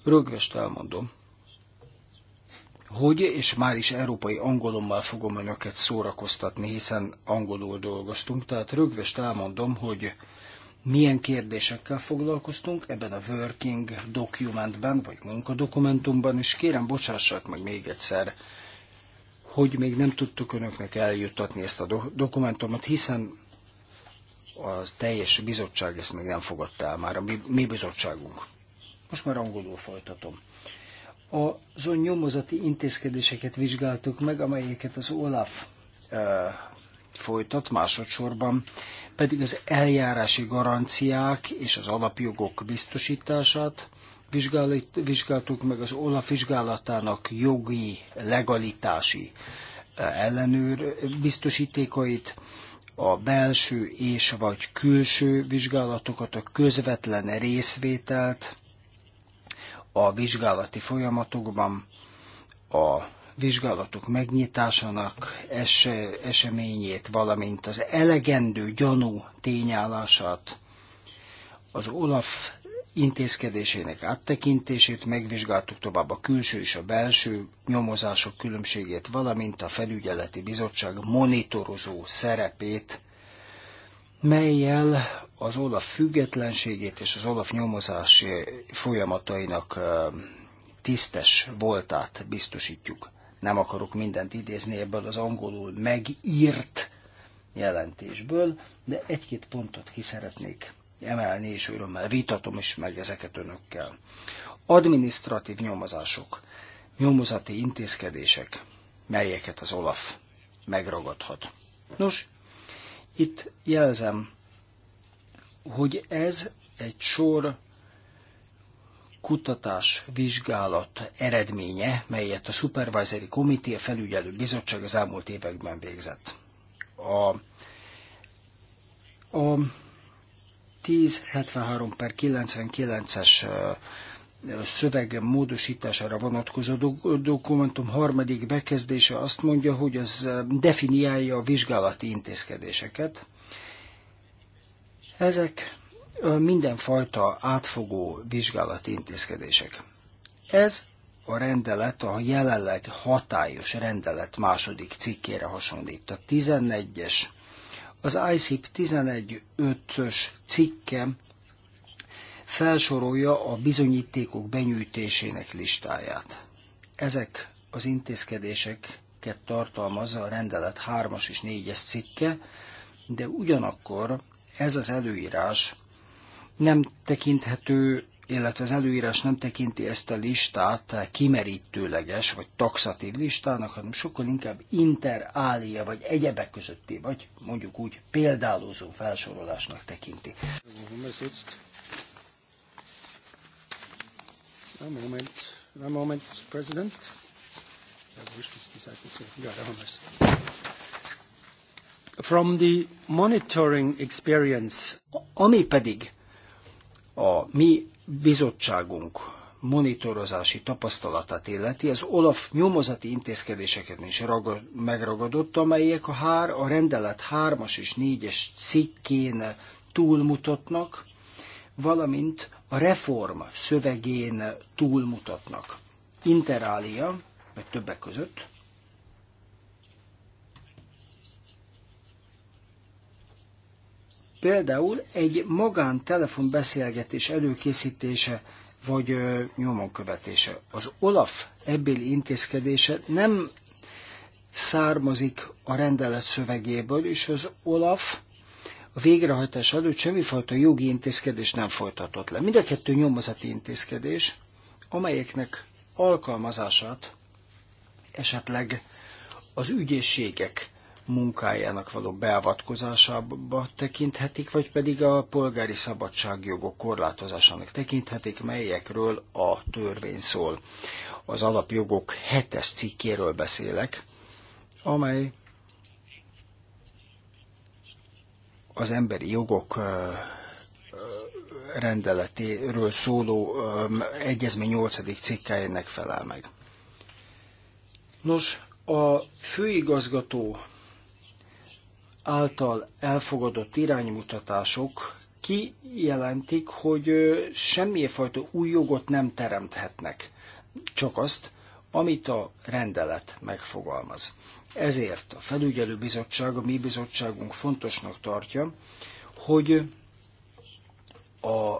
Rögvest elmondom, hogy, és már is európai angolommal fogom önöket szórakoztatni, hiszen angolul dolgoztunk, tehát rögvest elmondom, hogy milyen kérdésekkel foglalkoztunk ebben a working documentben, vagy munkadokumentumban, és kérem bocsássák meg még egyszer, hogy még nem tudtuk önöknek eljuttatni ezt a do- dokumentumot, hiszen a teljes bizottság ezt még nem fogadta el már, a mi, mi bizottságunk. Most már angolul folytatom. Azon nyomozati intézkedéseket vizsgáltuk meg, amelyeket az OLAF eh, folytat, másodszorban pedig az eljárási garanciák és az alapjogok biztosítását, vizsgáltuk meg az OLAF vizsgálatának jogi, legalitási e, ellenőr biztosítékait, a belső és vagy külső vizsgálatokat, a közvetlen részvételt a vizsgálati folyamatokban, a vizsgálatok megnyitásának es- eseményét, valamint az elegendő gyanú tényállását, az Olaf intézkedésének áttekintését, megvizsgáltuk tovább a külső és a belső nyomozások különbségét, valamint a felügyeleti bizottság monitorozó szerepét, melyel az Olaf függetlenségét és az Olaf nyomozási folyamatainak tisztes voltát biztosítjuk nem akarok mindent idézni ebből az angolul megírt jelentésből, de egy-két pontot ki szeretnék emelni, és örömmel vitatom is meg ezeket önökkel. Administratív nyomozások, nyomozati intézkedések, melyeket az Olaf megragadhat. Nos, itt jelzem, hogy ez egy sor kutatás vizsgálat eredménye, melyet a Supervisory Committee, a felügyelő bizottság az elmúlt években végzett. A, a 1073 per 99-es szöveg módosítására vonatkozó dokumentum harmadik bekezdése azt mondja, hogy az definiálja a vizsgálati intézkedéseket. Ezek mindenfajta átfogó vizsgálati intézkedések. Ez a rendelet a jelenleg hatályos rendelet második cikkére hasonlít. A 11-es, az ICIP 11.5-ös cikke felsorolja a bizonyítékok benyújtésének listáját. Ezek az intézkedéseket tartalmazza a rendelet 3-as és 4-es cikke, de ugyanakkor ez az előírás nem tekinthető, illetve az előírás nem tekinti ezt a listát kimerítőleges vagy taxatív listának, hanem sokkal inkább interália vagy egyebek közötti, vagy mondjuk úgy példálózó felsorolásnak tekinti. A moment, a moment, President. From the monitoring experience. Ami pedig a mi bizottságunk monitorozási tapasztalatát illeti, az Olaf nyomozati intézkedéseket is ragad, megragadott, amelyek a, hár, a rendelet 3-as és 4-es cikkén túlmutatnak, valamint a reform szövegén túlmutatnak. Interália, vagy többek között, Például egy magántelefonbeszélgetés előkészítése vagy követése Az OLAF ebbéli intézkedése nem származik a rendelet szövegéből, és az OLAF a végrehajtás előtt semmifajta jogi intézkedés nem folytatott le. Mind a kettő nyomozati intézkedés, amelyeknek alkalmazását esetleg az ügyészségek munkájának való beavatkozásába tekinthetik, vagy pedig a polgári szabadságjogok korlátozásának tekinthetik, melyekről a törvény szól. Az alapjogok hetes cikkéről beszélek, amely az emberi jogok rendeletéről szóló egyezmény 8. cikkájának felel meg. Nos, a főigazgató által elfogadott iránymutatások kijelentik, hogy semmilyen fajta új jogot nem teremthetnek, csak azt, amit a rendelet megfogalmaz. Ezért a bizottság, a mi bizottságunk fontosnak tartja, hogy a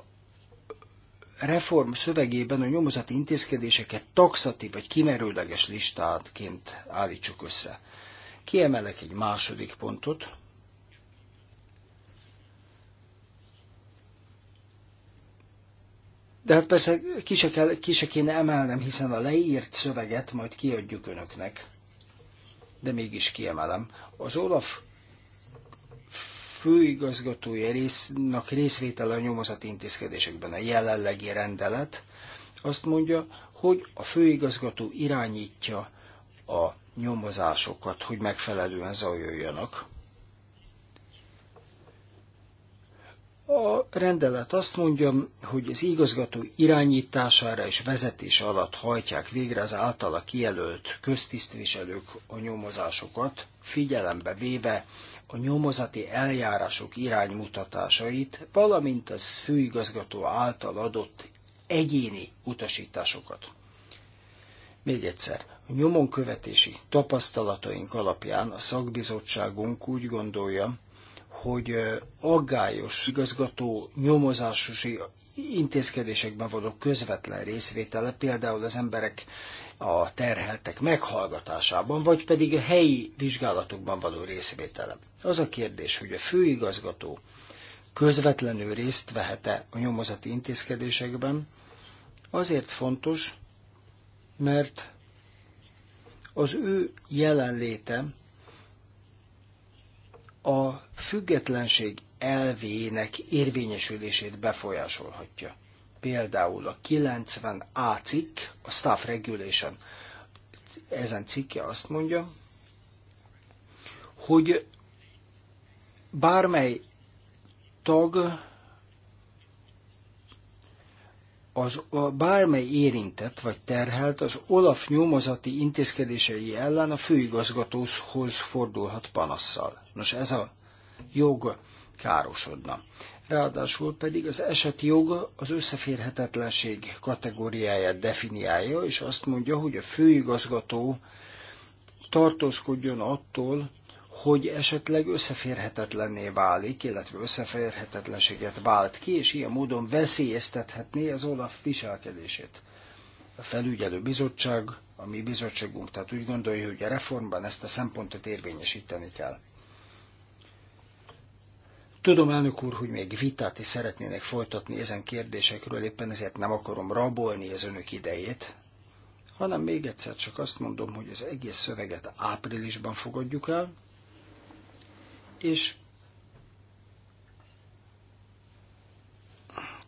reform szövegében a nyomozati intézkedéseket taxatív vagy kimerőleges listátként állítsuk össze. Kiemelek egy második pontot. De hát persze ki se, kell, ki se kéne emelnem, hiszen a leírt szöveget majd kiadjuk önöknek. De mégis kiemelem. Az Olaf főigazgatója résznak részvétele a nyomozati intézkedésekben a jelenlegi rendelet azt mondja, hogy a főigazgató irányítja a nyomozásokat, hogy megfelelően zajoljanak. A rendelet azt mondja, hogy az igazgató irányítására és vezetés alatt hajtják végre az általa kijelölt köztisztviselők a nyomozásokat, figyelembe véve a nyomozati eljárások iránymutatásait, valamint az főigazgató által adott egyéni utasításokat. Még egyszer, Nyomon nyomonkövetési tapasztalataink alapján a szakbizottságunk úgy gondolja, hogy aggályos igazgató nyomozásosi intézkedésekben való közvetlen részvétele, például az emberek a terheltek meghallgatásában, vagy pedig a helyi vizsgálatokban való részvétele. Az a kérdés, hogy a főigazgató közvetlenül részt vehet-e a nyomozati intézkedésekben, azért fontos, mert az ő jelenléte a függetlenség elvének érvényesülését befolyásolhatja. Például a 90A cikk, a Staff Regulation, ezen cikke azt mondja, hogy bármely tag az a bármely érintett vagy terhelt az Olaf nyomozati intézkedései ellen a főigazgatóhoz fordulhat panasszal. Nos, ez a jog károsodna. Ráadásul pedig az eset joga az összeférhetetlenség kategóriáját definiálja, és azt mondja, hogy a főigazgató tartózkodjon attól, hogy esetleg összeférhetetlenné válik, illetve összeférhetetlenséget vált ki, és ilyen módon veszélyeztethetné az Olaf viselkedését. A felügyelő bizottság, a mi bizottságunk, tehát úgy gondolja, hogy a reformban ezt a szempontot érvényesíteni kell. Tudom, elnök úr, hogy még vitát is szeretnének folytatni ezen kérdésekről, éppen ezért nem akarom rabolni az önök idejét, hanem még egyszer csak azt mondom, hogy az egész szöveget áprilisban fogadjuk el, és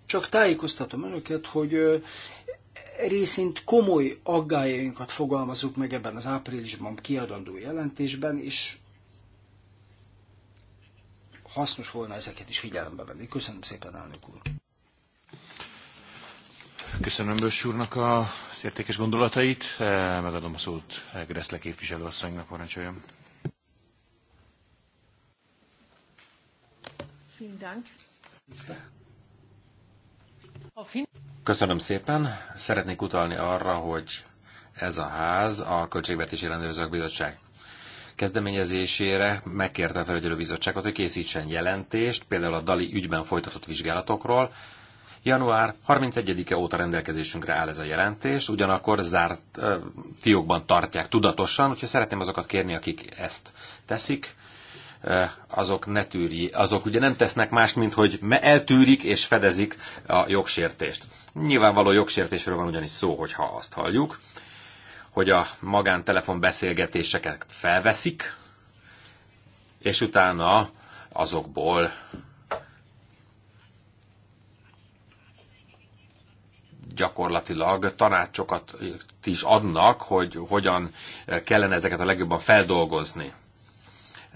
csak tájékoztatom önöket, hogy részint komoly aggájainkat fogalmazunk meg ebben az áprilisban kiadandó jelentésben, és hasznos volna ezeket is figyelembe venni. Köszönöm szépen, elnök úr! Köszönöm Bős úrnak az értékes gondolatait. Megadom a szót Greszle képviselőasszonynak, parancsoljon. Köszönöm szépen. Szeretnék utalni arra, hogy ez a ház a Költségvetési Rendőrzők Bizottság kezdeményezésére megkérte a felügyelő bizottságot, hogy készítsen jelentést, például a Dali ügyben folytatott vizsgálatokról. Január 31-e óta rendelkezésünkre áll ez a jelentés, ugyanakkor zárt ö, fiókban tartják tudatosan, úgyhogy szeretném azokat kérni, akik ezt teszik, azok, ne tűri, azok ugye nem tesznek más, mint hogy eltűrik és fedezik a jogsértést. Nyilvánvaló jogsértésről van ugyanis szó, hogyha azt halljuk, hogy a magántelefon beszélgetéseket felveszik, és utána azokból gyakorlatilag tanácsokat is adnak, hogy hogyan kellene ezeket a legjobban feldolgozni.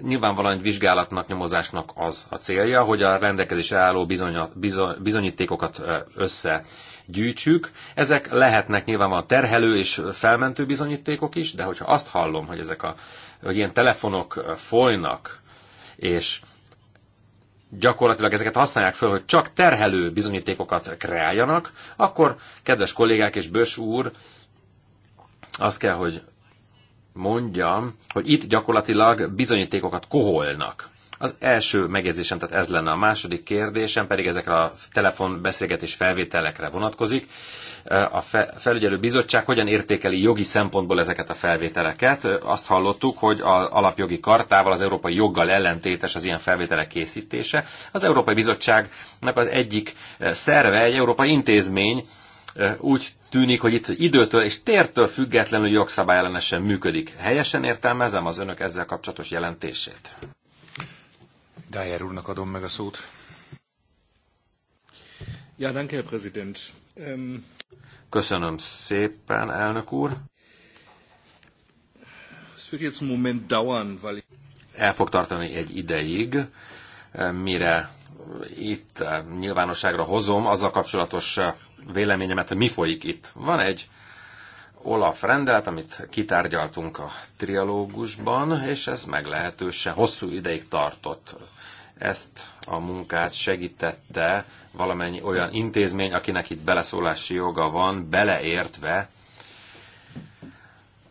Nyilvánvalóan egy vizsgálatnak, nyomozásnak az a célja, hogy a rendelkezésre álló bizony, bizony, bizonyítékokat össze gyűjtsük. Ezek lehetnek nyilvánvalóan terhelő és felmentő bizonyítékok is, de hogyha azt hallom, hogy ezek a hogy ilyen telefonok folynak, és gyakorlatilag ezeket használják föl, hogy csak terhelő bizonyítékokat kreáljanak, akkor kedves kollégák és Bös úr, azt kell, hogy mondjam, hogy itt gyakorlatilag bizonyítékokat koholnak. Az első megjegyzésem, tehát ez lenne a második kérdésem, pedig ezekre a telefonbeszélgetés felvételekre vonatkozik. A felügyelő bizottság hogyan értékeli jogi szempontból ezeket a felvételeket? Azt hallottuk, hogy az alapjogi kartával, az európai joggal ellentétes az ilyen felvételek készítése. Az Európai Bizottságnak az egyik szerve, egy európai intézmény, úgy tűnik, hogy itt időtől és tértől függetlenül jogszabály ellenesen működik. Helyesen értelmezem az önök ezzel kapcsolatos jelentését. Gájer úrnak adom meg a szót. Ja, danke, Herr Präsident. Um... Köszönöm szépen, elnök úr. Moment el fog tartani egy ideig, mire itt eh, nyilvánosságra hozom az a kapcsolatos eh, véleményemet, hogy mi folyik itt. Van egy Olaf rendelt, amit kitárgyaltunk a trialógusban, és ez meglehetősen hosszú ideig tartott. Ezt a munkát segítette valamennyi olyan intézmény, akinek itt beleszólási joga van, beleértve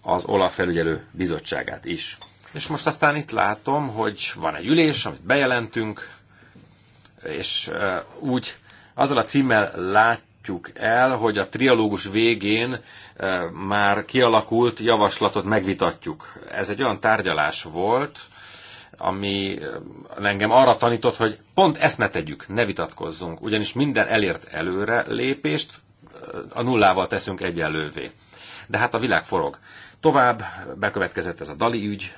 az Olaf felügyelő bizottságát is. És most aztán itt látom, hogy van egy ülés, amit bejelentünk, és úgy azzal a címmel lát, mondhatjuk el, hogy a trialógus végén eh, már kialakult javaslatot megvitatjuk. Ez egy olyan tárgyalás volt, ami eh, engem arra tanított, hogy pont ezt ne tegyük, ne vitatkozzunk, ugyanis minden elért előre lépést eh, a nullával teszünk egyenlővé. De hát a világ forog. Tovább bekövetkezett ez a Dali ügy,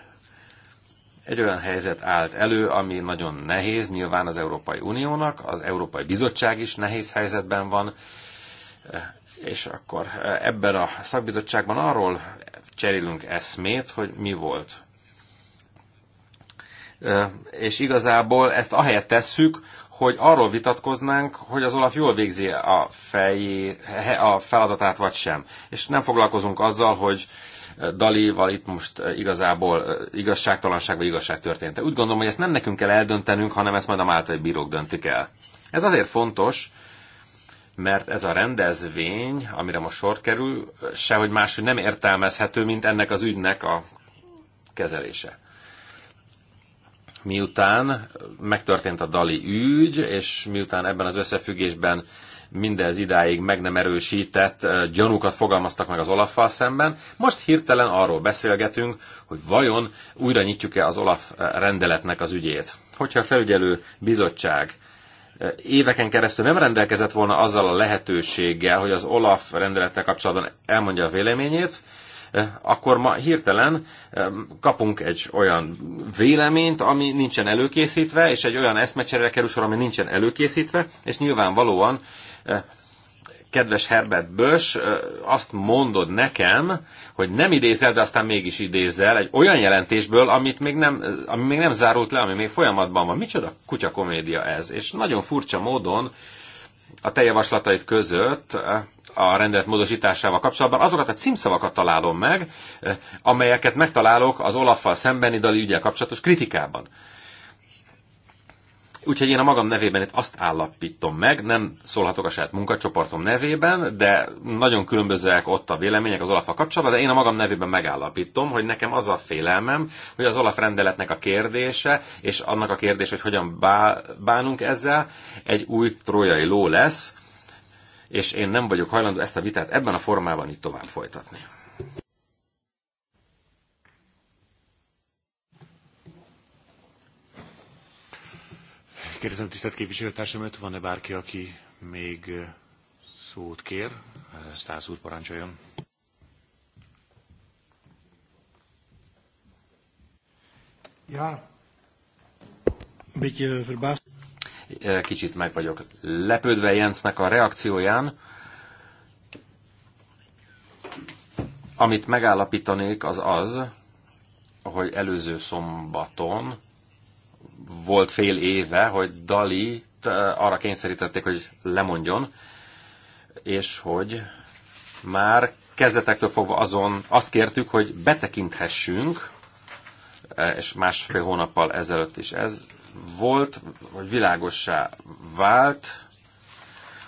egy olyan helyzet állt elő, ami nagyon nehéz, nyilván az Európai Uniónak, az Európai Bizottság is nehéz helyzetben van, és akkor ebben a szakbizottságban arról cserélünk eszmét, hogy mi volt. És igazából ezt ahelyett tesszük, hogy arról vitatkoznánk, hogy az Olaf jól végzi a, fejé, a feladatát, vagy sem. És nem foglalkozunk azzal, hogy Dalival itt most e, igazából e, igazságtalanság vagy igazság történt. Úgy gondolom, hogy ezt nem nekünk kell eldöntenünk, hanem ezt majd a máltai bírók döntik el. Ez azért fontos, mert ez a rendezvény, amire most sor kerül, sehogy máshogy nem értelmezhető, mint ennek az ügynek a kezelése. Miután megtörtént a Dali ügy, és miután ebben az összefüggésben mindez idáig meg nem erősített gyanúkat fogalmaztak meg az olaf szemben. Most hirtelen arról beszélgetünk, hogy vajon újra nyitjuk-e az Olaf rendeletnek az ügyét. Hogyha a felügyelő bizottság éveken keresztül nem rendelkezett volna azzal a lehetőséggel, hogy az Olaf rendelettel kapcsolatban elmondja a véleményét, akkor ma hirtelen kapunk egy olyan véleményt, ami nincsen előkészítve, és egy olyan eszmecserére kerül sor, ami nincsen előkészítve, és nyilvánvalóan kedves Herbert Bös, azt mondod nekem, hogy nem idézel, de aztán mégis idézel egy olyan jelentésből, amit még nem, ami még nem zárult le, ami még folyamatban van. Micsoda kutya komédia ez? És nagyon furcsa módon a te javaslataid között a rendelet módosításával kapcsolatban azokat a címszavakat találom meg, amelyeket megtalálok az Olaffal szembeni dali ügyel kapcsolatos kritikában. Úgyhogy én a magam nevében itt azt állapítom meg, nem szólhatok a saját munkacsoportom nevében, de nagyon különbözőek ott a vélemények az Olafa kapcsolatban, de én a magam nevében megállapítom, hogy nekem az a félelmem, hogy az Olaf rendeletnek a kérdése, és annak a kérdése, hogy hogyan bánunk ezzel, egy új trójai ló lesz, és én nem vagyok hajlandó ezt a vitát ebben a formában itt tovább folytatni. Kérdezem tisztelt képviselőtársamat, van-e bárki, aki még szót kér? Stász úr parancsoljon. Ja, Kicsit meg vagyok lepődve Jensznek a reakcióján. Amit megállapítanék, az az, hogy előző szombaton volt fél éve, hogy Dali eh, arra kényszerítették, hogy lemondjon, és hogy már kezdetektől fogva azon azt kértük, hogy betekinthessünk, eh, és másfél hónappal ezelőtt is ez volt, hogy világossá vált,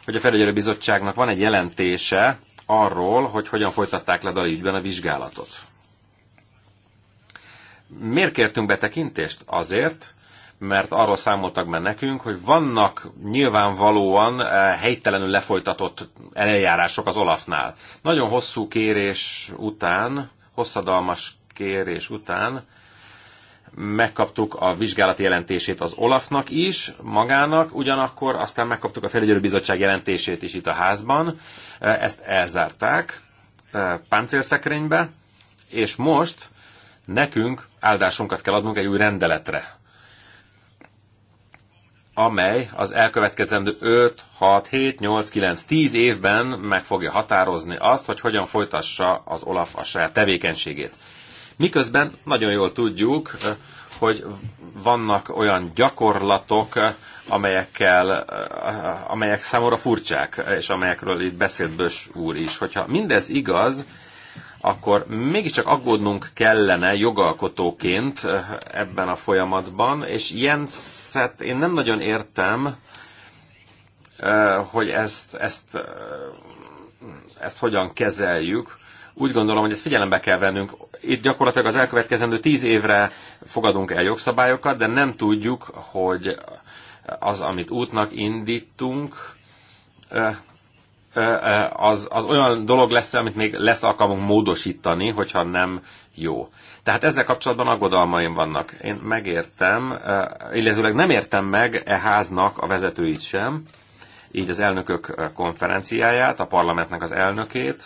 hogy a felügyelő bizottságnak van egy jelentése arról, hogy hogyan folytatták le Dali ügyben a vizsgálatot. Miért kértünk betekintést? Azért, mert arról számoltak be nekünk, hogy vannak nyilvánvalóan eh, helytelenül lefolytatott eljárások az Olafnál. Nagyon hosszú kérés után, hosszadalmas kérés után megkaptuk a vizsgálati jelentését az Olafnak is, magának, ugyanakkor aztán megkaptuk a felügyelő bizottság jelentését is itt a házban. Eh, ezt elzárták eh, páncélszekrénybe, és most nekünk áldásunkat kell adnunk egy új rendeletre amely az elkövetkezendő 5, 6, 7, 8, 9, 10 évben meg fogja határozni azt, hogy hogyan folytassa az Olaf a saját tevékenységét. Miközben nagyon jól tudjuk, eh, hogy vannak olyan gyakorlatok, eh, amelyekkel, eh, amelyek számomra furcsák, és amelyekről itt beszélt Bös úr is. Hogyha mindez igaz, akkor mégiscsak aggódnunk kellene jogalkotóként eh, ebben a folyamatban, és Jenszet én nem nagyon értem, eh, hogy ezt, ezt, eh, ezt hogyan kezeljük. Úgy gondolom, hogy ezt figyelembe kell vennünk. Itt gyakorlatilag az elkövetkezendő tíz évre fogadunk el jogszabályokat, de nem tudjuk, hogy az, amit útnak indítunk, az, az olyan dolog lesz, amit még lesz alkalmunk módosítani, hogyha nem jó. Tehát ezzel kapcsolatban aggodalmaim vannak. Én megértem, illetőleg nem értem meg e háznak a vezetőit sem, így az elnökök konferenciáját, a parlamentnek az elnökét,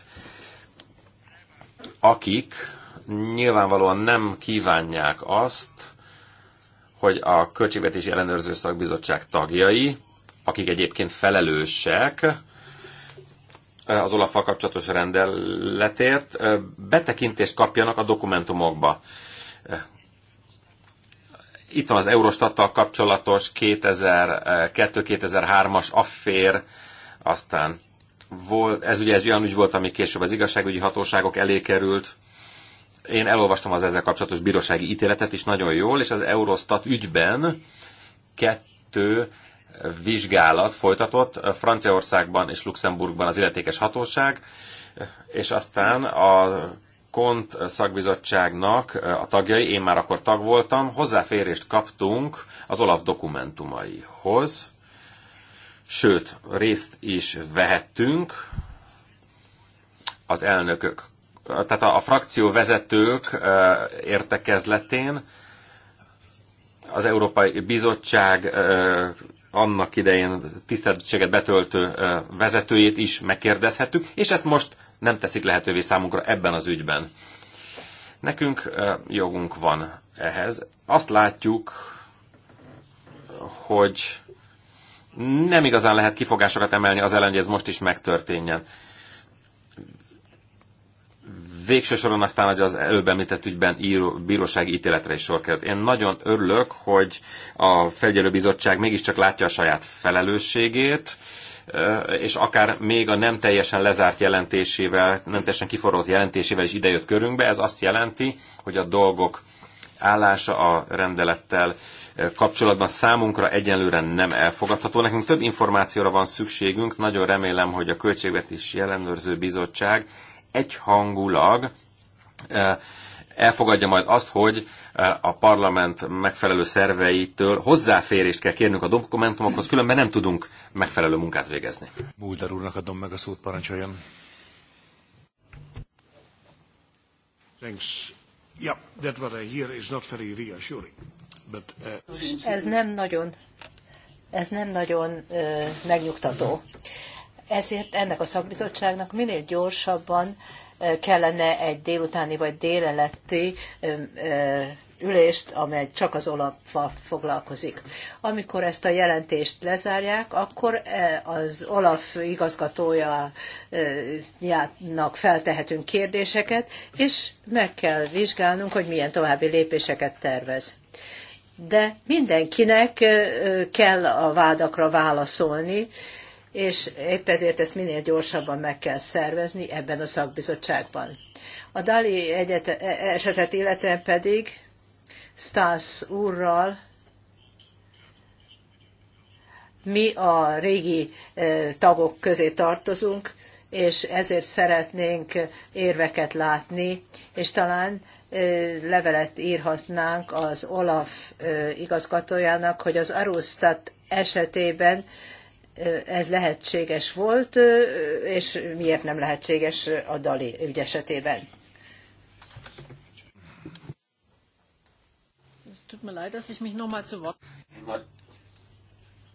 akik nyilvánvalóan nem kívánják azt, hogy a Költségvetési Ellenőrző Szakbizottság tagjai, akik egyébként felelősek, az olaf kapcsolatos rendeletért betekintést kapjanak a dokumentumokba. Itt van az Eurostattal kapcsolatos 2002-2003-as affér, aztán volt, ez ugye ez olyan ügy volt, ami később az igazságügyi hatóságok elé került. Én elolvastam az ezzel kapcsolatos bírósági ítéletet is nagyon jól, és az Eurostat ügyben kettő vizsgálat folytatott Franciaországban és Luxemburgban az illetékes hatóság, és aztán a Kont szakbizottságnak a tagjai, én már akkor tag voltam, hozzáférést kaptunk az Olaf dokumentumaihoz, sőt, részt is vehettünk az elnökök, tehát a, a frakció vezetők értekezletén, az Európai Bizottság annak idején tisztességet betöltő vezetőjét is megkérdezhettük, és ezt most nem teszik lehetővé számunkra ebben az ügyben. Nekünk jogunk van ehhez. Azt látjuk, hogy nem igazán lehet kifogásokat emelni az ellen, hogy ez most is megtörténjen végső soron aztán hogy az előbb említett ügyben író, bírósági ítéletre is sor került. Én nagyon örülök, hogy a felügyelőbizottság mégiscsak látja a saját felelősségét, és akár még a nem teljesen lezárt jelentésével, nem teljesen kiforrott jelentésével is idejött körünkbe. Ez azt jelenti, hogy a dolgok állása a rendelettel kapcsolatban számunkra egyenlőre nem elfogadható. Nekünk több információra van szükségünk, nagyon remélem, hogy a Költségvetési Ellenőrző Bizottság egyhangulag elfogadja majd azt, hogy a parlament megfelelő szerveitől hozzáférést kell kérnünk a dokumentumokhoz, különben nem tudunk megfelelő munkát végezni. Mulder úrnak adom meg a szót, parancsoljon. Thanks. Yeah, that what I hear is not very reassuring. But, uh... Ez nem nagyon, ez nem nagyon uh, megnyugtató. Uh, ezért ennek a szakbizottságnak minél gyorsabban kellene egy délutáni vagy délelőtti ülést, amely csak az olapval foglalkozik. Amikor ezt a jelentést lezárják, akkor az olaf igazgatójának feltehetünk kérdéseket, és meg kell vizsgálnunk, hogy milyen további lépéseket tervez. De mindenkinek kell a vádakra válaszolni, és épp ezért ezt minél gyorsabban meg kell szervezni ebben a szakbizottságban. A Dali egyet e- e- esetet illetően pedig Stas úrral mi a régi e, tagok közé tartozunk, és ezért szeretnénk érveket látni, és talán levelet írhatnánk az Olaf igazgatójának, hogy az Arusztat esetében ez lehetséges volt, és miért nem lehetséges a Dali ügy esetében.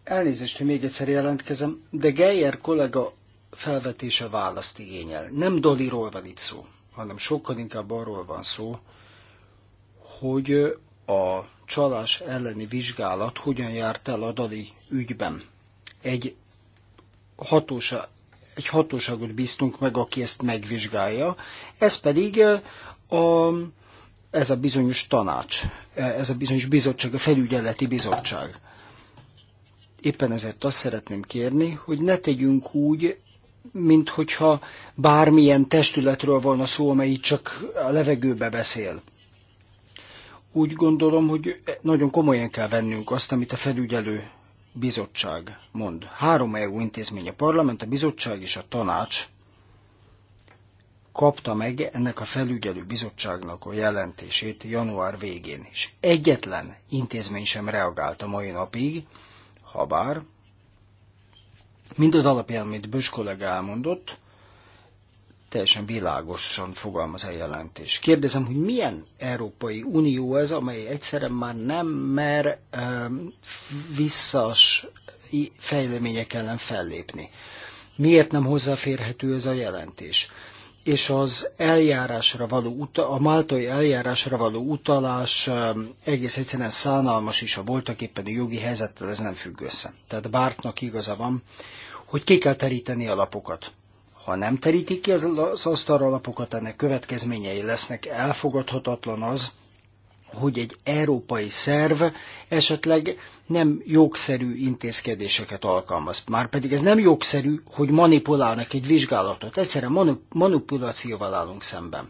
Elnézést, hogy még egyszer jelentkezem, de Geyer kollega felvetése választ igényel. Nem Doliról van itt szó, hanem sokkal inkább arról van szó, hogy a csalás elleni vizsgálat hogyan járt el a Dali ügyben egy, hatósa, egy hatóságot bíztunk meg, aki ezt megvizsgálja. Ez pedig a, ez a bizonyos tanács, ez a bizonyos bizottság, a felügyeleti bizottság. Éppen ezért azt szeretném kérni, hogy ne tegyünk úgy, mint hogyha bármilyen testületről volna szó, amely csak a levegőbe beszél. Úgy gondolom, hogy nagyon komolyan kell vennünk azt, amit a felügyelő bizottság mond. Három EU intézmény, a parlament, a bizottság és a tanács kapta meg ennek a felügyelő bizottságnak a jelentését január végén, és egyetlen intézmény sem reagált a mai napig, habár mindaz alapján, amit Bös kollega elmondott, teljesen világosan fogalmaz a jelentés. Kérdezem, hogy milyen Európai Unió ez, amely egyszerűen már nem mer um, visszas fejlemények ellen fellépni. Miért nem hozzáférhető ez a jelentés? És az eljárásra való uta, a máltai eljárásra való utalás um, egész egyszerűen szánalmas is, a voltak éppen a jogi helyzettel ez nem függ össze. Tehát Bártnak igaza van, hogy ki kell teríteni a lapokat ha nem terítik ki az asztalra alapokat, ennek következményei lesznek. Elfogadhatatlan az, hogy egy európai szerv esetleg nem jogszerű intézkedéseket alkalmaz. Márpedig ez nem jogszerű, hogy manipulálnak egy vizsgálatot. Egyszerűen manipulációval állunk szemben.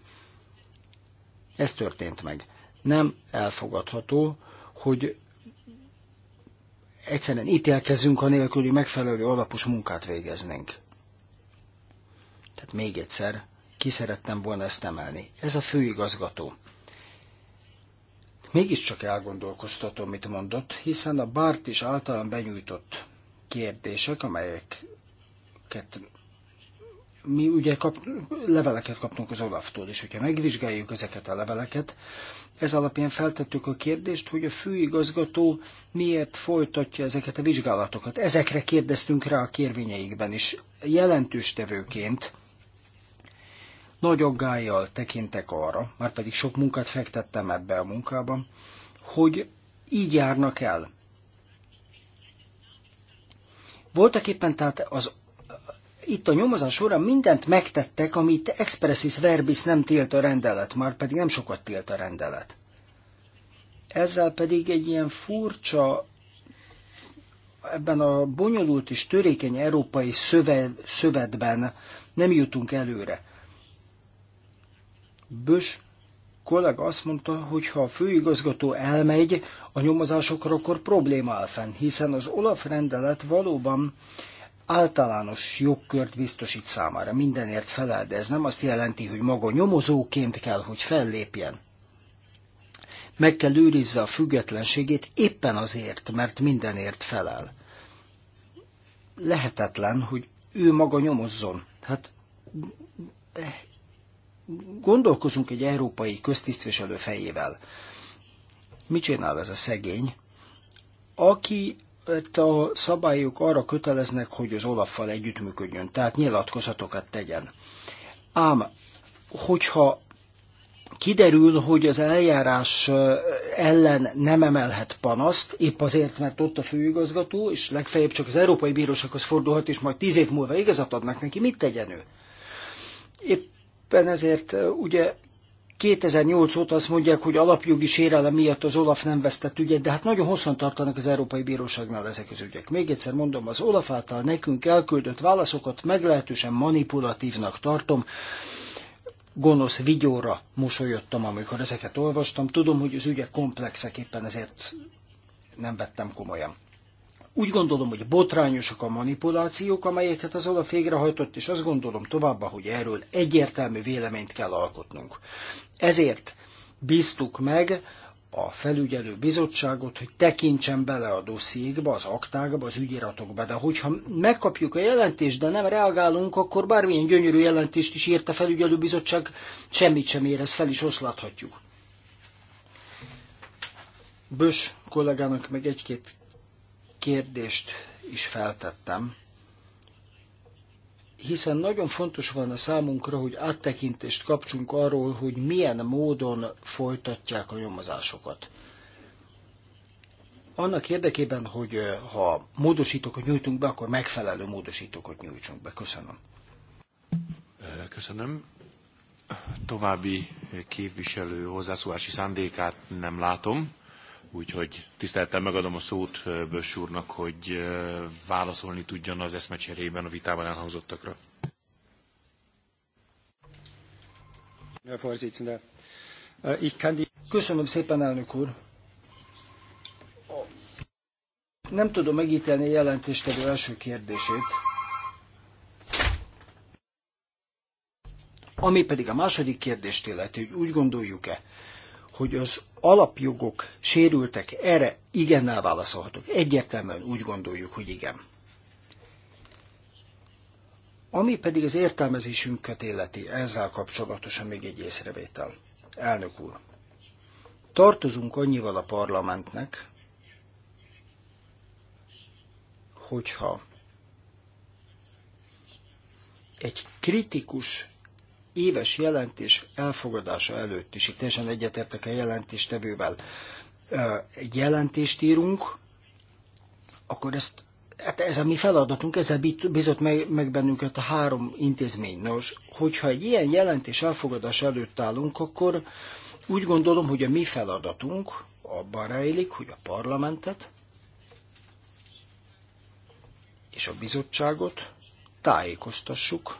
Ez történt meg. Nem elfogadható, hogy egyszerűen ítélkezzünk, anélkül, hogy megfelelő alapos munkát végeznénk. Tehát még egyszer, ki szerettem volna ezt emelni. Ez a főigazgató. Mégiscsak elgondolkoztató, mit mondott, hiszen a Bárt is általán benyújtott kérdések, amelyeket mi ugye kap, leveleket kaptunk az Olaftól, és hogyha megvizsgáljuk ezeket a leveleket, ez alapján feltettük a kérdést, hogy a főigazgató miért folytatja ezeket a vizsgálatokat. Ezekre kérdeztünk rá a kérvényeikben is. Jelentős tevőként nagy aggájjal tekintek arra, már pedig sok munkát fektettem ebbe a munkában, hogy így járnak el. Voltak éppen tehát az itt a nyomozás során mindent megtettek, amit expressis verbis nem tilt a rendelet, már pedig nem sokat tilt a rendelet. Ezzel pedig egy ilyen furcsa, ebben a bonyolult és törékeny európai szöve, szövetben nem jutunk előre. Bös kollega azt mondta, hogy ha a főigazgató elmegy a nyomozásokra, akkor probléma áll fenn, hiszen az Olaf rendelet valóban általános jogkört biztosít számára, mindenért felel, de ez nem azt jelenti, hogy maga nyomozóként kell, hogy fellépjen. Meg kell őrizze a függetlenségét éppen azért, mert mindenért felel. Lehetetlen, hogy ő maga nyomozzon. Hát gondolkozunk egy európai köztisztviselő fejével, mit csinál ez a szegény, aki a szabályok arra köteleznek, hogy az Olaffal együttműködjön, tehát nyilatkozatokat tegyen. Ám, hogyha kiderül, hogy az eljárás ellen nem emelhet panaszt, épp azért, mert ott a főigazgató, és legfeljebb csak az Európai Bírósághoz fordulhat, és majd tíz év múlva igazat adnak neki, mit tegyen ő? Épp Éppen ezért ugye 2008 óta azt mondják, hogy alapjogi sérelem miatt az Olaf nem vesztett ügyet, de hát nagyon hosszan tartanak az Európai Bíróságnál ezek az ügyek. Még egyszer mondom, az Olaf által nekünk elküldött válaszokat meglehetősen manipulatívnak tartom. Gonosz vigyóra mosolyodtam, amikor ezeket olvastam. Tudom, hogy az ügyek komplexek, éppen ezért nem vettem komolyan. Úgy gondolom, hogy botrányosak a manipulációk, amelyeket az Olaf végrehajtott, és azt gondolom továbbá, hogy erről egyértelmű véleményt kell alkotnunk. Ezért bíztuk meg a felügyelő bizottságot, hogy tekintsen bele a dossziékba, az aktákba, az ügyiratokba, de hogyha megkapjuk a jelentést, de nem reagálunk, akkor bármilyen gyönyörű jelentést is írt a felügyelő bizottság, semmit sem érez, fel is oszlathatjuk. Bös kollégának meg egy-két kérdést is feltettem, hiszen nagyon fontos van a számunkra, hogy áttekintést kapcsunk arról, hogy milyen módon folytatják a nyomozásokat. Annak érdekében, hogy ha módosítókat nyújtunk be, akkor megfelelő módosítókat nyújtsunk be. Köszönöm. Köszönöm. További képviselő hozzászólási szándékát nem látom. Úgyhogy tiszteltel megadom a szót Bös úrnak, hogy válaszolni tudjon az eszmecserében a vitában elhangzottakra. Äh, Köszönöm szépen, elnök úr! Nem tudom megítélni a jelentéstevő első kérdését, ami pedig a második kérdést illeti, hogy úgy gondoljuk-e, hogy az alapjogok sérültek, erre igennel válaszolhatok. Egyértelműen úgy gondoljuk, hogy igen. Ami pedig az értelmezésünket életi, ezzel kapcsolatosan még egy észrevétel. Elnök úr, tartozunk annyival a parlamentnek, hogyha egy kritikus éves jelentés elfogadása előtt is, itt teljesen egyetértek a jelentéstevővel, egy jelentést írunk, akkor ezt hát ez a mi feladatunk, ezzel bizott meg, meg bennünket a három intézmény. Nos, hogyha egy ilyen jelentés elfogadás előtt állunk, akkor úgy gondolom, hogy a mi feladatunk abban rejlik, hogy a parlamentet és a bizottságot tájékoztassuk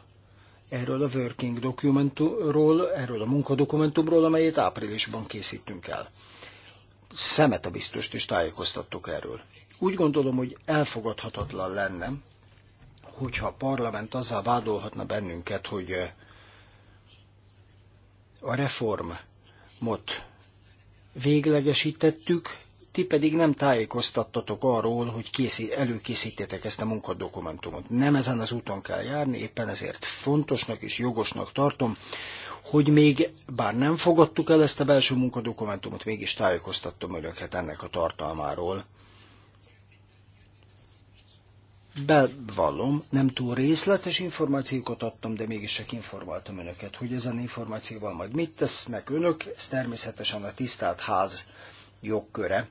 erről a working dokumentumról, erről a munkadokumentumról, amelyet áprilisban készítünk el. Szemet a biztost is tájékoztattuk erről. Úgy gondolom, hogy elfogadhatatlan lenne, hogyha a parlament azzal vádolhatna bennünket, hogy eh, a reformot véglegesítettük, ti pedig nem tájékoztattatok arról, hogy készít, előkészítétek ezt a munkadokumentumot. Nem ezen az úton kell járni, éppen ezért fontosnak és jogosnak tartom, hogy még bár nem fogadtuk el ezt a belső munkadokumentumot, mégis tájékoztattam önöket ennek a tartalmáról. Bevallom, nem túl részletes információkat adtam, de mégis csak informáltam önöket, hogy ezen információval majd mit tesznek önök, ez természetesen a tisztelt ház jogköre.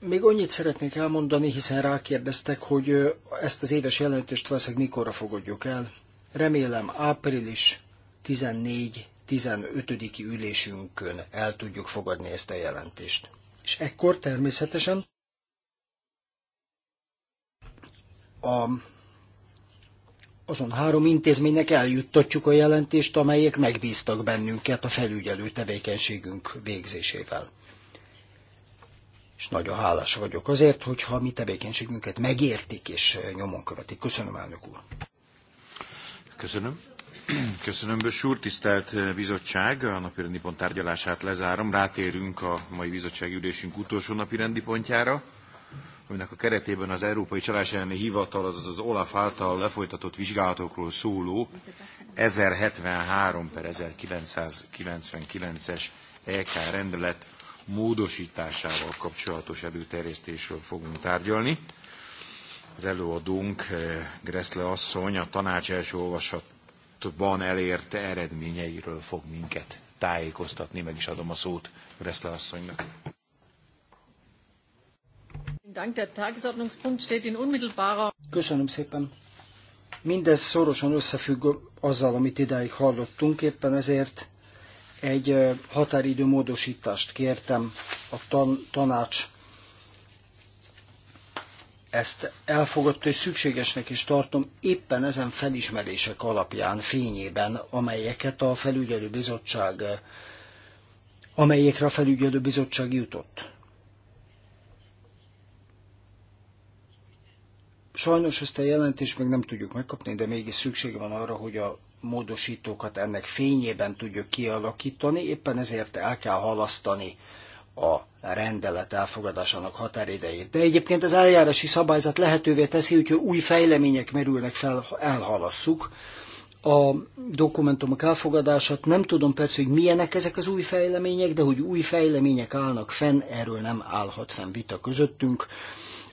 Még annyit szeretnék elmondani, hiszen rákérdeztek, hogy ezt az éves jelentést veszek, mikorra fogadjuk el. Remélem április 14-15. ülésünkön el tudjuk fogadni ezt a jelentést. És ekkor természetesen a, azon három intézménynek eljuttatjuk a jelentést, amelyek megbíztak bennünket a felügyelő tevékenységünk végzésével és nagyon hálás vagyok azért, hogyha mi tevékenységünket megértik és nyomon követik. Köszönöm, elnök úr! Köszönöm. Köszönöm, Bös úr. Tisztelt bizottság, a napirendi pont tárgyalását lezárom. Rátérünk a mai bizottsági ülésünk utolsó napirendi pontjára, aminek a keretében az Európai Csalás elleni Hivatal, azaz az OLAF által lefolytatott vizsgálatokról szóló 1073 per 1999-es EK rendelet módosításával kapcsolatos előterjesztésről fogunk tárgyalni. Az előadónk eh, Greszle asszony a tanács első olvasatban elérte eredményeiről fog minket tájékoztatni. Meg is adom a szót Greszle asszonynak. Köszönöm szépen. Mindez szorosan összefügg azzal, amit idáig hallottunk, éppen ezért egy határidő módosítást kértem a tan- tanács ezt elfogadta és szükségesnek is tartom éppen ezen felismerések alapján, fényében, amelyeket a felügyelő bizottság, amelyekre a felügyelő bizottság jutott. Sajnos ezt a jelentést még nem tudjuk megkapni, de mégis szükség van arra, hogy a módosítókat ennek fényében tudjuk kialakítani, éppen ezért el kell halasztani a rendelet elfogadásának határidejét. De egyébként az eljárási szabályzat lehetővé teszi, hogyha új fejlemények merülnek fel, elhalasszuk a dokumentumok elfogadását. Nem tudom persze, hogy milyenek ezek az új fejlemények, de hogy új fejlemények állnak fenn, erről nem állhat fenn vita közöttünk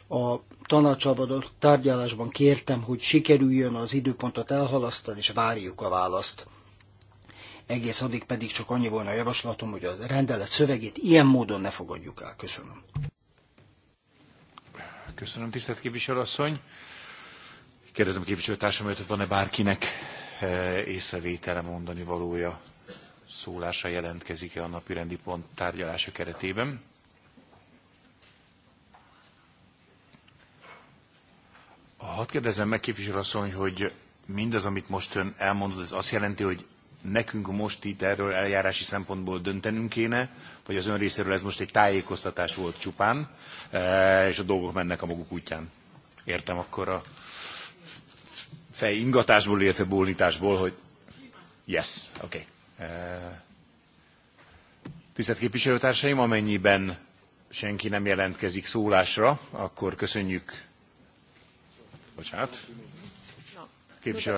a tanácsadott tárgyalásban kértem, hogy sikerüljön az időpontot elhalasztani, és várjuk a választ. Egész addig pedig csak annyi volna a javaslatom, hogy a rendelet szövegét ilyen módon ne fogadjuk el. Köszönöm. Köszönöm, tisztelt képviselőasszony. Kérdezem a képviselőtársam, hogy van-e bárkinek eh, észrevétele mondani valója szólása jelentkezik-e a napi rendi pont tárgyalása keretében. Hadd kérdezem meg, képviselőasszony, hogy mindaz, amit most ön elmondott, ez azt jelenti, hogy nekünk most itt erről eljárási szempontból döntenünk kéne, vagy az ön részéről ez most egy tájékoztatás volt csupán, e, és a dolgok mennek a maguk útján. Értem akkor a fej ingatásból, illetve bólításból, hogy yes, oké. Okay. E, tisztelt képviselőtársaim, amennyiben senki nem jelentkezik szólásra, akkor köszönjük vagy hát? Képviselő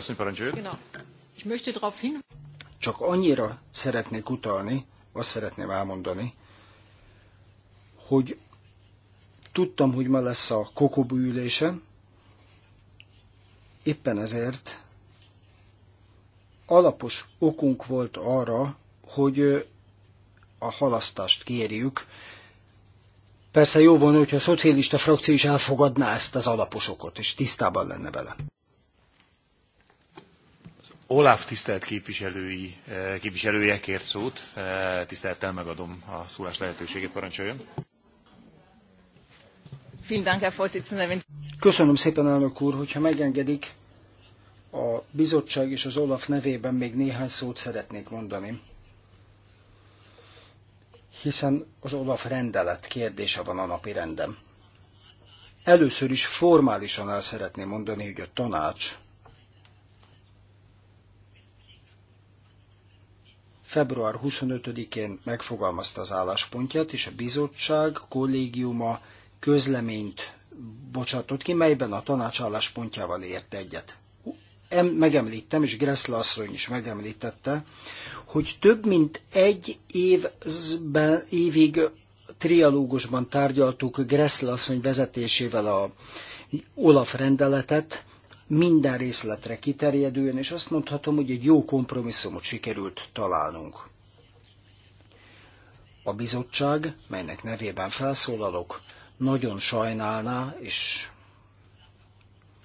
Csak annyira szeretnék utalni, azt szeretném elmondani, hogy tudtam, hogy ma lesz a kokobú ülése, éppen ezért alapos okunk volt arra, hogy a halasztást kérjük, Persze jó volna, hogyha a szocialista frakció is elfogadná ezt az alaposokot, és tisztában lenne vele. Olaf tisztelt képviselői, eh, képviselője kért szót. Eh, tisztelettel megadom a szólás lehetőségét, parancsoljon. Köszönöm szépen, elnök úr, hogyha megengedik, a bizottság és az Olaf nevében még néhány szót szeretnék mondani hiszen az Olaf rendelet kérdése van a napi rendem. Először is formálisan el szeretném mondani, hogy a tanács február 25-én megfogalmazta az álláspontját, és a bizottság kollégiuma közleményt bocsátott ki, melyben a tanács álláspontjával ért egyet em, megemlítem, és Gressle asszony is megemlítette, hogy több mint egy évben, évig trialógusban tárgyaltuk Gressle asszony vezetésével a Olaf rendeletet, minden részletre kiterjedően, és azt mondhatom, hogy egy jó kompromisszumot sikerült találnunk. A bizottság, melynek nevében felszólalok, nagyon sajnálná és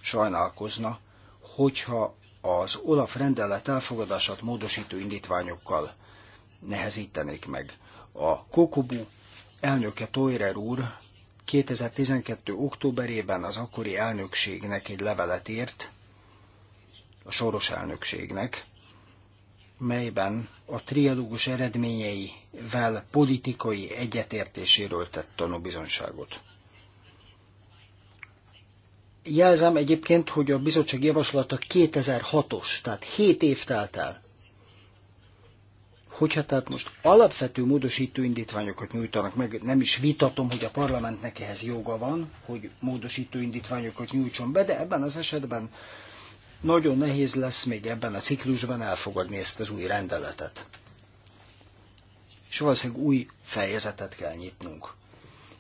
sajnálkozna, hogyha az Olaf rendelet elfogadását módosító indítványokkal nehezítenék meg. A Kokobu elnöke Toirer úr 2012. októberében az akkori elnökségnek egy levelet írt, a soros elnökségnek, melyben a trialógus eredményeivel politikai egyetértéséről tett tanúbizonságot. Jelzem egyébként, hogy a bizottság javaslata 2006-os, tehát 7 év telt el. Hogyha tehát most alapvető módosító indítványokat nyújtanak meg, nem is vitatom, hogy a parlamentnek ehhez joga van, hogy módosító indítványokat nyújtson be, de ebben az esetben nagyon nehéz lesz még ebben a ciklusban elfogadni ezt az új rendeletet. És valószínűleg új fejezetet kell nyitnunk.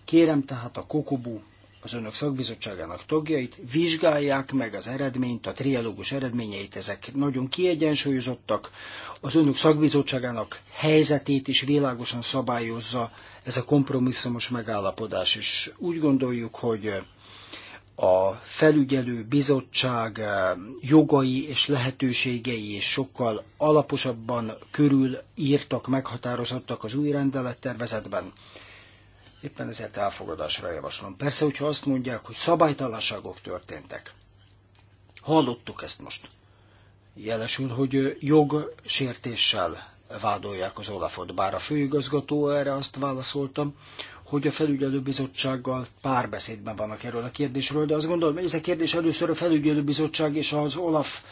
Kérem tehát a kokobú az önök szakbizottságának tagjait, vizsgálják meg az eredményt, a trialógus eredményeit, ezek nagyon kiegyensúlyozottak, az önök szakbizottságának helyzetét is világosan szabályozza ez a kompromisszumos megállapodás, és úgy gondoljuk, hogy a felügyelő bizottság jogai és lehetőségei is sokkal alaposabban körül írtak, meghatározottak az új rendelettervezetben. Éppen ezért elfogadásra javaslom. Persze, hogyha azt mondják, hogy szabálytalanságok történtek. Hallottuk ezt most. Jelesül, hogy jogsértéssel vádolják az Olafot, bár a főigazgató erre azt válaszoltam, hogy a felügyelőbizottsággal párbeszédben vannak erről a kérdésről, de azt gondolom, hogy ez a kérdés először a felügyelőbizottság és az Olaf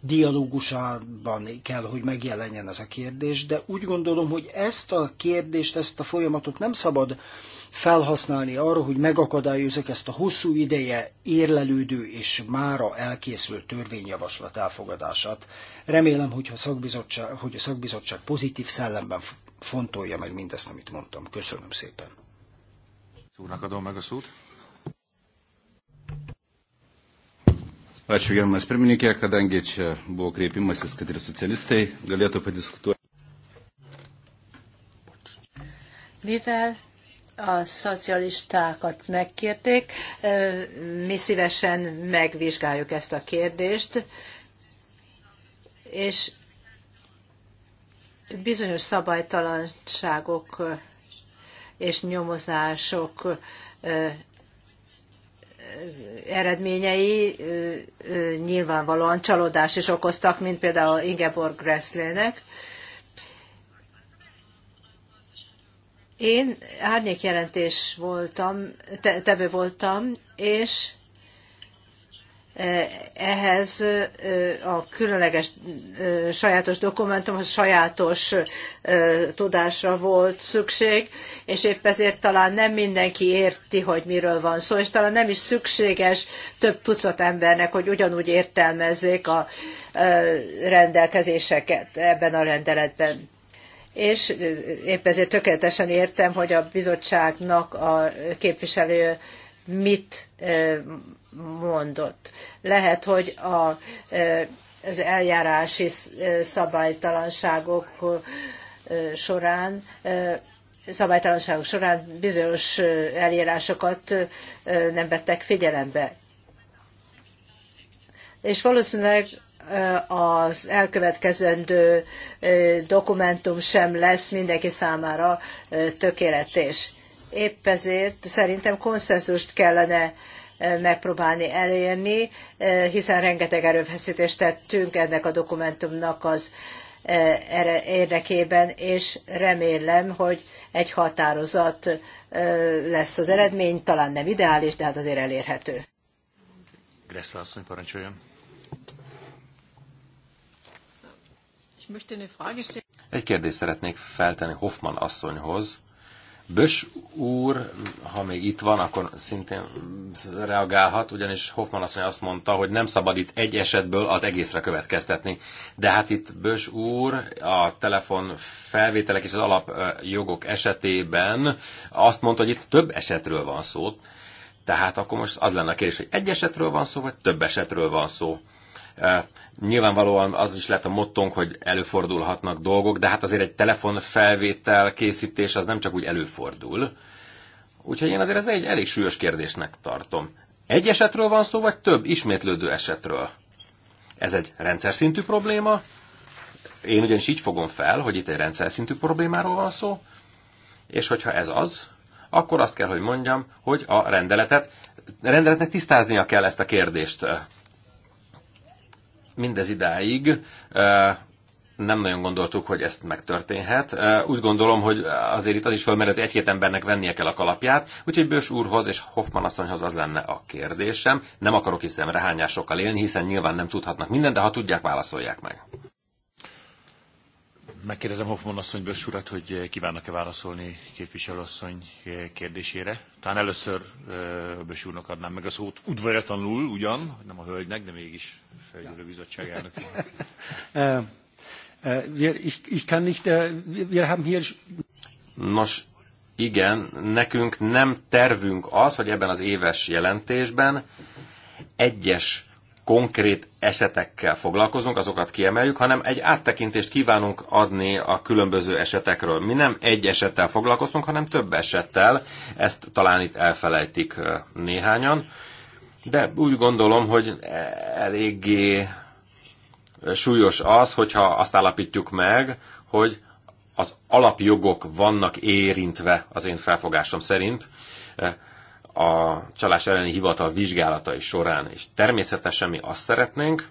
dialógusában kell, hogy megjelenjen ez a kérdés, de úgy gondolom, hogy ezt a kérdést, ezt a folyamatot nem szabad felhasználni arra, hogy megakadályozzuk ezt a hosszú ideje érlelődő és mára elkészült törvényjavaslat elfogadását. Remélem, hogy a szakbizottság, hogy a szakbizottság pozitív szellemben fontolja meg mindezt, amit mondtam. Köszönöm szépen. Úrnak adom meg a szót. Ačiū gerbiamas pirmininkė, kadangi čia buvo kreipimasis, kad ir socialistai galėtų padiskutuoti. Mivel a szocialistákat megkérték. Mi szívesen megvizsgáljuk ezt a kérdést, és bizonyos szabálytalanságok és nyomozások eredményei nyilvánvalóan csalódás is okoztak, mint például Ingeborg Gresslének. Én árnyékjelentés voltam, te, tevő voltam, és e, ehhez e, a különleges e, sajátos a sajátos tudásra volt szükség, és épp ezért talán nem mindenki érti, hogy miről van szó, és talán nem is szükséges több tucat embernek, hogy ugyanúgy értelmezzék a rendelkezéseket ebben a rendeletben és épp ezért tökéletesen értem, hogy a bizottságnak a képviselő mit mondott. Lehet, hogy a, az eljárási szabálytalanságok során szabálytalanságok során bizonyos eljárásokat nem vettek figyelembe. És valószínűleg az elkövetkezendő dokumentum sem lesz mindenki számára tökéletes. Épp ezért szerintem konszenzust kellene megpróbálni elérni, hiszen rengeteg erőfeszítést tettünk ennek a dokumentumnak az érdekében, és remélem, hogy egy határozat lesz az eredmény, talán nem ideális, de hát azért elérhető. Gressler asszony parancsoljon. Egy kérdést szeretnék feltenni Hoffman asszonyhoz. Bös úr, ha még itt van, akkor szintén reagálhat, ugyanis Hoffman asszony azt mondta, hogy nem szabad itt egy esetből az egészre következtetni. De hát itt Bös úr a telefon felvételek és az alapjogok esetében azt mondta, hogy itt több esetről van szó. Tehát akkor most az lenne a kérdés, hogy egy esetről van szó, vagy több esetről van szó. Nyilvánvalóan az is lett a mottónk, hogy előfordulhatnak dolgok, de hát azért egy telefonfelvétel készítés az nem csak úgy előfordul. Úgyhogy én azért ez egy elég súlyos kérdésnek tartom. Egy esetről van szó, vagy több ismétlődő esetről? Ez egy rendszer szintű probléma. Én ugyanis így fogom fel, hogy itt egy rendszer szintű problémáról van szó, és hogyha ez az, akkor azt kell, hogy mondjam, hogy a rendeletet, rendeletnek tisztáznia kell ezt a kérdést. Mindez idáig nem nagyon gondoltuk, hogy ezt megtörténhet. Úgy gondolom, hogy azért itt az is felmerült, egy-két embernek vennie kell a kalapját, úgyhogy Bős úrhoz és Hoffman asszonyhoz az lenne a kérdésem. Nem akarok hiszem rehányásokkal élni, hiszen nyilván nem tudhatnak mindent, de ha tudják, válaszolják meg. Megkérdezem Hoffman asszony Börs urat, hogy eh, kívánnak-e válaszolni képviselőasszony eh, kérdésére. Talán először eh, Börs úrnak adnám meg a szót, udvajatlanul ugyan, nem a hölgynek, de mégis felügyelő bizottság elnök. Nos, igen, nekünk nem tervünk az, hogy ebben az éves jelentésben egyes konkrét esetekkel foglalkozunk, azokat kiemeljük, hanem egy áttekintést kívánunk adni a különböző esetekről. Mi nem egy esettel foglalkozunk, hanem több esettel. Ezt talán itt elfelejtik néhányan. De úgy gondolom, hogy eléggé súlyos az, hogyha azt állapítjuk meg, hogy az alapjogok vannak érintve az én felfogásom szerint a csalás elleni hivatal vizsgálatai során és Természetesen mi azt szeretnénk,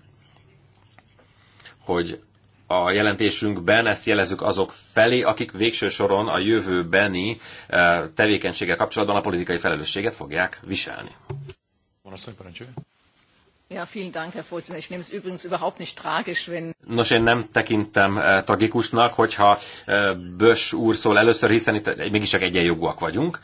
hogy a jelentésünkben ezt jelezzük azok felé, akik végső soron a jövőbeni eh, tevékenysége kapcsolatban a politikai felelősséget fogják viselni. Ja, vielen Dank, Herr Vorsitzender. Ich nehme es übrigens überhaupt nicht tragisch, wenn... Nos, én nem tekintem eh, tragikusnak, hogyha eh, Bös úr szól először, hiszen itt eh, mégiscsak egyenjogúak vagyunk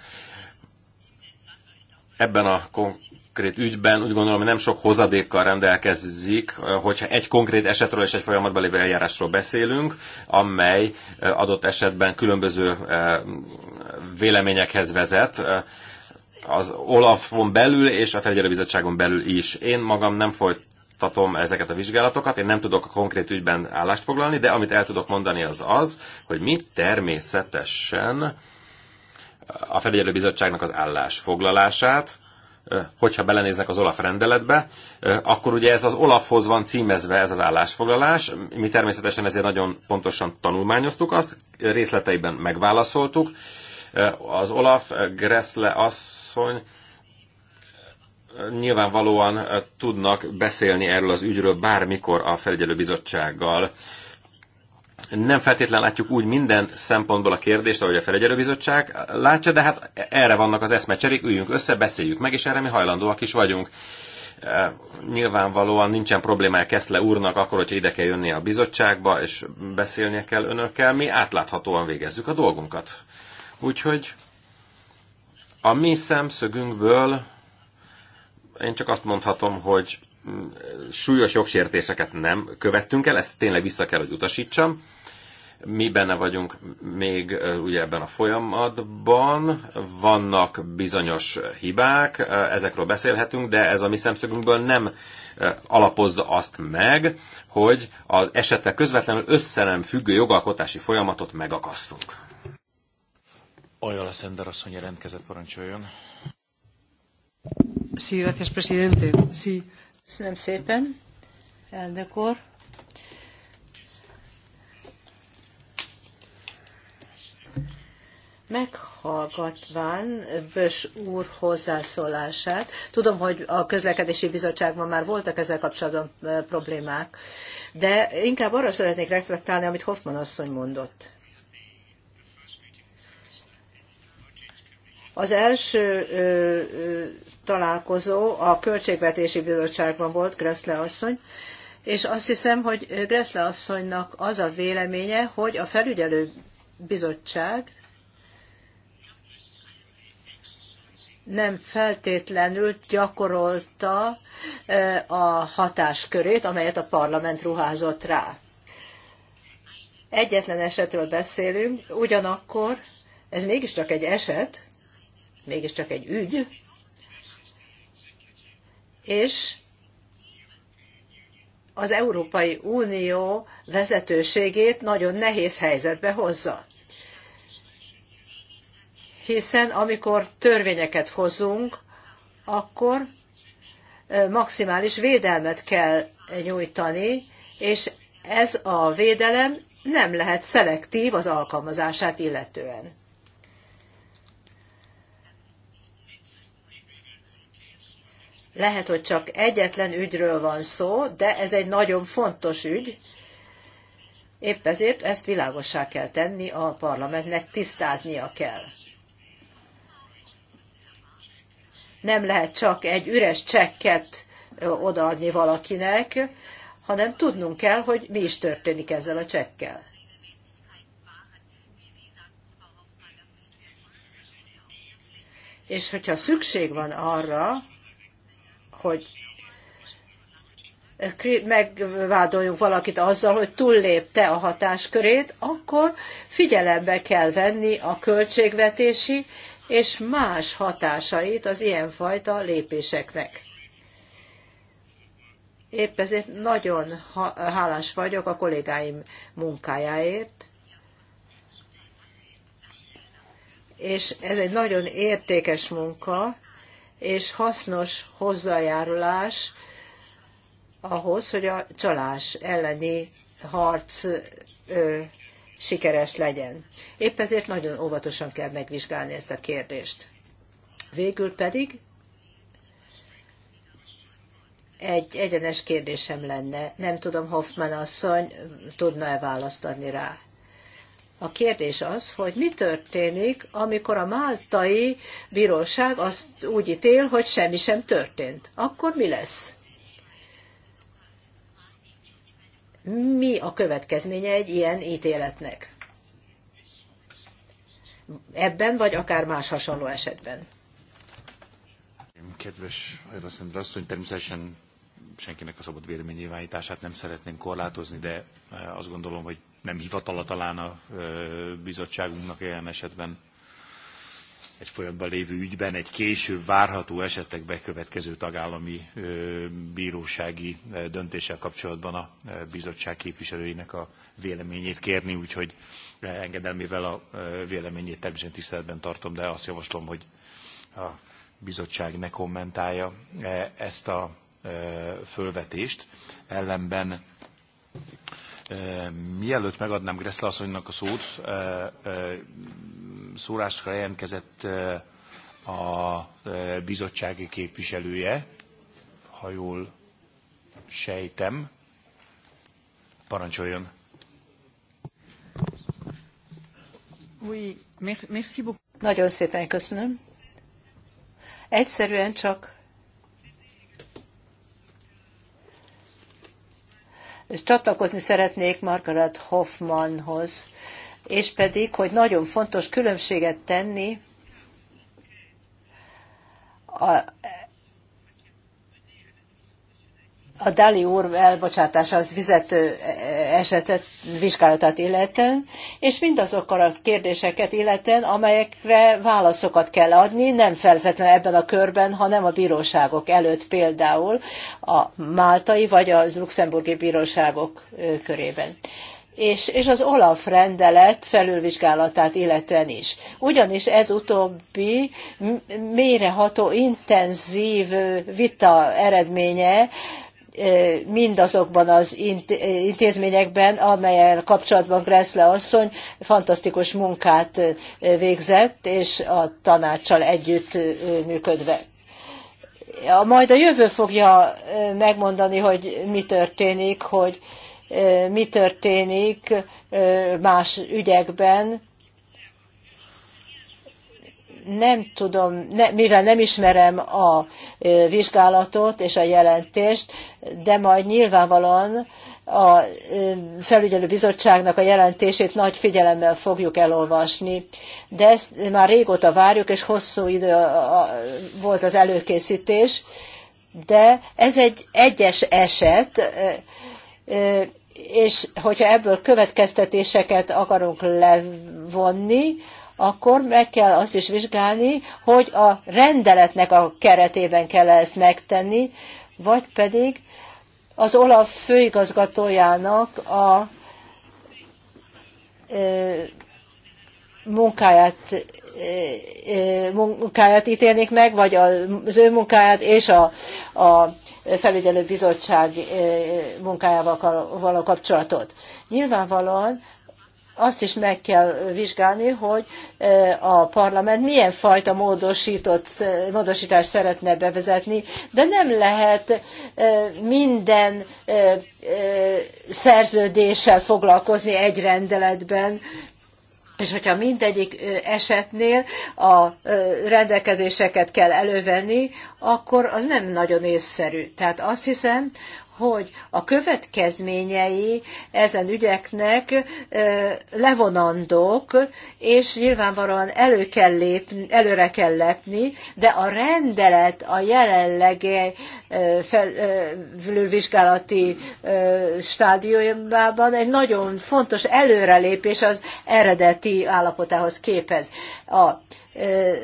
ebben a konkrét ügyben úgy gondolom, hogy nem sok hozadékkal rendelkezik, hogyha egy konkrét esetről és egy folyamatban lévő eljárásról beszélünk, amely adott esetben különböző véleményekhez vezet az Olafon belül és a felügyelőbizottságon belül is. Én magam nem folytatom ezeket a vizsgálatokat. Én nem tudok a konkrét ügyben állást foglalni, de amit el tudok mondani az az, hogy mi természetesen a felügyelőbizottságnak az állásfoglalását, hogyha belenéznek az Olaf rendeletbe, akkor ugye ez az Olafhoz van címezve ez az állásfoglalás. Mi természetesen ezért nagyon pontosan tanulmányoztuk azt, részleteiben megválaszoltuk. Az Olaf Gressle asszony nyilvánvalóan tudnak beszélni erről az ügyről bármikor a felügyelőbizottsággal. bizottsággal nem feltétlenül látjuk úgy minden szempontból a kérdést, ahogy a felegyelőbizottság látja, de hát erre vannak az eszmecserék, üljünk össze, beszéljük meg, és erre mi hajlandóak is vagyunk. E, nyilvánvalóan nincsen problémája Keszle úrnak akkor, hogyha ide kell jönnie a bizottságba, és beszélnie kell önökkel, mi átláthatóan végezzük a dolgunkat. Úgyhogy a mi szemszögünkből én csak azt mondhatom, hogy mm, súlyos jogsértéseket nem követtünk el, ezt tényleg vissza kell, hogy utasítsam. Mi benne vagyunk még ugye ebben a folyamatban, vannak bizonyos hibák, ezekről beszélhetünk, de ez a mi szemszögünkből nem alapozza azt meg, hogy az esetek közvetlenül összelem függő jogalkotási folyamatot megakasszunk. Olyan a Szender asszony rendkezett parancsoljon. Sí, gracias, presidente. Sí. Köszönöm szépen, elnök úr. meghallgatván Bös úr hozzászólását. Tudom, hogy a közlekedési bizottságban már voltak ezzel kapcsolatban problémák, de inkább arra szeretnék reflektálni, amit Hoffman asszony mondott. Az első ö, ö, találkozó a Költségvetési Bizottságban volt, Gressle asszony, és azt hiszem, hogy Gressle asszonynak az a véleménye, hogy a felügyelő bizottság nem feltétlenül gyakorolta a hatáskörét, amelyet a parlament ruházott rá. Egyetlen esetről beszélünk, ugyanakkor ez mégiscsak egy eset, mégiscsak egy ügy, és az Európai Unió vezetőségét nagyon nehéz helyzetbe hozza hiszen amikor törvényeket hozunk, akkor maximális védelmet kell nyújtani, és ez a védelem nem lehet szelektív az alkalmazását illetően. Lehet, hogy csak egyetlen ügyről van szó, de ez egy nagyon fontos ügy. Épp ezért ezt világossá kell tenni, a parlamentnek tisztáznia kell. Nem lehet csak egy üres csekket odaadni valakinek, hanem tudnunk kell, hogy mi is történik ezzel a csekkel. És hogyha szükség van arra, hogy megvádoljunk valakit azzal, hogy túllépte a hatáskörét, akkor figyelembe kell venni a költségvetési és más hatásait az ilyenfajta lépéseknek. Épp ezért nagyon hálás vagyok a kollégáim munkájáért, és ez egy nagyon értékes munka, és hasznos hozzájárulás ahhoz, hogy a csalás elleni harc sikeres legyen. Épp ezért nagyon óvatosan kell megvizsgálni ezt a kérdést. Végül pedig egy egyenes kérdésem lenne. Nem tudom, Hoffman asszony tudna-e választ adni rá. A kérdés az, hogy mi történik, amikor a máltai bíróság azt úgy ítél, hogy semmi sem történt. Akkor mi lesz? mi a következménye egy ilyen ítéletnek? Ebben, vagy akár más hasonló esetben? Kedves Ajraszendra asszony, természetesen senkinek a szabad véleménynyilvánítását nem szeretném korlátozni, de eh, azt gondolom, hogy nem hivatala talán a eh, bizottságunknak ilyen esetben egy folyamatban lévő ügyben egy később várható esetek bekövetkező tagállami bírósági döntéssel kapcsolatban a bizottság képviselőinek a véleményét kérni, úgyhogy engedelmével a véleményét természetesen tiszteletben tartom, de azt javaslom, hogy a bizottság ne kommentálja ezt a fölvetést. Ellenben mielőtt megadnám Greszle asszonynak a szót, szólásra jelentkezett a bizottsági képviselője, ha jól sejtem. Parancsoljon! Nagyon szépen köszönöm. Egyszerűen csak csatlakozni szeretnék Margaret Hoffmanhoz, és pedig, hogy nagyon fontos különbséget tenni a, a Dali úr az vizető esetet vizsgálatát illetően, és mindazokkal a kérdéseket illetően, amelyekre válaszokat kell adni, nem felvetlen ebben a körben, hanem a bíróságok előtt például a máltai vagy az luxemburgi bíróságok körében és, és az Olaf rendelet felülvizsgálatát illetően is. Ugyanis ez utóbbi mélyreható, intenzív vita eredménye, mindazokban az intézményekben, amelyen kapcsolatban Gressle asszony fantasztikus munkát végzett, és a tanácssal együtt működve. Majd a jövő fogja megmondani, hogy mi történik, hogy mi történik más ügyekben. Nem tudom, ne, mivel nem ismerem a vizsgálatot és a jelentést, de majd nyilvánvalóan a felügyelő bizottságnak a jelentését nagy figyelemmel fogjuk elolvasni. De ezt már régóta várjuk, és hosszú idő volt az előkészítés, de ez egy egyes eset, és hogyha ebből következtetéseket akarunk levonni, akkor meg kell azt is vizsgálni, hogy a rendeletnek a keretében kell ezt megtenni, vagy pedig az OLAF főigazgatójának a munkáját, munkáját ítélnék meg, vagy az ő munkáját és a, a felügyelő bizottság eh, munkájával való kapcsolatot. Nyilvánvalóan azt is meg kell vizsgálni, hogy eh, a parlament milyen fajta módosított, módosítást szeretne bevezetni, de nem lehet eh, minden szerződéssel foglalkozni egy rendeletben, és hogyha mindegyik esetnél a rendelkezéseket kell elővenni, akkor az nem nagyon észszerű. Tehát azt hiszem, hogy a következményei ezen ügyeknek levonandók, és nyilvánvalóan elő kell lépni, előre kell lépni, de a rendelet a jelenlegi felülvizsgálati stádiumában egy nagyon fontos előrelépés az eredeti állapotához képez. A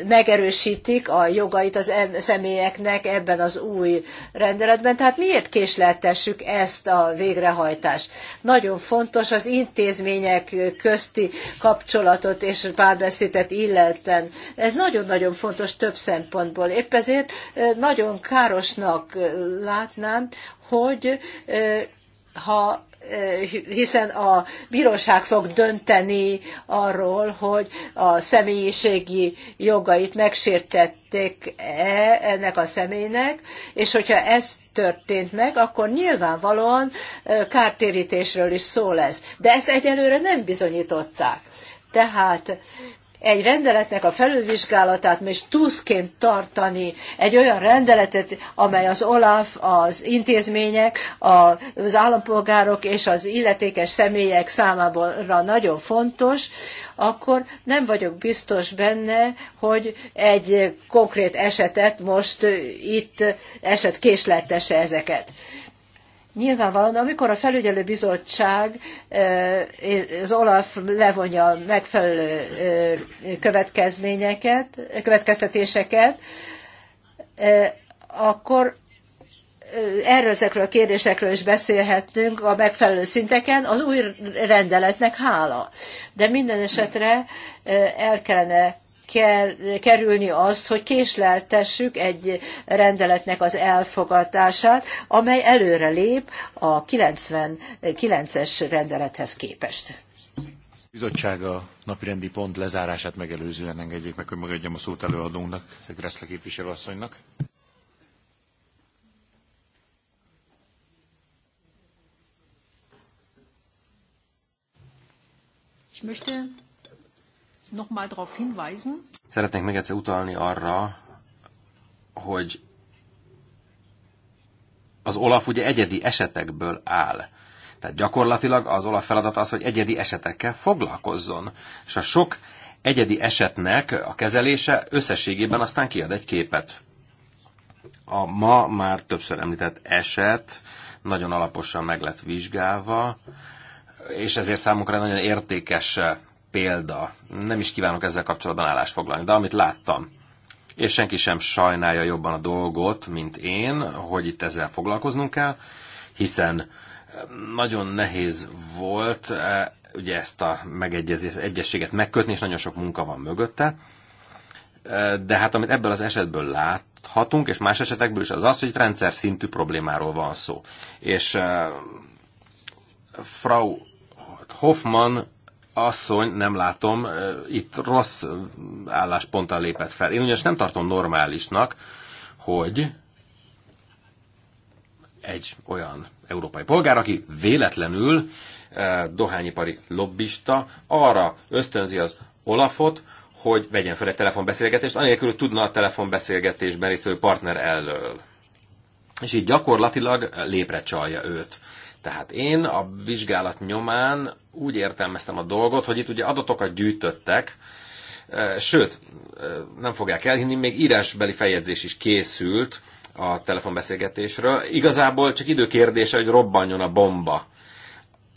megerősítik a jogait az személyeknek ebben az új rendeletben. Tehát miért késleltessük ezt a végrehajtást? Nagyon fontos az intézmények közti kapcsolatot és párbeszédet illeten. Ez nagyon-nagyon fontos több szempontból. Épp ezért nagyon károsnak látnám, hogy ha hiszen a bíróság fog dönteni arról, hogy a személyiségi jogait megsértették-e ennek a személynek, és hogyha ez történt meg, akkor nyilvánvalóan kártérítésről is szó lesz. De ezt egyelőre nem bizonyították. Tehát egy rendeletnek a felülvizsgálatát most túszként tartani, egy olyan rendeletet, amely az OLAF, az intézmények, az állampolgárok és az illetékes személyek számára nagyon fontos, akkor nem vagyok biztos benne, hogy egy konkrét esetet most itt eset késlettese ezeket. Nyilvánvalóan, amikor a bizottság e, az Olaf levonja megfelelő e, következményeket, következtetéseket, e, akkor erről ezekről a kérdésekről is beszélhetünk a megfelelő szinteken, az új rendeletnek hála. De minden esetre el kellene kerülni azt, hogy késleltessük egy rendeletnek az elfogadását, amely előre lép a 99-es rendelethez képest. Bizottság a napirendi pont lezárását megelőzően engedjék meg, hogy megadjam a szót előadónak, Greszle képviselőasszonynak. Ich nochmal darauf hinweisen. Szeretnénk még egyszer utalni arra, hogy az Olaf ugye egyedi esetekből áll. Tehát gyakorlatilag az Olaf feladat az, hogy egyedi esetekkel foglalkozzon. És a sok egyedi esetnek a kezelése összességében aztán kiad egy képet. A ma már többször említett eset nagyon alaposan meg lett vizsgálva, és ezért számunkra nagyon értékes példa. Nem is kívánok ezzel kapcsolatban állást foglalni, de amit láttam, és senki sem sajnálja jobban a dolgot, mint én, hogy itt ezzel foglalkoznunk kell, hiszen eh, nagyon nehéz volt eh, ugye ezt a megegyezés, egyességet megkötni, és nagyon sok munka van mögötte. Eh, de hát amit ebből az esetből láthatunk, és más esetekből is, az az, hogy rendszer szintű problémáról van szó. És uh, Frau Hoffman asszony, nem látom, itt rossz állásponttal lépett fel. Én ugyanis nem tartom normálisnak, hogy egy olyan európai polgár, aki véletlenül dohányipari lobbista, arra ösztönzi az Olafot, hogy vegyen fel egy telefonbeszélgetést, anélkül, hogy tudna a telefonbeszélgetésben résztvevő partner elől. És így gyakorlatilag lépre csalja őt. Tehát én a vizsgálat nyomán úgy értelmeztem a dolgot, hogy itt ugye adatokat gyűjtöttek, e, sőt, e, nem fogják elhinni, még írásbeli feljegyzés is készült a telefonbeszélgetésről. Igazából csak időkérdése, hogy robbanjon a bomba.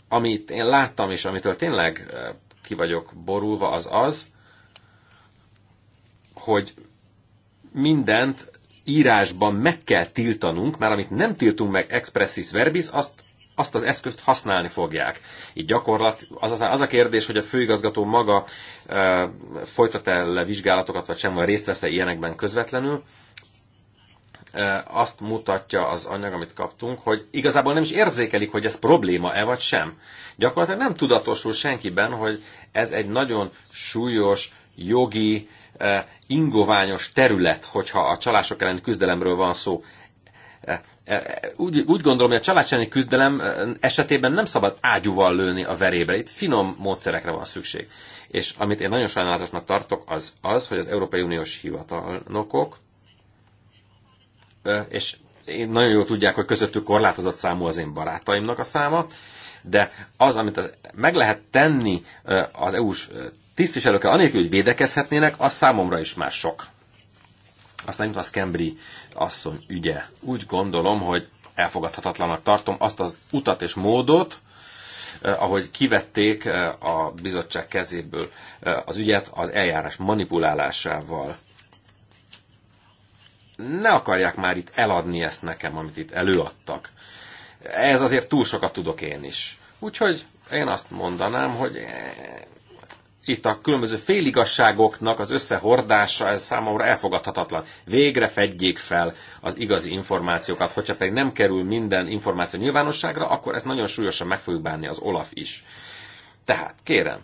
Amit én láttam, és amitől tényleg e, ki vagyok borulva, az az, hogy mindent írásban meg kell tiltanunk, mert amit nem tiltunk meg expressis verbis, azt azt az eszközt használni fogják. Így gyakorlat, az, az, az a kérdés, hogy a főigazgató maga e, folytat -e le vizsgálatokat, vagy sem, vagy részt vesz-e ilyenekben közvetlenül, e, azt mutatja az anyag, amit kaptunk, hogy igazából nem is érzékelik, hogy ez probléma-e vagy sem. Gyakorlatilag nem tudatosul senkiben, hogy ez egy nagyon súlyos, jogi, e, ingoványos terület, hogyha a csalások elleni küzdelemről van szó. E, úgy, úgy gondolom, hogy a családsági küzdelem e, esetében nem szabad ágyúval lőni a verébe. Itt finom módszerekre van szükség. És amit én nagyon sajnálatosnak tartok, az az, hogy az Európai Uniós hivatalnokok, e, és én nagyon jól tudják, hogy közöttük korlátozott számú az én barátaimnak a száma, de az, amit az, meg lehet tenni az EU-s tisztviselőkkel, anélkül, hogy védekezhetnének, az számomra is már sok. Aztán itt a Scambri asszony ügye. Úgy gondolom, hogy elfogadhatatlanak tartom azt az utat és módot, eh, ahogy kivették eh, a bizottság kezéből eh, az ügyet az eljárás manipulálásával. Ne akarják már itt eladni ezt nekem, amit itt előadtak. Ez azért túl sokat tudok én is. Úgyhogy én azt mondanám, hogy itt a különböző féligasságoknak az összehordása, ez számomra elfogadhatatlan. Végre fedjék fel az igazi információkat, hogyha pedig nem kerül minden információ nyilvánosságra, akkor ezt nagyon súlyosan meg fogjuk bánni az Olaf is. Tehát kérem,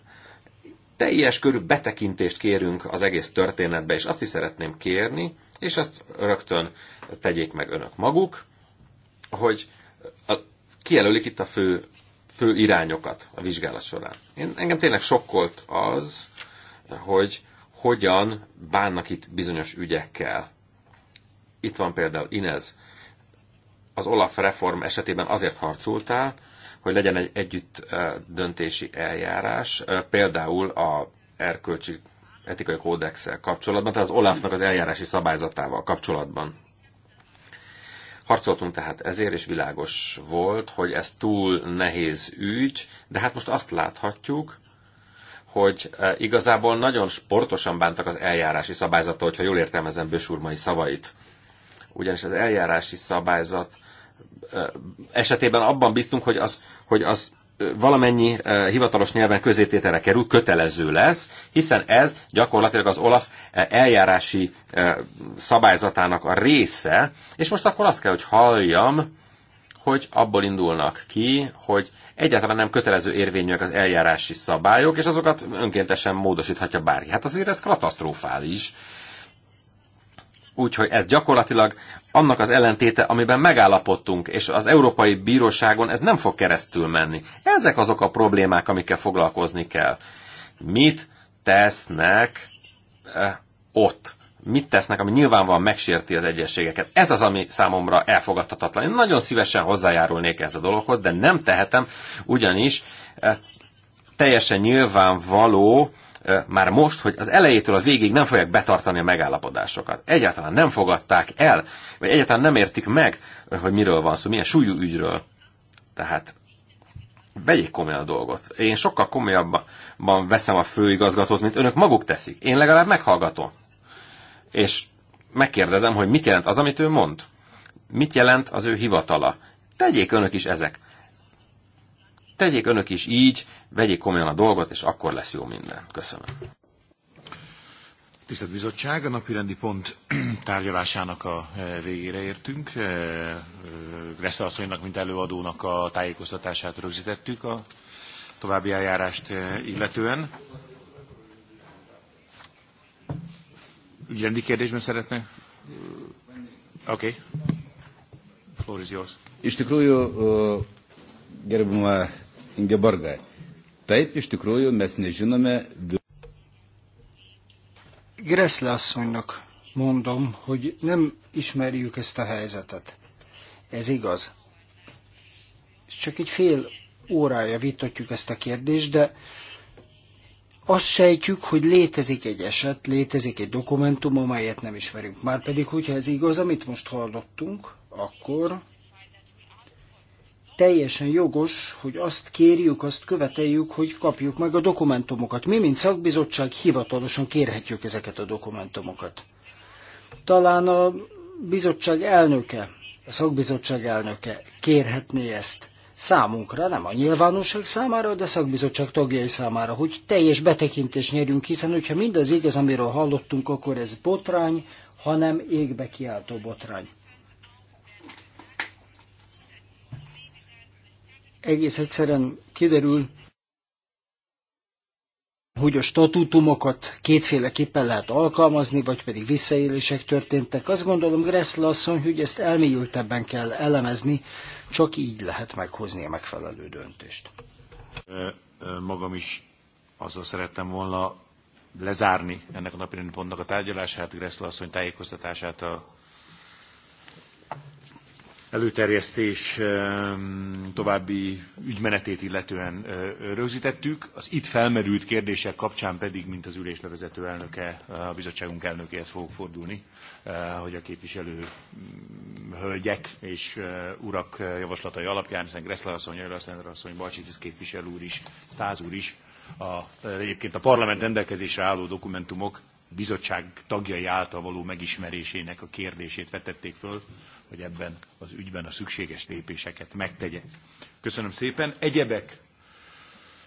teljes körű betekintést kérünk az egész történetbe, és azt is szeretném kérni, és azt rögtön tegyék meg önök maguk, hogy a, kijelölik itt a fő fő irányokat a vizsgálat során. Én, engem tényleg sokkolt az, hogy hogyan bánnak itt bizonyos ügyekkel. Itt van például Inez. Az Olaf reform esetében azért harcoltál, hogy legyen egy együtt döntési eljárás, például a erkölcsi etikai kódexsel kapcsolatban, tehát az Olafnak az eljárási szabályzatával kapcsolatban Harcoltunk tehát ezért, és világos volt, hogy ez túl nehéz ügy, de hát most azt láthatjuk, hogy e, igazából nagyon sportosan bántak az eljárási szabályzattal, hogyha jól értelmezem Bösúrmai szavait. Ugyanis az eljárási szabályzat e, esetében abban biztunk, hogy az, hogy az valamennyi eh, hivatalos nyelven közététere kerül, kötelező lesz, hiszen ez gyakorlatilag az Olaf eh, eljárási eh, szabályzatának a része, és most akkor azt kell, hogy halljam, hogy abból indulnak ki, hogy egyáltalán nem kötelező érvényűek az eljárási szabályok, és azokat önkéntesen módosíthatja bárki. Hát azért ez katasztrofális. Úgyhogy ez gyakorlatilag annak az ellentéte, amiben megállapodtunk, és az Európai Bíróságon ez nem fog keresztül menni. Ezek azok a problémák, amikkel foglalkozni kell. Mit tesznek eh, ott? Mit tesznek, ami nyilvánvalóan megsérti az egyességeket? Ez az, ami számomra elfogadhatatlan. Én nagyon szívesen hozzájárulnék ez a dologhoz, de nem tehetem, ugyanis eh, teljesen nyilvánvaló, már most, hogy az elejétől a végig nem fogják betartani a megállapodásokat. Egyáltalán nem fogadták el, vagy egyáltalán nem értik meg, hogy miről van szó, milyen súlyú ügyről. Tehát vegyék komolyan a dolgot. Én sokkal komolyabban veszem a főigazgatót, mint önök maguk teszik. Én legalább meghallgatom. És megkérdezem, hogy mit jelent az, amit ő mond. Mit jelent az ő hivatala. Tegyék önök is ezek Tegyék önök is így, vegyék komolyan a dolgot, és akkor lesz jó minden. Köszönöm. Tisztelt Bizottság, a napirendi pont tárgyalásának a e, végére értünk. E, e, Gressze asszonynak, mint előadónak a tájékoztatását rögzítettük a további eljárást illetően. Ügyrendi kérdésben szeretne? Oké. Okay. Floor is yours. Iš tikrųjų, gerbama Ingeborgą. Taip, iš tikrųjų, mes nežinome. Greszle asszonynak mondom, hogy nem ismerjük ezt a helyzetet. Ez igaz. Csak egy fél órája vitatjuk ezt a kérdést, de azt sejtjük, hogy létezik egy eset, létezik egy dokumentum, amelyet nem ismerünk. Márpedig, hogyha ez igaz, amit most hallottunk, akkor teljesen jogos, hogy azt kérjük, azt követeljük, hogy kapjuk meg a dokumentumokat. Mi, mint szakbizottság, hivatalosan kérhetjük ezeket a dokumentumokat. Talán a bizottság elnöke, a szakbizottság elnöke kérhetné ezt számunkra, nem a nyilvánosság számára, de a szakbizottság tagjai számára, hogy teljes betekintést nyerjünk, hiszen hogyha mindaz igaz, amiről hallottunk, akkor ez botrány, hanem égbe kiáltó botrány. egész egyszerűen kiderül, hogy a statútumokat kétféleképpen lehet alkalmazni, vagy pedig visszaélések történtek. Azt gondolom, Gressle asszony, hogy ezt elmélyültebben kell elemezni, csak így lehet meghozni a megfelelő döntést. Magam is azzal szerettem volna lezárni ennek a napi pontnak a tárgyalását, Gressle asszony tájékoztatását a előterjesztés ehm, további ügymenetét illetően rögzítettük. Az itt felmerült kérdések kapcsán pedig, mint az ülés levezető elnöke, a bizottságunk elnökéhez fogok fordulni, hogy a képviselő mm, hölgyek és urak javaslatai alapján, hiszen Greszler asszony, Jajla asszony, Balcsitis képviselő úr is, Stáz úr is, a, egyébként a parlament rendelkezésre álló dokumentumok bizottság tagjai által való megismerésének a kérdését vetették föl, hogy ebben az ügyben a szükséges lépéseket megtegye. Köszönöm szépen. Egyebek,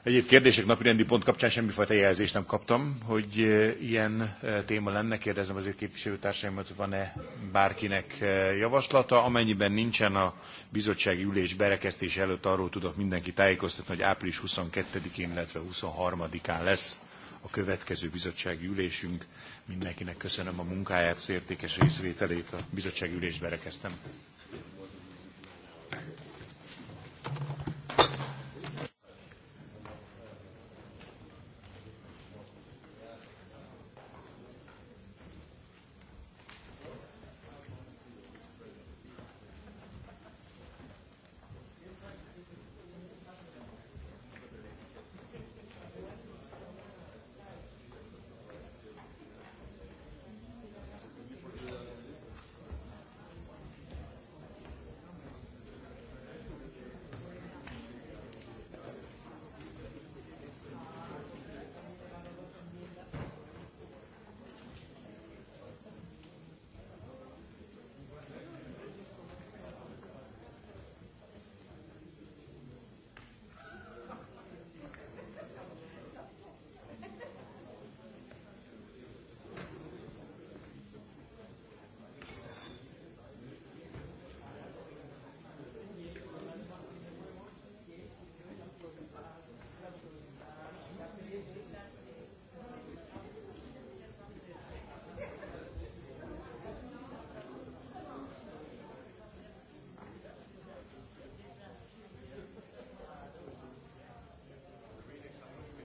egyéb kérdések napirendi pont kapcsán semmifajta jelzést nem kaptam, hogy eh, ilyen eh, téma lenne. Kérdezem azért képviselőtársaimat, hogy van-e bárkinek eh, javaslata. Amennyiben nincsen a bizottsági ülés berekeztése előtt arról tudok mindenki tájékoztatni, hogy április 22-én, illetve 23-án lesz a következő bizottsági ülésünk. Mindenkinek köszönöm a munkáját, az értékes részvételét, a bizottság ülésbe rekeztem.